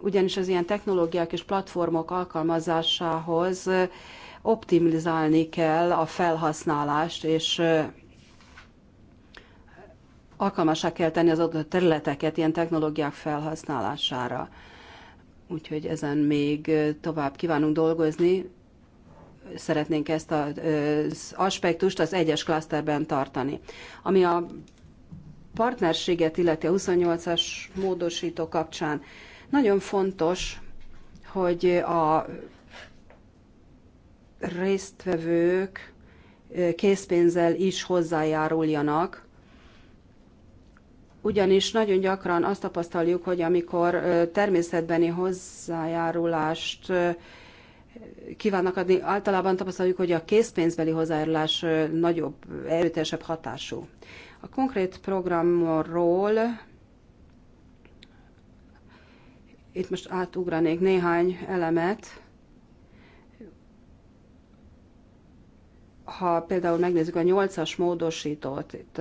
ugyanis az ilyen technológiák és platformok alkalmazásához optimizálni kell a felhasználást, és alkalmasá kell tenni az adott területeket ilyen technológiák felhasználására. Úgyhogy ezen még tovább kívánunk dolgozni. Szeretnénk ezt az aspektust az egyes klaszterben tartani. Ami a partnerséget illeti a 28-as módosító kapcsán, nagyon fontos, hogy a résztvevők készpénzzel is hozzájáruljanak, ugyanis nagyon gyakran azt tapasztaljuk, hogy amikor természetbeni hozzájárulást kívánnak adni, általában tapasztaljuk, hogy a készpénzbeli hozzájárulás nagyobb, erőteljesebb hatású. A konkrét programról itt most átugranék néhány elemet. ha például megnézzük a nyolcas módosítót, itt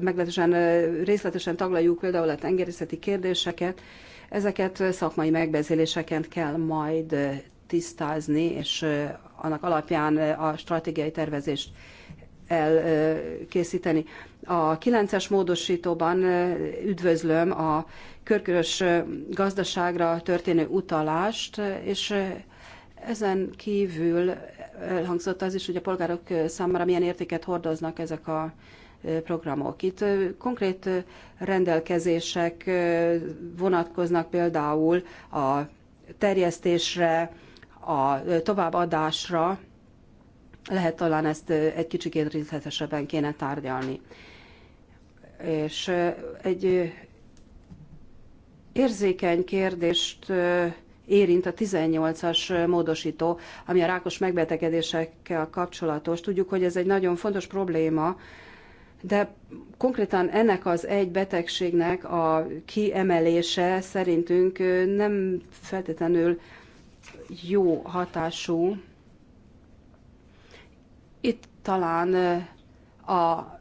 meglehetősen részletesen taglaljuk például a tengerészeti kérdéseket, ezeket szakmai megbeszéléseken kell majd tisztázni, és annak alapján a stratégiai tervezést elkészíteni. A kilences módosítóban üdvözlöm a körkörös gazdaságra történő utalást, és ezen kívül elhangzott az is, hogy a polgárok számára milyen értéket hordoznak ezek a programok. Itt konkrét rendelkezések vonatkoznak például a terjesztésre, a továbbadásra, lehet talán ezt egy kicsikét részletesebben kéne tárgyalni. És egy érzékeny kérdést érint a 18-as módosító, ami a rákos megbetegedésekkel kapcsolatos. Tudjuk, hogy ez egy nagyon fontos probléma, de konkrétan ennek az egy betegségnek a kiemelése szerintünk nem feltétlenül jó hatású. Itt talán a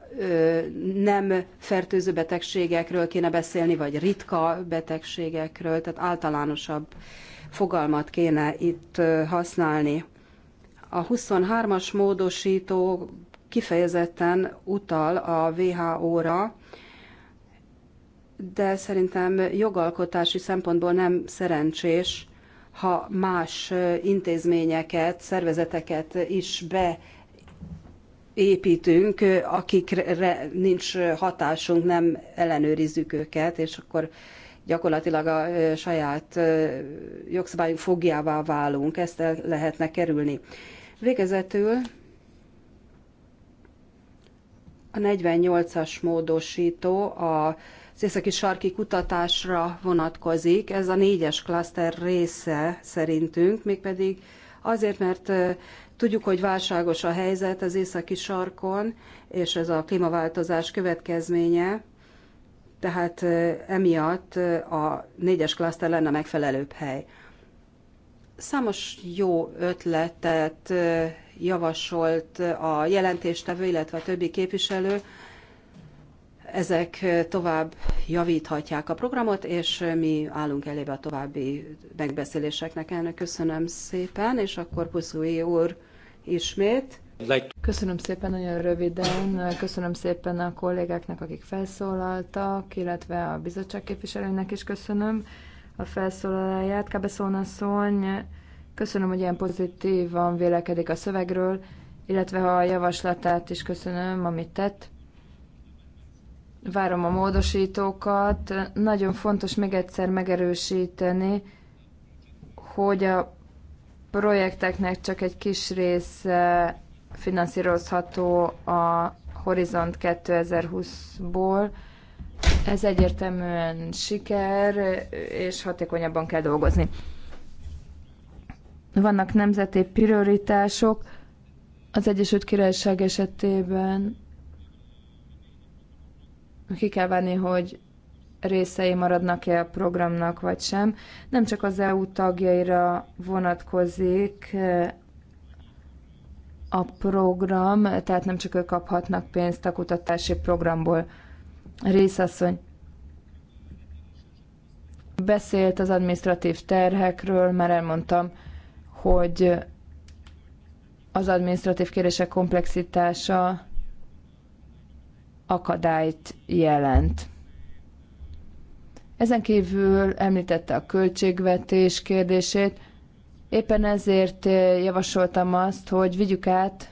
nem fertőző betegségekről kéne beszélni, vagy ritka betegségekről, tehát általánosabb fogalmat kéne itt használni. A 23-as módosító kifejezetten utal a WHO-ra, de szerintem jogalkotási szempontból nem szerencsés, ha más intézményeket, szervezeteket is beépítünk, akikre nincs hatásunk, nem ellenőrizzük őket, és akkor gyakorlatilag a saját jogszabályunk fogjává válunk, ezt el lehetne kerülni. Végezetül a 48-as módosító a az északi sarki kutatásra vonatkozik. Ez a négyes klaszter része szerintünk, mégpedig azért, mert tudjuk, hogy válságos a helyzet az északi sarkon, és ez a klímaváltozás következménye tehát emiatt a négyes klaszter lenne megfelelőbb hely. Számos jó ötletet javasolt a jelentéstevő, illetve a többi képviselő. Ezek tovább javíthatják a programot, és mi állunk elébe a további megbeszéléseknek. Elnök, köszönöm szépen, és akkor Puszúi úr ismét. Köszönöm szépen, nagyon röviden. Köszönöm szépen a kollégáknak, akik felszólaltak, illetve a bizottság képviselőnek is köszönöm a felszólalását. Kábeszóna asszony, köszönöm, hogy ilyen pozitívan vélekedik a szövegről, illetve a javaslatát is köszönöm, amit tett. Várom a módosítókat. Nagyon fontos még egyszer megerősíteni, hogy a projekteknek csak egy kis része finanszírozható a Horizont 2020-ból. Ez egyértelműen siker, és hatékonyabban kell dolgozni. Vannak nemzeti prioritások. Az Egyesült Királyság esetében ki kell venni, hogy részei maradnak-e a programnak, vagy sem. Nem csak az EU tagjaira vonatkozik a program, tehát nem csak ők kaphatnak pénzt a kutatási programból. Részasszony beszélt az administratív terhekről, már elmondtam, hogy az administratív kérések komplexitása akadályt jelent. Ezen kívül említette a költségvetés kérdését. Éppen ezért eh, javasoltam azt, hogy vigyük át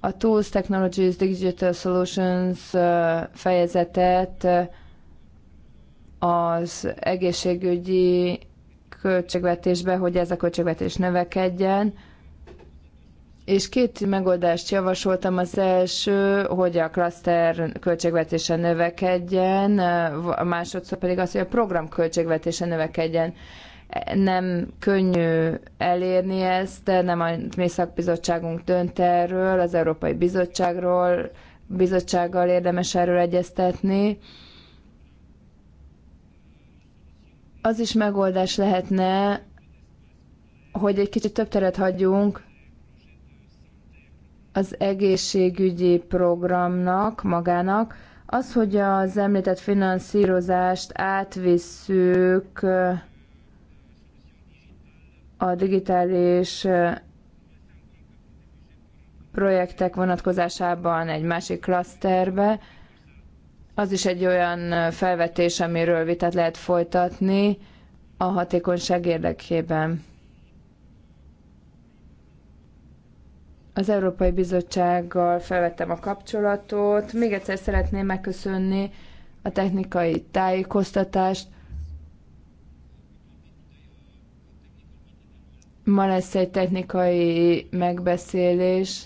a Tools Technologies Digital Solutions eh, fejezetet eh, az egészségügyi költségvetésbe, hogy ez a költségvetés növekedjen. És két megoldást javasoltam. Az első, hogy a klaszter költségvetése növekedjen, a másodszor pedig az, hogy a program költségvetése növekedjen nem könnyű elérni ezt, de nem a mi szakbizottságunk dönt erről, az Európai Bizottságról, bizottsággal érdemes erről egyeztetni. Az is megoldás lehetne, hogy egy kicsit több teret hagyjunk az egészségügyi programnak, magának, az, hogy az említett finanszírozást átvisszük a digitális projektek vonatkozásában egy másik klaszterbe. Az is egy olyan felvetés, amiről vitát lehet folytatni a hatékonyság érdekében. Az Európai Bizottsággal felvettem a kapcsolatot. Még egyszer szeretném megköszönni a technikai tájékoztatást, Ma lesz egy technikai megbeszélés.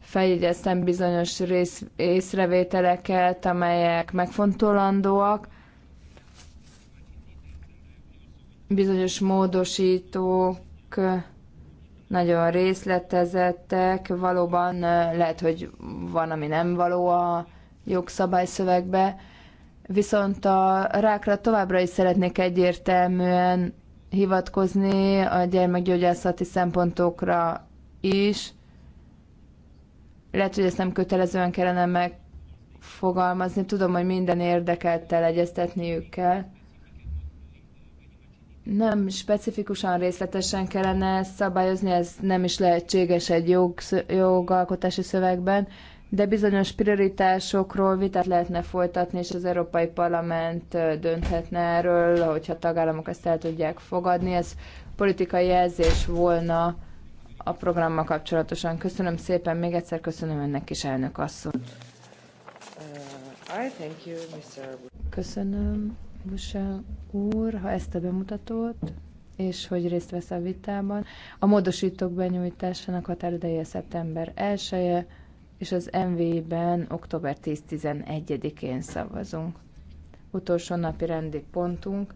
Feljegyeztem bizonyos rész, észrevételeket, amelyek megfontolandóak. Bizonyos módosítók nagyon részletezettek, valóban lehet, hogy van, ami nem való a jogszabályszövegbe, Viszont a rákra továbbra is szeretnék egyértelműen hivatkozni a gyermekgyógyászati szempontokra is. Lehet, hogy ezt nem kötelezően kellene megfogalmazni. Tudom, hogy minden érdekeltel egyeztetniük kell. Nem specifikusan részletesen kellene ezt szabályozni, ez nem is lehetséges egy jog, jogalkotási szövegben, de bizonyos prioritásokról vitát lehetne folytatni, és az Európai Parlament dönthetne erről, hogyha a tagállamok ezt el tudják fogadni. Ez politikai jelzés volna a programmal kapcsolatosan. Köszönöm szépen, még egyszer köszönöm önnek is, elnök asszony. Uh, köszönöm, Busa úr, ha ezt a bemutatót és hogy részt vesz a vitában. A módosítók benyújtásának határideje szeptember 1 -e és az MV-ben október 10-11-én szavazunk. Utolsó napi rendi pontunk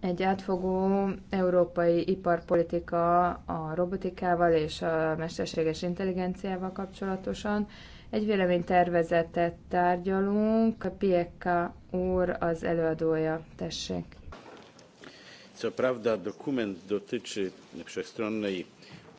egy átfogó európai iparpolitika a robotikával és a mesterséges intelligenciával kapcsolatosan. Egy véleménytervezetet tárgyalunk. Piekka úr az előadója. Tessék. Co prawda dokument dotyczy wszechstronnej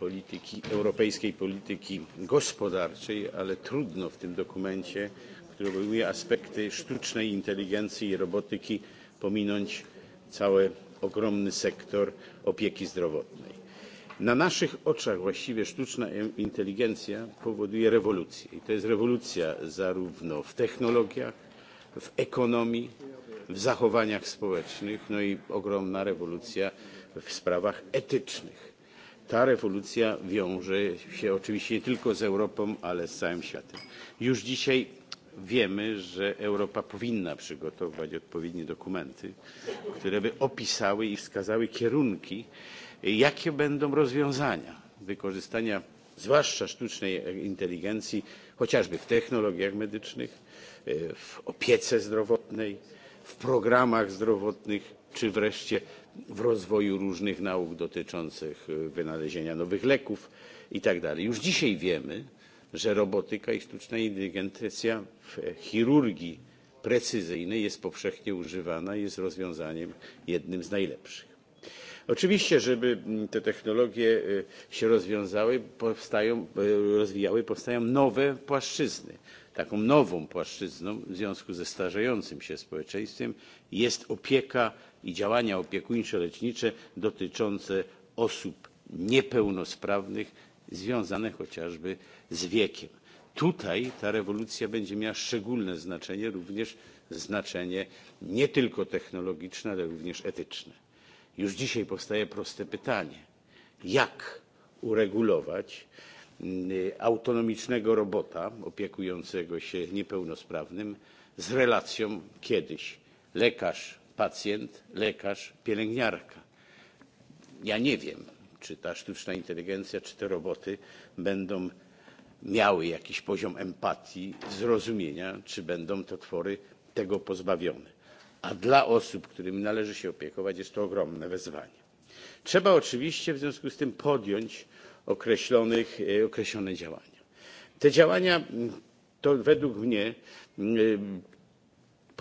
polityki, europejskiej polityki gospodarczej, ale trudno w tym dokumencie, który obejmuje aspekty sztucznej inteligencji i robotyki, pominąć cały ogromny sektor opieki zdrowotnej. Na naszych oczach właściwie sztuczna inteligencja powoduje rewolucję. I to jest rewolucja zarówno w technologiach, w ekonomii, w zachowaniach społecznych, no i ogromna rewolucja w sprawach etycznych ta rewolucja wiąże się oczywiście nie tylko z Europą, ale z całym światem. Już dzisiaj wiemy, że Europa powinna przygotować odpowiednie dokumenty, które by opisały i wskazały kierunki, jakie będą rozwiązania wykorzystania zwłaszcza sztucznej inteligencji, chociażby w technologiach medycznych, w opiece zdrowotnej, w programach zdrowotnych, czy wreszcie w rozwoju różnych nauk dotyczących e, wynalezienia nowych leków i tak dalej. Już dzisiaj wiemy, że robotyka i sztuczna inteligencja w chirurgii precyzyjnej jest powszechnie używana i jest rozwiązaniem jednym z najlepszych. Oczywiście, żeby mm, te technologie e, się rozwiązały, powstają, e, rozwijały, powstają nowe płaszczyzny. Taką nową płaszczyzną w związku ze starzejącym się społeczeństwem jest opieka i działania opiekuńczo-lecznicze dotyczące osób niepełnosprawnych związane chociażby z wiekiem. Tutaj ta rewolucja będzie miała szczególne znaczenie, również znaczenie nie tylko technologiczne, ale również etyczne. Już dzisiaj powstaje proste pytanie, jak uregulować mm, autonomicznego robota opiekującego się niepełnosprawnym z relacją kiedyś lekarz pacjent, lekarz, pielęgniarka. Ja nie wiem, czy ta sztuczna inteligencja, czy te roboty będą miały jakiś poziom empatii, zrozumienia, czy będą to twory tego pozbawione. A dla osób, którymi należy się opiekować, jest to ogromne wezwanie. Trzeba oczywiście w związku z tym podjąć określonych, e, określone działania. Te działania mm, to według mnie mm,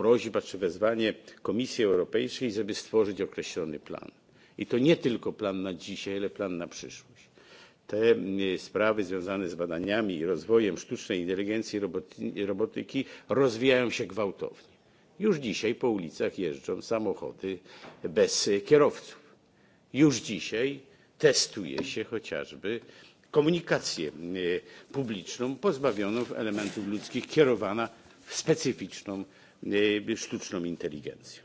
prośba czy wezwanie Komisji Europejskiej, żeby stworzyć określony plan. I to nie tylko plan na dzisiaj, ale plan na przyszłość. Te e, sprawy związane z badaniami i rozwojem sztucznej inteligencji i robotyki rozwijają się gwałtownie. Już dzisiaj po ulicach jeżdżą samochody bez kierowców. Już dzisiaj testuje się chociażby komunikację e, publiczną pozbawioną elementów ludzkich, kierowana w specyficzną E, sztuczną inteligencją.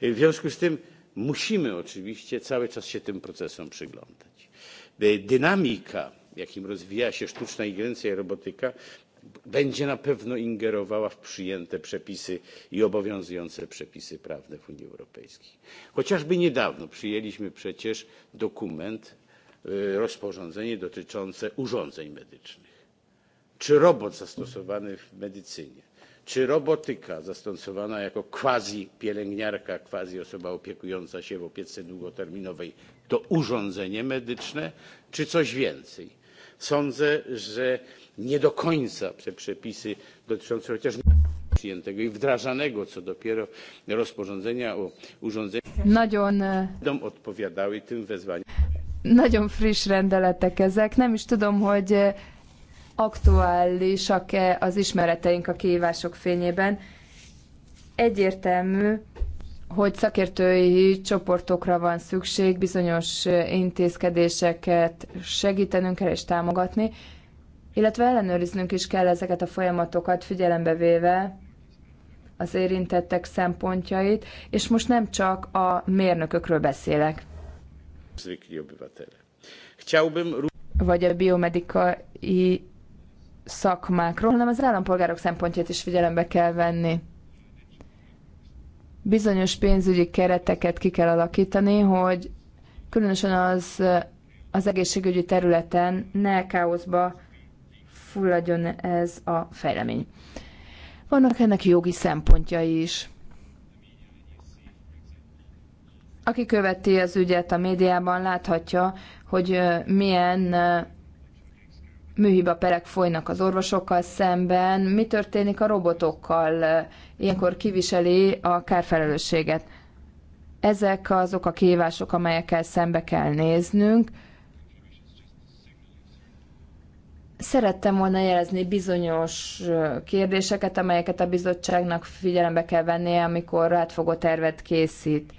E, w związku z tym musimy oczywiście cały czas się tym procesom przyglądać. E, dynamika, jakim rozwija się sztuczna inteligencja i robotyka, będzie na pewno ingerowała w przyjęte przepisy i obowiązujące przepisy prawne w Unii Europejskiej. Chociażby niedawno przyjęliśmy przecież dokument, rozporządzenie dotyczące urządzeń medycznych. Czy robot zastosowany w medycynie czy robotyka zastosowana jako quasi pielęgniarka, quasi osoba opiekująca się w opiece długoterminowej to urządzenie medyczne, czy coś więcej. Sądzę, że nie do końca te przepisy dotyczące chociaż przyjętego i wdrażanego, co dopiero rozporządzenia o urządzeniach e, odpowiadały tym wezwaniom. Nagyon friss rendeletek ezek. Nem is tudom, hogy e, aktuálisak-e az ismereteink a kihívások fényében. Egyértelmű, hogy szakértői csoportokra van szükség, bizonyos intézkedéseket segítenünk kell és támogatni, illetve ellenőriznünk is kell ezeket a folyamatokat figyelembe véve az érintettek szempontjait, és most nem csak a mérnökökről beszélek. Vagy a biomedikai szakmákról, hanem az állampolgárok szempontját is figyelembe kell venni. Bizonyos pénzügyi kereteket ki kell alakítani, hogy különösen az, az egészségügyi területen ne káoszba fulladjon ez a fejlemény. Vannak ennek jogi szempontjai is. Aki követi az ügyet a médiában, láthatja, hogy milyen műhiba perek folynak az orvosokkal szemben. Mi történik a robotokkal? Ilyenkor kiviseli a kárfelelősséget. Ezek azok a kihívások, amelyekkel szembe kell néznünk. Szerettem volna jelezni bizonyos kérdéseket, amelyeket a bizottságnak figyelembe kell vennie, amikor átfogó tervet készít.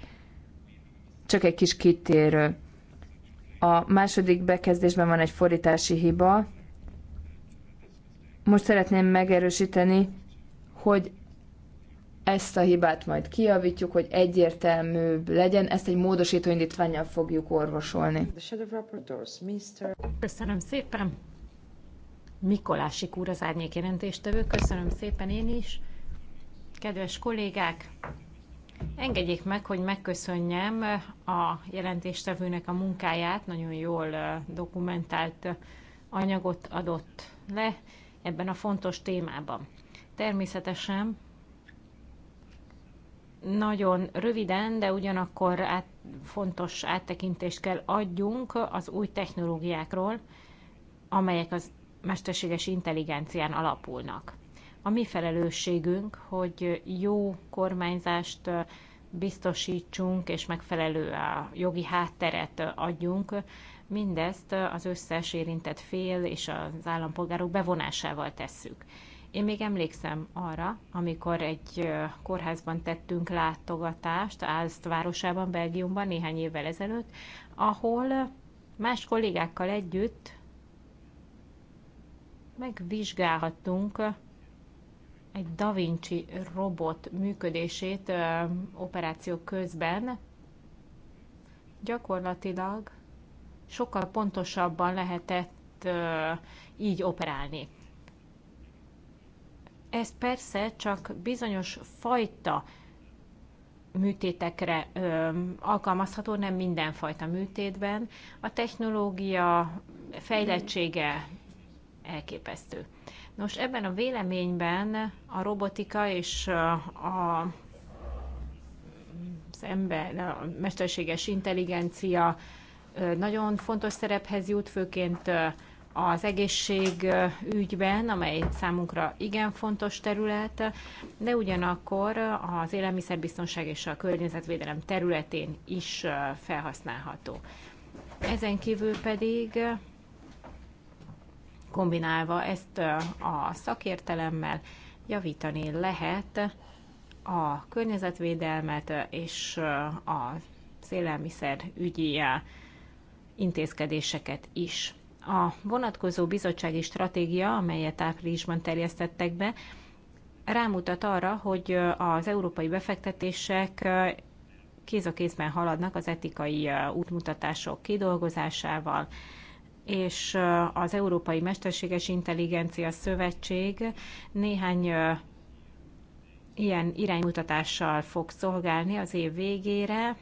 Csak egy kis kitérő. A második bekezdésben van egy fordítási hiba, most szeretném megerősíteni, hogy ezt a hibát majd kijavítjuk, hogy egyértelműbb legyen, ezt egy módosító indítványjal fogjuk orvosolni. Köszönöm szépen! Mikolásik úr az árnyék jelentéstevő, köszönöm szépen én is. Kedves kollégák, engedjék meg, hogy megköszönjem a jelentéstevőnek a munkáját, nagyon jól dokumentált anyagot adott le, ebben a fontos témában. Természetesen nagyon röviden, de ugyanakkor át, fontos áttekintést kell adjunk az új technológiákról, amelyek az mesterséges intelligencián alapulnak. A mi felelősségünk, hogy jó kormányzást biztosítsunk és megfelelő a jogi hátteret adjunk mindezt az összes érintett fél és az állampolgárok bevonásával tesszük. Én még emlékszem arra, amikor egy kórházban tettünk látogatást, Ázt városában, Belgiumban néhány évvel ezelőtt, ahol más kollégákkal együtt megvizsgálhattunk egy Da Vinci robot működését operáció közben. Gyakorlatilag sokkal pontosabban lehetett így operálni. Ez persze csak bizonyos fajta műtétekre ö, alkalmazható, nem mindenfajta műtétben. A technológia fejlettsége elképesztő. Nos, ebben a véleményben a robotika és a, az ember, a mesterséges intelligencia nagyon fontos szerephez jut, főként az egészségügyben, amely számunkra igen fontos terület, de ugyanakkor az élelmiszerbiztonság és a környezetvédelem területén is felhasználható. Ezen kívül pedig kombinálva ezt a szakértelemmel javítani lehet a környezetvédelmet és a élelmiszerügyi intézkedéseket is. A vonatkozó bizottsági stratégia, amelyet áprilisban terjesztettek be, rámutat arra, hogy az európai befektetések kéz a kézben haladnak az etikai útmutatások kidolgozásával, és az Európai Mesterséges Intelligencia Szövetség néhány ilyen iránymutatással fog szolgálni az év végére,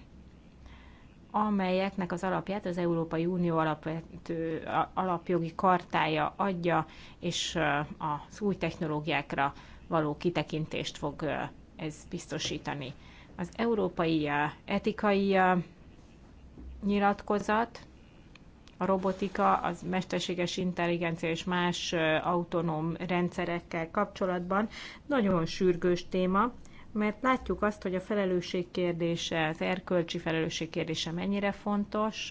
amelyeknek az alapját az Európai Unió alapvető, alapjogi kartája adja, és az új technológiákra való kitekintést fog ez biztosítani. Az Európai Etikai Nyilatkozat, a robotika, az mesterséges intelligencia és más autonóm rendszerekkel kapcsolatban nagyon sürgős téma, mert látjuk azt, hogy a felelősség kérdése, az erkölcsi felelősség kérdése mennyire fontos,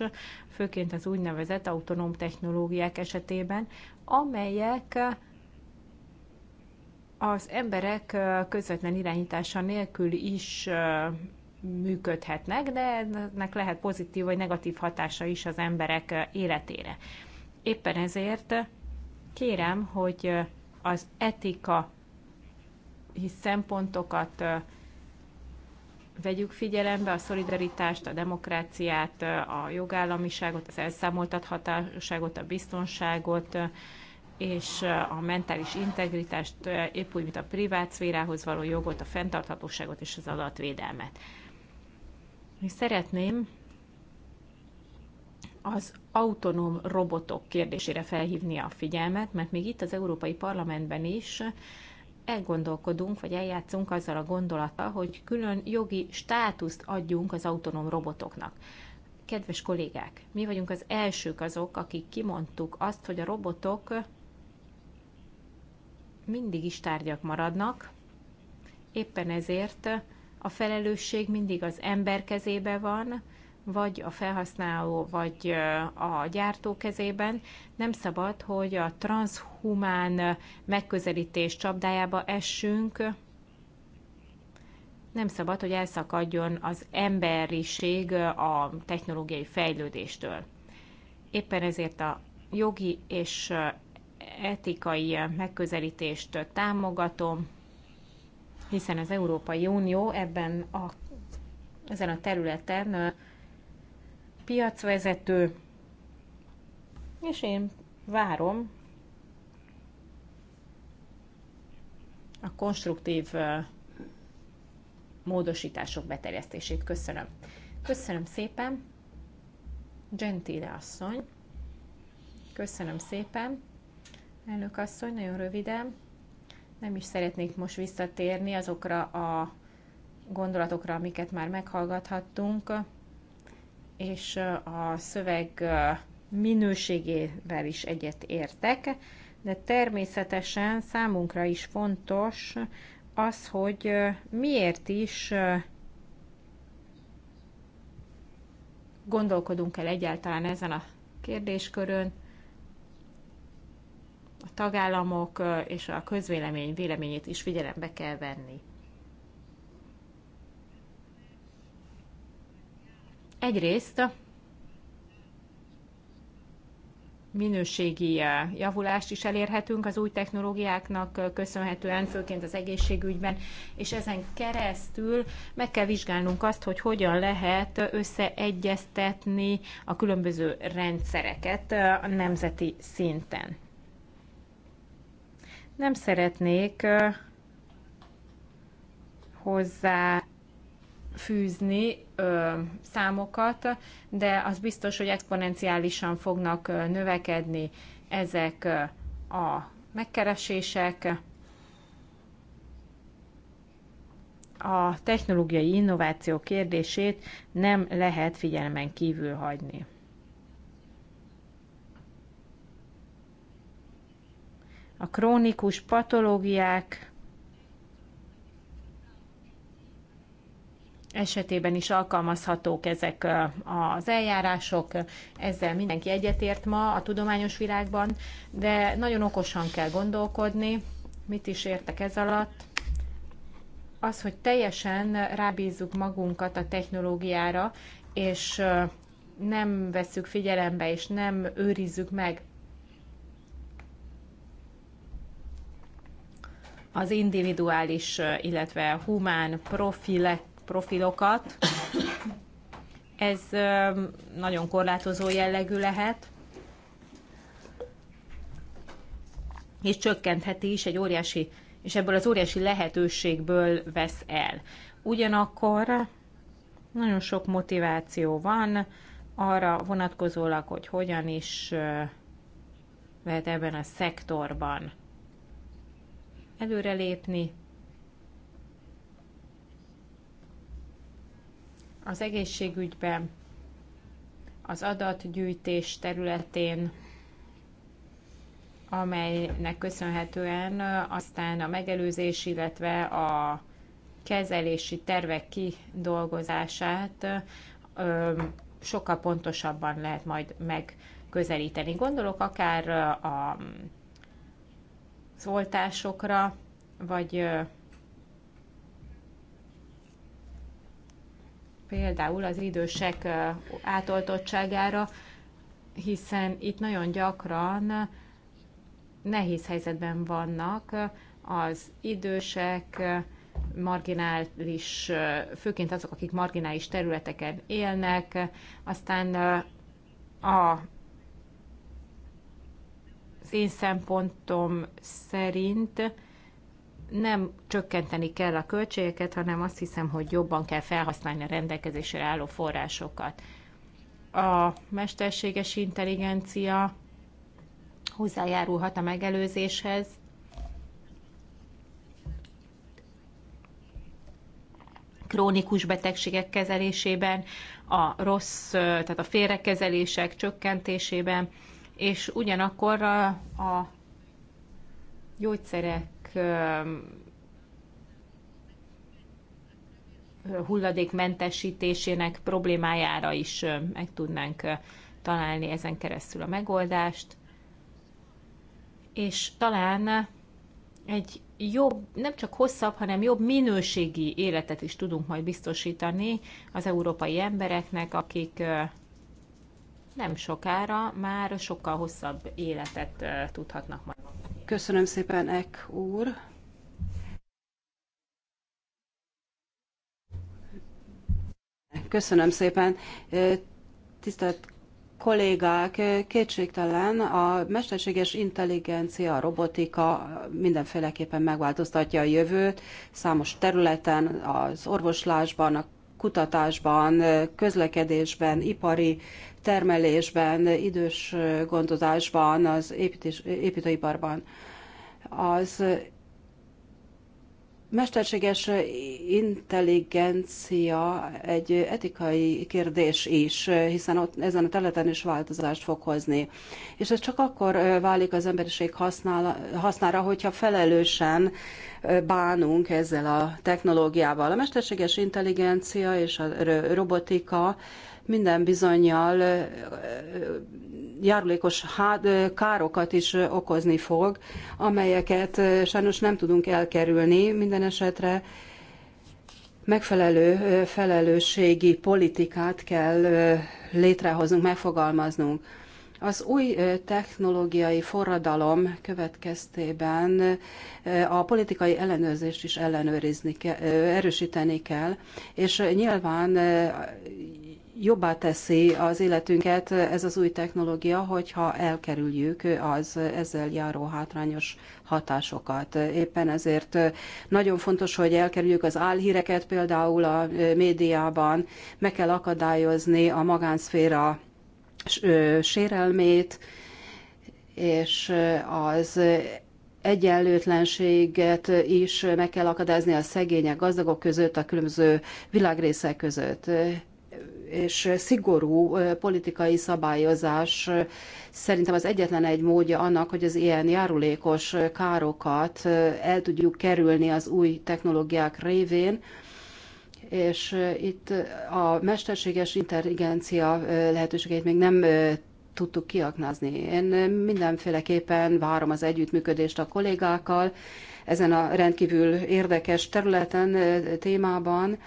főként az úgynevezett autonóm technológiák esetében, amelyek az emberek közvetlen irányítása nélkül is működhetnek, de ennek lehet pozitív vagy negatív hatása is az emberek életére. Éppen ezért kérem, hogy az etika szempontokat vegyük figyelembe, a szolidaritást, a demokráciát, a jogállamiságot, az elszámoltathatóságot, a biztonságot, és a mentális integritást, épp úgy, mint a privát szférához való jogot, a fenntarthatóságot és az adatvédelmet. Én szeretném az autonóm robotok kérdésére felhívni a figyelmet, mert még itt az Európai Parlamentben is elgondolkodunk, vagy eljátszunk azzal a gondolattal, hogy külön jogi státuszt adjunk az autonóm robotoknak. Kedves kollégák, mi vagyunk az elsők azok, akik kimondtuk azt, hogy a robotok mindig is tárgyak maradnak, éppen ezért a felelősség mindig az ember kezébe van, vagy a felhasználó, vagy a gyártó kezében. Nem szabad, hogy a transhumán megközelítés csapdájába essünk. Nem szabad, hogy elszakadjon az emberiség a technológiai fejlődéstől. Éppen ezért a jogi és etikai megközelítést támogatom, hiszen az Európai Unió ebben a, ezen a területen piacvezető, és én várom a konstruktív módosítások beterjesztését. Köszönöm. Köszönöm szépen, Gentile asszony. Köszönöm szépen, elnök asszony, nagyon röviden. Nem is szeretnék most visszatérni azokra a gondolatokra, amiket már meghallgathattunk és a szöveg minőségével is egyet értek, de természetesen számunkra is fontos az, hogy miért is gondolkodunk el egyáltalán ezen a kérdéskörön, a tagállamok és a közvélemény véleményét is figyelembe kell venni. Egyrészt minőségi eh, javulást is elérhetünk az új technológiáknak eh, köszönhetően, főként az egészségügyben, és ezen keresztül meg kell vizsgálnunk azt, hogy hogyan lehet összeegyeztetni a különböző rendszereket eh, a nemzeti szinten. Nem szeretnék hozzá fűzni ö, számokat, de az biztos, hogy exponenciálisan fognak növekedni ezek a megkeresések. A technológiai innováció kérdését nem lehet figyelmen kívül hagyni. A krónikus patológiák esetében is alkalmazhatók ezek az eljárások, ezzel mindenki egyetért ma a tudományos világban, de nagyon okosan kell gondolkodni, mit is értek ez alatt. Az, hogy teljesen rábízzuk magunkat a technológiára, és nem vesszük figyelembe, és nem őrizzük meg az individuális, illetve humán profilek profilokat. Ez nagyon korlátozó jellegű lehet, és csökkentheti is egy óriási, és ebből az óriási lehetőségből vesz el. Ugyanakkor nagyon sok motiváció van arra vonatkozólag, hogy hogyan is lehet ebben a szektorban előrelépni, az egészségügyben, az adatgyűjtés területén, amelynek köszönhetően aztán a megelőzés, illetve a kezelési tervek kidolgozását sokkal pontosabban lehet majd megközelíteni. Gondolok akár a, mm, az oltásokra, vagy például az idősek átoltottságára, hiszen itt nagyon gyakran nehéz helyzetben vannak az idősek, marginális, főként azok, akik marginális területeken élnek, aztán a az én szempontom szerint nem csökkenteni kell a költségeket, hanem azt hiszem, hogy jobban kell felhasználni a rendelkezésre álló forrásokat. A mesterséges intelligencia hozzájárulhat a megelőzéshez, krónikus betegségek kezelésében, a rossz, tehát a félrekezelések csökkentésében, és ugyanakkor a, a gyógyszerek hulladékmentesítésének problémájára is meg tudnánk találni ezen keresztül a megoldást. És talán egy jobb, nem csak hosszabb, hanem jobb minőségi életet is tudunk majd biztosítani az európai embereknek, akik nem sokára már sokkal hosszabb életet tudhatnak majd. Köszönöm szépen, Ek úr. Köszönöm szépen. Tisztelt kollégák, kétségtelen a mesterséges intelligencia, a robotika mindenféleképpen megváltoztatja a jövőt számos területen, az orvoslásban, a kutatásban, közlekedésben, ipari termelésben, idős gondozásban, az építés, építőiparban. Az mesterséges intelligencia egy etikai kérdés is, hiszen ott ezen a területen is változást fog hozni. És ez csak akkor válik az emberiség használ, hasznára, hogyha felelősen bánunk ezzel a technológiával. A mesterséges intelligencia és a robotika minden bizonyal járulékos hát, károkat is okozni fog, amelyeket sajnos nem tudunk elkerülni. Minden esetre megfelelő felelősségi politikát kell létrehoznunk, megfogalmaznunk. Az új technológiai forradalom következtében a politikai ellenőrzést is ellenőrizni kell, erősíteni kell, és nyilván jobbá teszi az életünket ez az új technológia, hogyha elkerüljük az ezzel járó hátrányos hatásokat. Éppen ezért nagyon fontos, hogy elkerüljük az álhíreket például a médiában, meg kell akadályozni a magánszféra sérelmét, és az egyenlőtlenséget is meg kell akadályozni a szegények, gazdagok között, a különböző világrészek között és szigorú politikai szabályozás szerintem az egyetlen egy módja annak, hogy az ilyen járulékos károkat el tudjuk kerülni az új technológiák révén, és itt a mesterséges intelligencia lehetőségeit még nem tudtuk kiaknázni. Én mindenféleképpen várom az együttműködést a kollégákkal ezen a rendkívül érdekes területen, témában,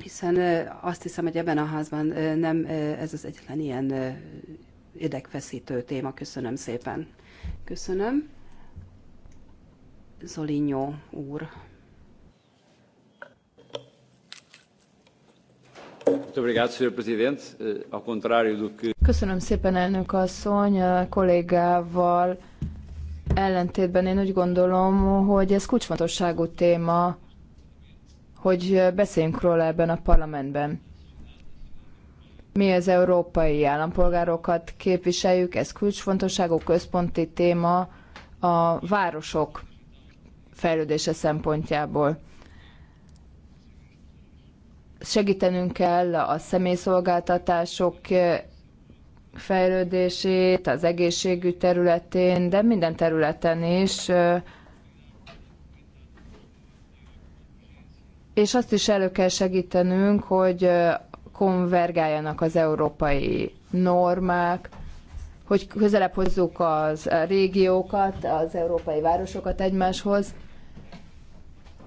hiszen azt hiszem, hogy ebben a házban nem ez az egyetlen ilyen idegfeszítő téma. Köszönöm szépen. Köszönöm. Zolinyó úr. Köszönöm szépen, elnök asszony, a kollégával ellentétben én úgy gondolom, hogy ez kulcsfontosságú téma hogy beszéljünk róla ebben a parlamentben. Mi az európai állampolgárokat képviseljük, ez kulcsfontosságú központi téma a városok fejlődése szempontjából. Segítenünk kell a személyszolgáltatások fejlődését, az egészségügy területén, de minden területen is és azt is elő kell segítenünk, hogy konvergáljanak az európai normák, hogy közelebb hozzuk az régiókat, az európai városokat egymáshoz.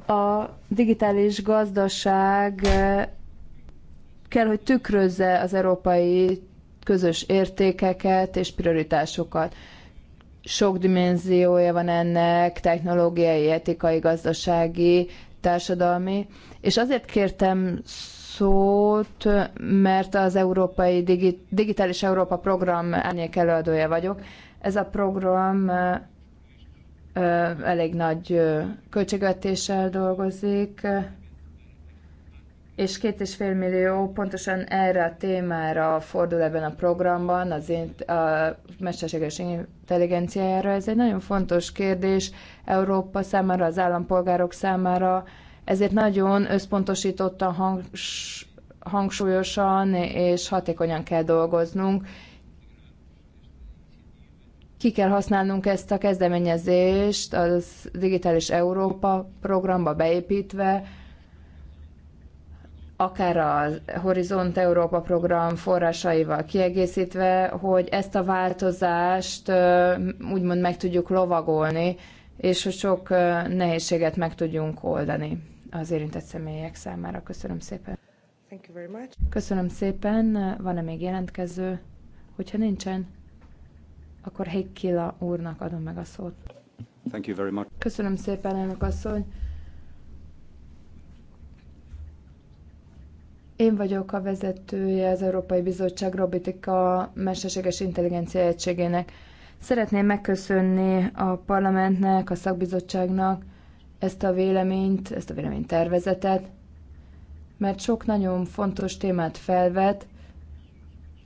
A digitális gazdaság kell, hogy tükrözze az európai közös értékeket és prioritásokat. Sok dimenziója van ennek, technológiai, etikai, gazdasági, társadalmi. És azért kértem szót, mert az Európai Digitális Európa Program árnyék előadója vagyok. Ez a program elég nagy költségvetéssel dolgozik, és két és fél millió pontosan erre a témára fordul ebben a programban, az én, a mesterséges intelligenciájára. Ez egy nagyon fontos kérdés Európa számára, az állampolgárok számára, ezért nagyon összpontosította hangs, hangsúlyosan és hatékonyan kell dolgoznunk. Ki kell használnunk ezt a kezdeményezést az Digitális Európa programba beépítve, akár a Horizont Európa program forrásaival kiegészítve, hogy ezt a változást úgymond meg tudjuk lovagolni, és hogy sok nehézséget meg tudjunk oldani az érintett személyek számára. Köszönöm szépen. Thank you very much. Köszönöm szépen. Van-e még jelentkező? Hogyha nincsen, akkor Heikkila úrnak adom meg a szót. Thank you very much. Köszönöm szépen, elnök asszony. Én vagyok a vezetője az Európai Bizottság Robotika Mesterséges Intelligencia Egységének. Szeretném megköszönni a parlamentnek, a szakbizottságnak ezt a véleményt, ezt a tervezetet, mert sok nagyon fontos témát felvet,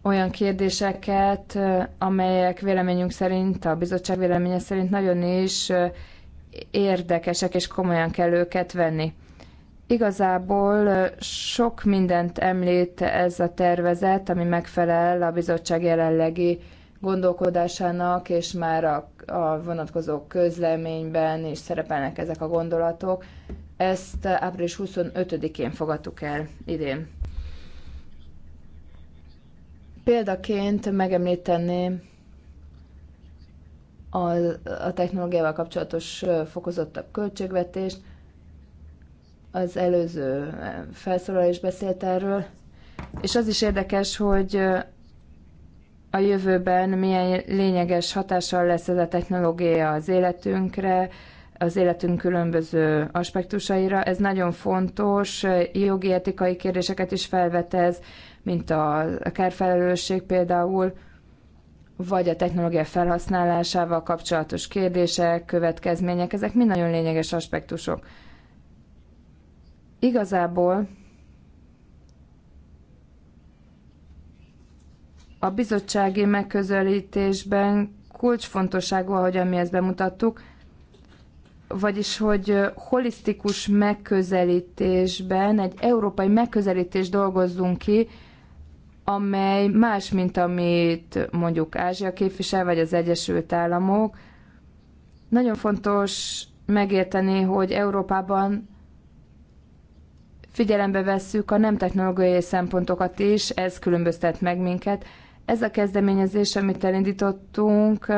olyan kérdéseket, amelyek véleményünk szerint, a bizottság véleménye szerint nagyon is érdekesek, és komolyan kell őket venni. Igazából sok mindent említ ez a tervezet, ami megfelel a bizottság jelenlegi gondolkodásának, és már a, a vonatkozó közleményben is szerepelnek ezek a gondolatok. Ezt április 25-én fogadtuk el idén. Példaként megemlíteném a, a technológiával kapcsolatos fokozottabb költségvetést, az előző eh, felszólalás beszélt erről, és az is érdekes, hogy eh, a jövőben milyen lényeges hatással lesz ez a technológia az életünkre, az életünk különböző aspektusaira. Ez nagyon fontos, eh, jogi etikai kérdéseket is felvetez, mint a kárfelelősség például, vagy a technológia felhasználásával kapcsolatos kérdések, következmények, ezek mind nagyon lényeges aspektusok. Igazából a bizottsági megközelítésben kulcsfontosságú, ahogy mi ezt bemutattuk, vagyis hogy holisztikus megközelítésben, egy európai megközelítés dolgozzunk ki, amely más, mint amit mondjuk Ázsia képvisel, vagy az Egyesült Államok. Nagyon fontos megérteni, hogy Európában figyelembe vesszük a nem technológiai szempontokat is, ez különböztet meg minket. Ez a kezdeményezés, amit elindítottunk,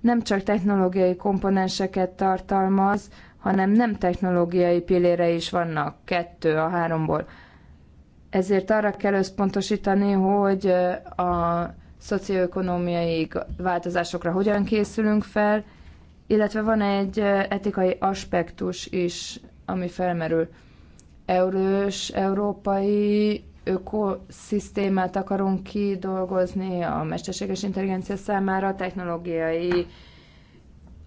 nem csak technológiai komponenseket tartalmaz, hanem nem technológiai pillére is vannak, kettő a háromból. Ezért arra kell összpontosítani, hogy a szocioökonomiai változásokra hogyan készülünk fel, illetve van egy etikai aspektus is, ami felmerül erős európai ökoszisztémát akarunk kidolgozni a mesterséges intelligencia számára, technológiai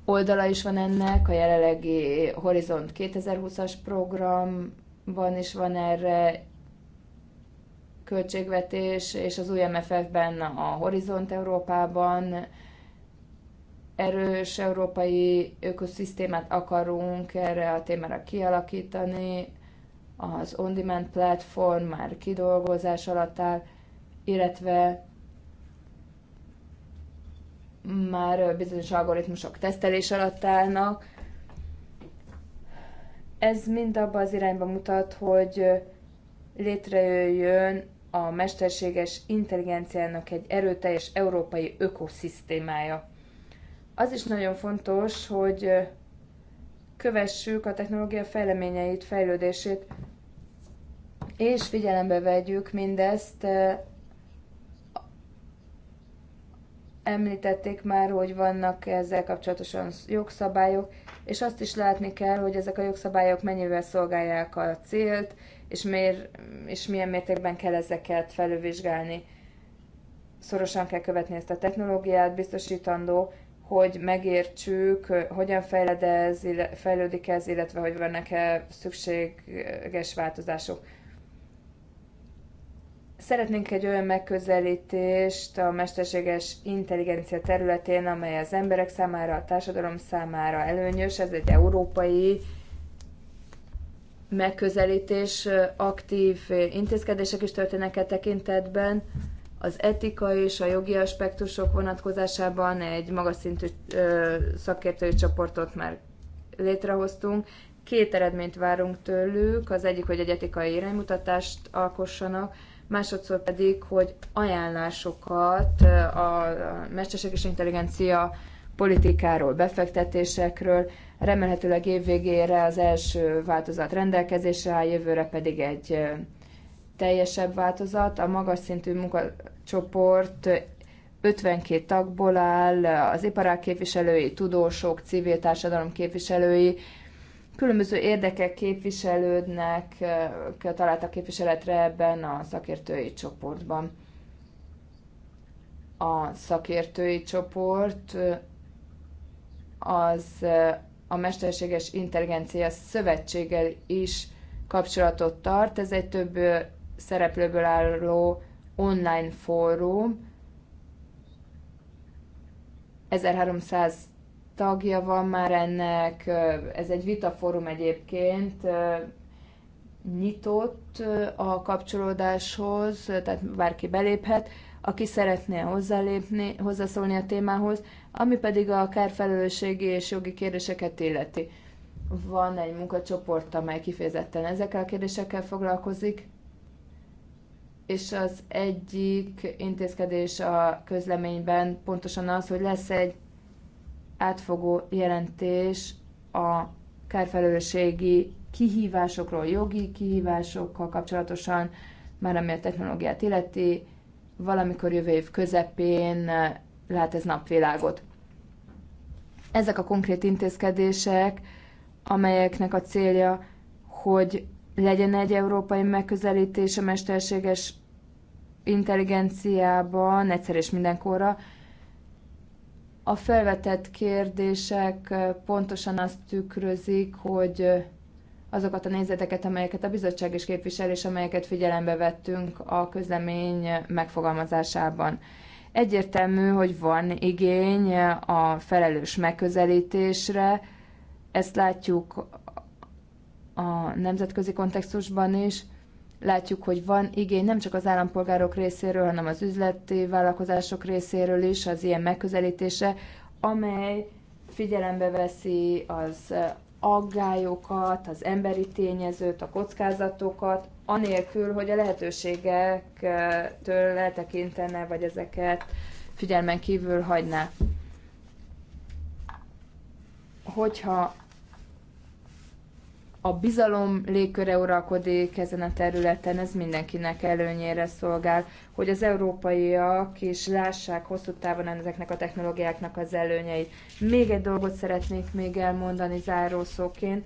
oldala is van ennek, a jelenlegi Horizont 2020-as programban is van erre költségvetés, és az új MFF-ben a Horizont Európában erős európai ökoszisztémát akarunk erre a témára kialakítani, az on-demand platform már kidolgozás alatt áll, illetve már bizonyos algoritmusok tesztelés alatt állnak. Ez mind abban az irányba mutat, hogy létrejöjjön a mesterséges intelligenciának egy erőteljes európai ökoszisztémája. Az is nagyon fontos, hogy kövessük a technológia fejleményeit, fejlődését, és figyelembe vegyük mindezt, említették már, hogy vannak ezzel kapcsolatosan jogszabályok, és azt is látni kell, hogy ezek a jogszabályok mennyivel szolgálják a célt, és, miért, és milyen mértékben kell ezeket felülvizsgálni. Szorosan kell követni ezt a technológiát, biztosítandó, hogy megértsük, hogyan fejlődik ez, illetve hogy vannak-e szükséges változások. Szeretnénk egy olyan megközelítést a mesterséges intelligencia területén, amely az emberek számára, a társadalom számára előnyös. Ez egy európai megközelítés, aktív intézkedések is történnek e tekintetben. Az etika és a jogi aspektusok vonatkozásában egy magas szintű szakértői csoportot már létrehoztunk. Két eredményt várunk tőlük. Az egyik, hogy egy etikai iránymutatást alkossanak, másodszor pedig, hogy ajánlásokat a mesterséges intelligencia politikáról, befektetésekről. Remélhetőleg évvégére az első változat rendelkezésre áll, jövőre pedig egy teljesebb változat. A magas szintű munkacsoport 52 tagból áll, az iparák képviselői, tudósok, civil társadalom képviselői, különböző érdekek képviselődnek, találtak képviseletre ebben a szakértői csoportban. A szakértői csoport az a Mesterséges Intelligencia Szövetséggel is kapcsolatot tart. Ez egy több szereplőből álló online fórum. 1300 tagja van már ennek, ez egy vitaforum egyébként, nyitott a kapcsolódáshoz, tehát bárki beléphet, aki szeretné hozzálépni, hozzászólni a témához, ami pedig a kárfelelősségi és jogi kérdéseket illeti. Van egy munkacsoport, amely kifejezetten ezekkel a kérdésekkel foglalkozik, és az egyik intézkedés a közleményben pontosan az, hogy lesz egy átfogó jelentés a kárfelelősségi kihívásokról, jogi kihívásokkal kapcsolatosan, már ami a technológiát illeti, valamikor jövő év közepén eh, lát ez napvilágot. Ezek a konkrét intézkedések, amelyeknek a célja, hogy legyen egy európai megközelítés a mesterséges intelligenciában, egyszer és mindenkorra, a felvetett kérdések pontosan azt tükrözik, hogy azokat a nézeteket, amelyeket a bizottság is képvisel, és amelyeket figyelembe vettünk a közlemény megfogalmazásában. Egyértelmű, hogy van igény a felelős megközelítésre, ezt látjuk a nemzetközi kontextusban is, látjuk, hogy van igény nem csak az állampolgárok részéről, hanem az üzleti vállalkozások részéről is az ilyen megközelítése, amely figyelembe veszi az aggályokat, az emberi tényezőt, a kockázatokat, anélkül, hogy a lehetőségektől eltekintene, vagy ezeket figyelmen kívül hagyná. Hogyha a bizalom légköre uralkodik ezen a területen, ez mindenkinek előnyére szolgál, hogy az európaiak is lássák hosszú távon ezeknek a technológiáknak az előnyeit. Még egy dolgot szeretnék még elmondani zárószóként.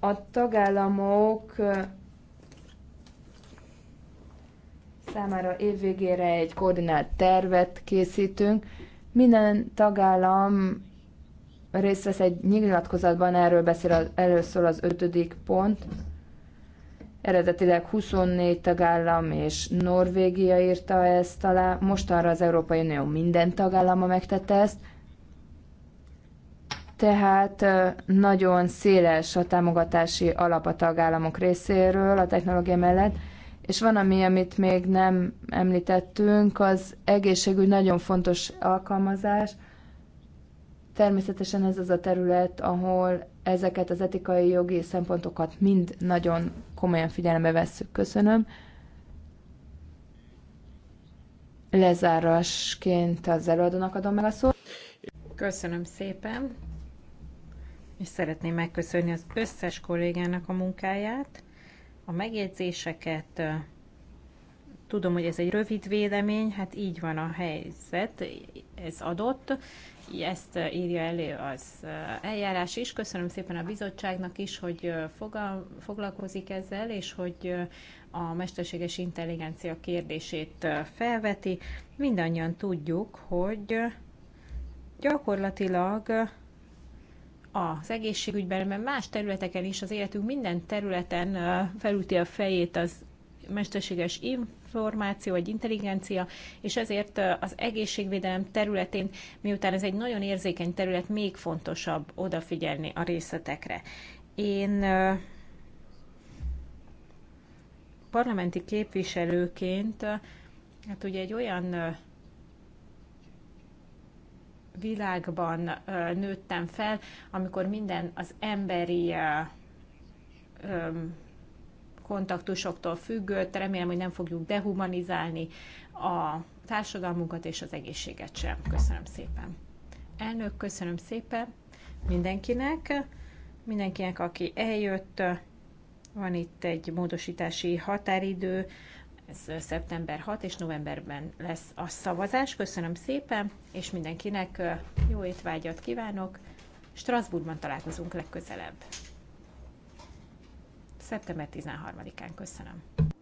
A tagállamok számára évvégére egy koordinált tervet készítünk. Minden tagállam részt vesz egy nyilatkozatban, erről beszél az először az ötödik pont. Eredetileg 24 tagállam és Norvégia írta ezt alá, mostanra az Európai Unió minden tagállama megtette ezt, tehát nagyon széles a támogatási alap a tagállamok részéről a technológia mellett, és van, ami, amit még nem említettünk, az egészségügy nagyon fontos alkalmazás – Természetesen ez az a terület, ahol ezeket az etikai jogi szempontokat mind nagyon komolyan figyelembe vesszük. Köszönöm. Lezárásként az előadónak adom meg a szót. Köszönöm szépen, és szeretném megköszönni az összes kollégának a munkáját, a megjegyzéseket. Tudom, hogy ez egy rövid vélemény, hát így van a helyzet, ez adott, ezt eh, írja elő az eh, eljárás is. Köszönöm szépen a bizottságnak is, hogy eh, foglalkozik ezzel, és hogy a mesterséges intelligencia kérdését felveti. Mindannyian tudjuk, hogy gyakorlatilag az egészségügyben, mert más területeken is, az életünk minden területen felülti a fejét az mesterséges információ, egy intelligencia, és ezért az egészségvédelem területén, miután ez egy nagyon érzékeny terület, még fontosabb odafigyelni a részletekre. Én parlamenti képviselőként, hát ugye egy olyan világban nőttem fel, amikor minden az emberi kontaktusoktól függött, remélem, hogy nem fogjuk dehumanizálni a társadalmunkat és az egészséget sem. Köszönöm szépen. Elnök, köszönöm szépen mindenkinek, mindenkinek, aki eljött. Van itt egy módosítási határidő, ez szeptember 6 és novemberben lesz a szavazás. Köszönöm szépen, és mindenkinek jó étvágyat kívánok. Strasbourgban találkozunk legközelebb szeptember 13-án. Köszönöm.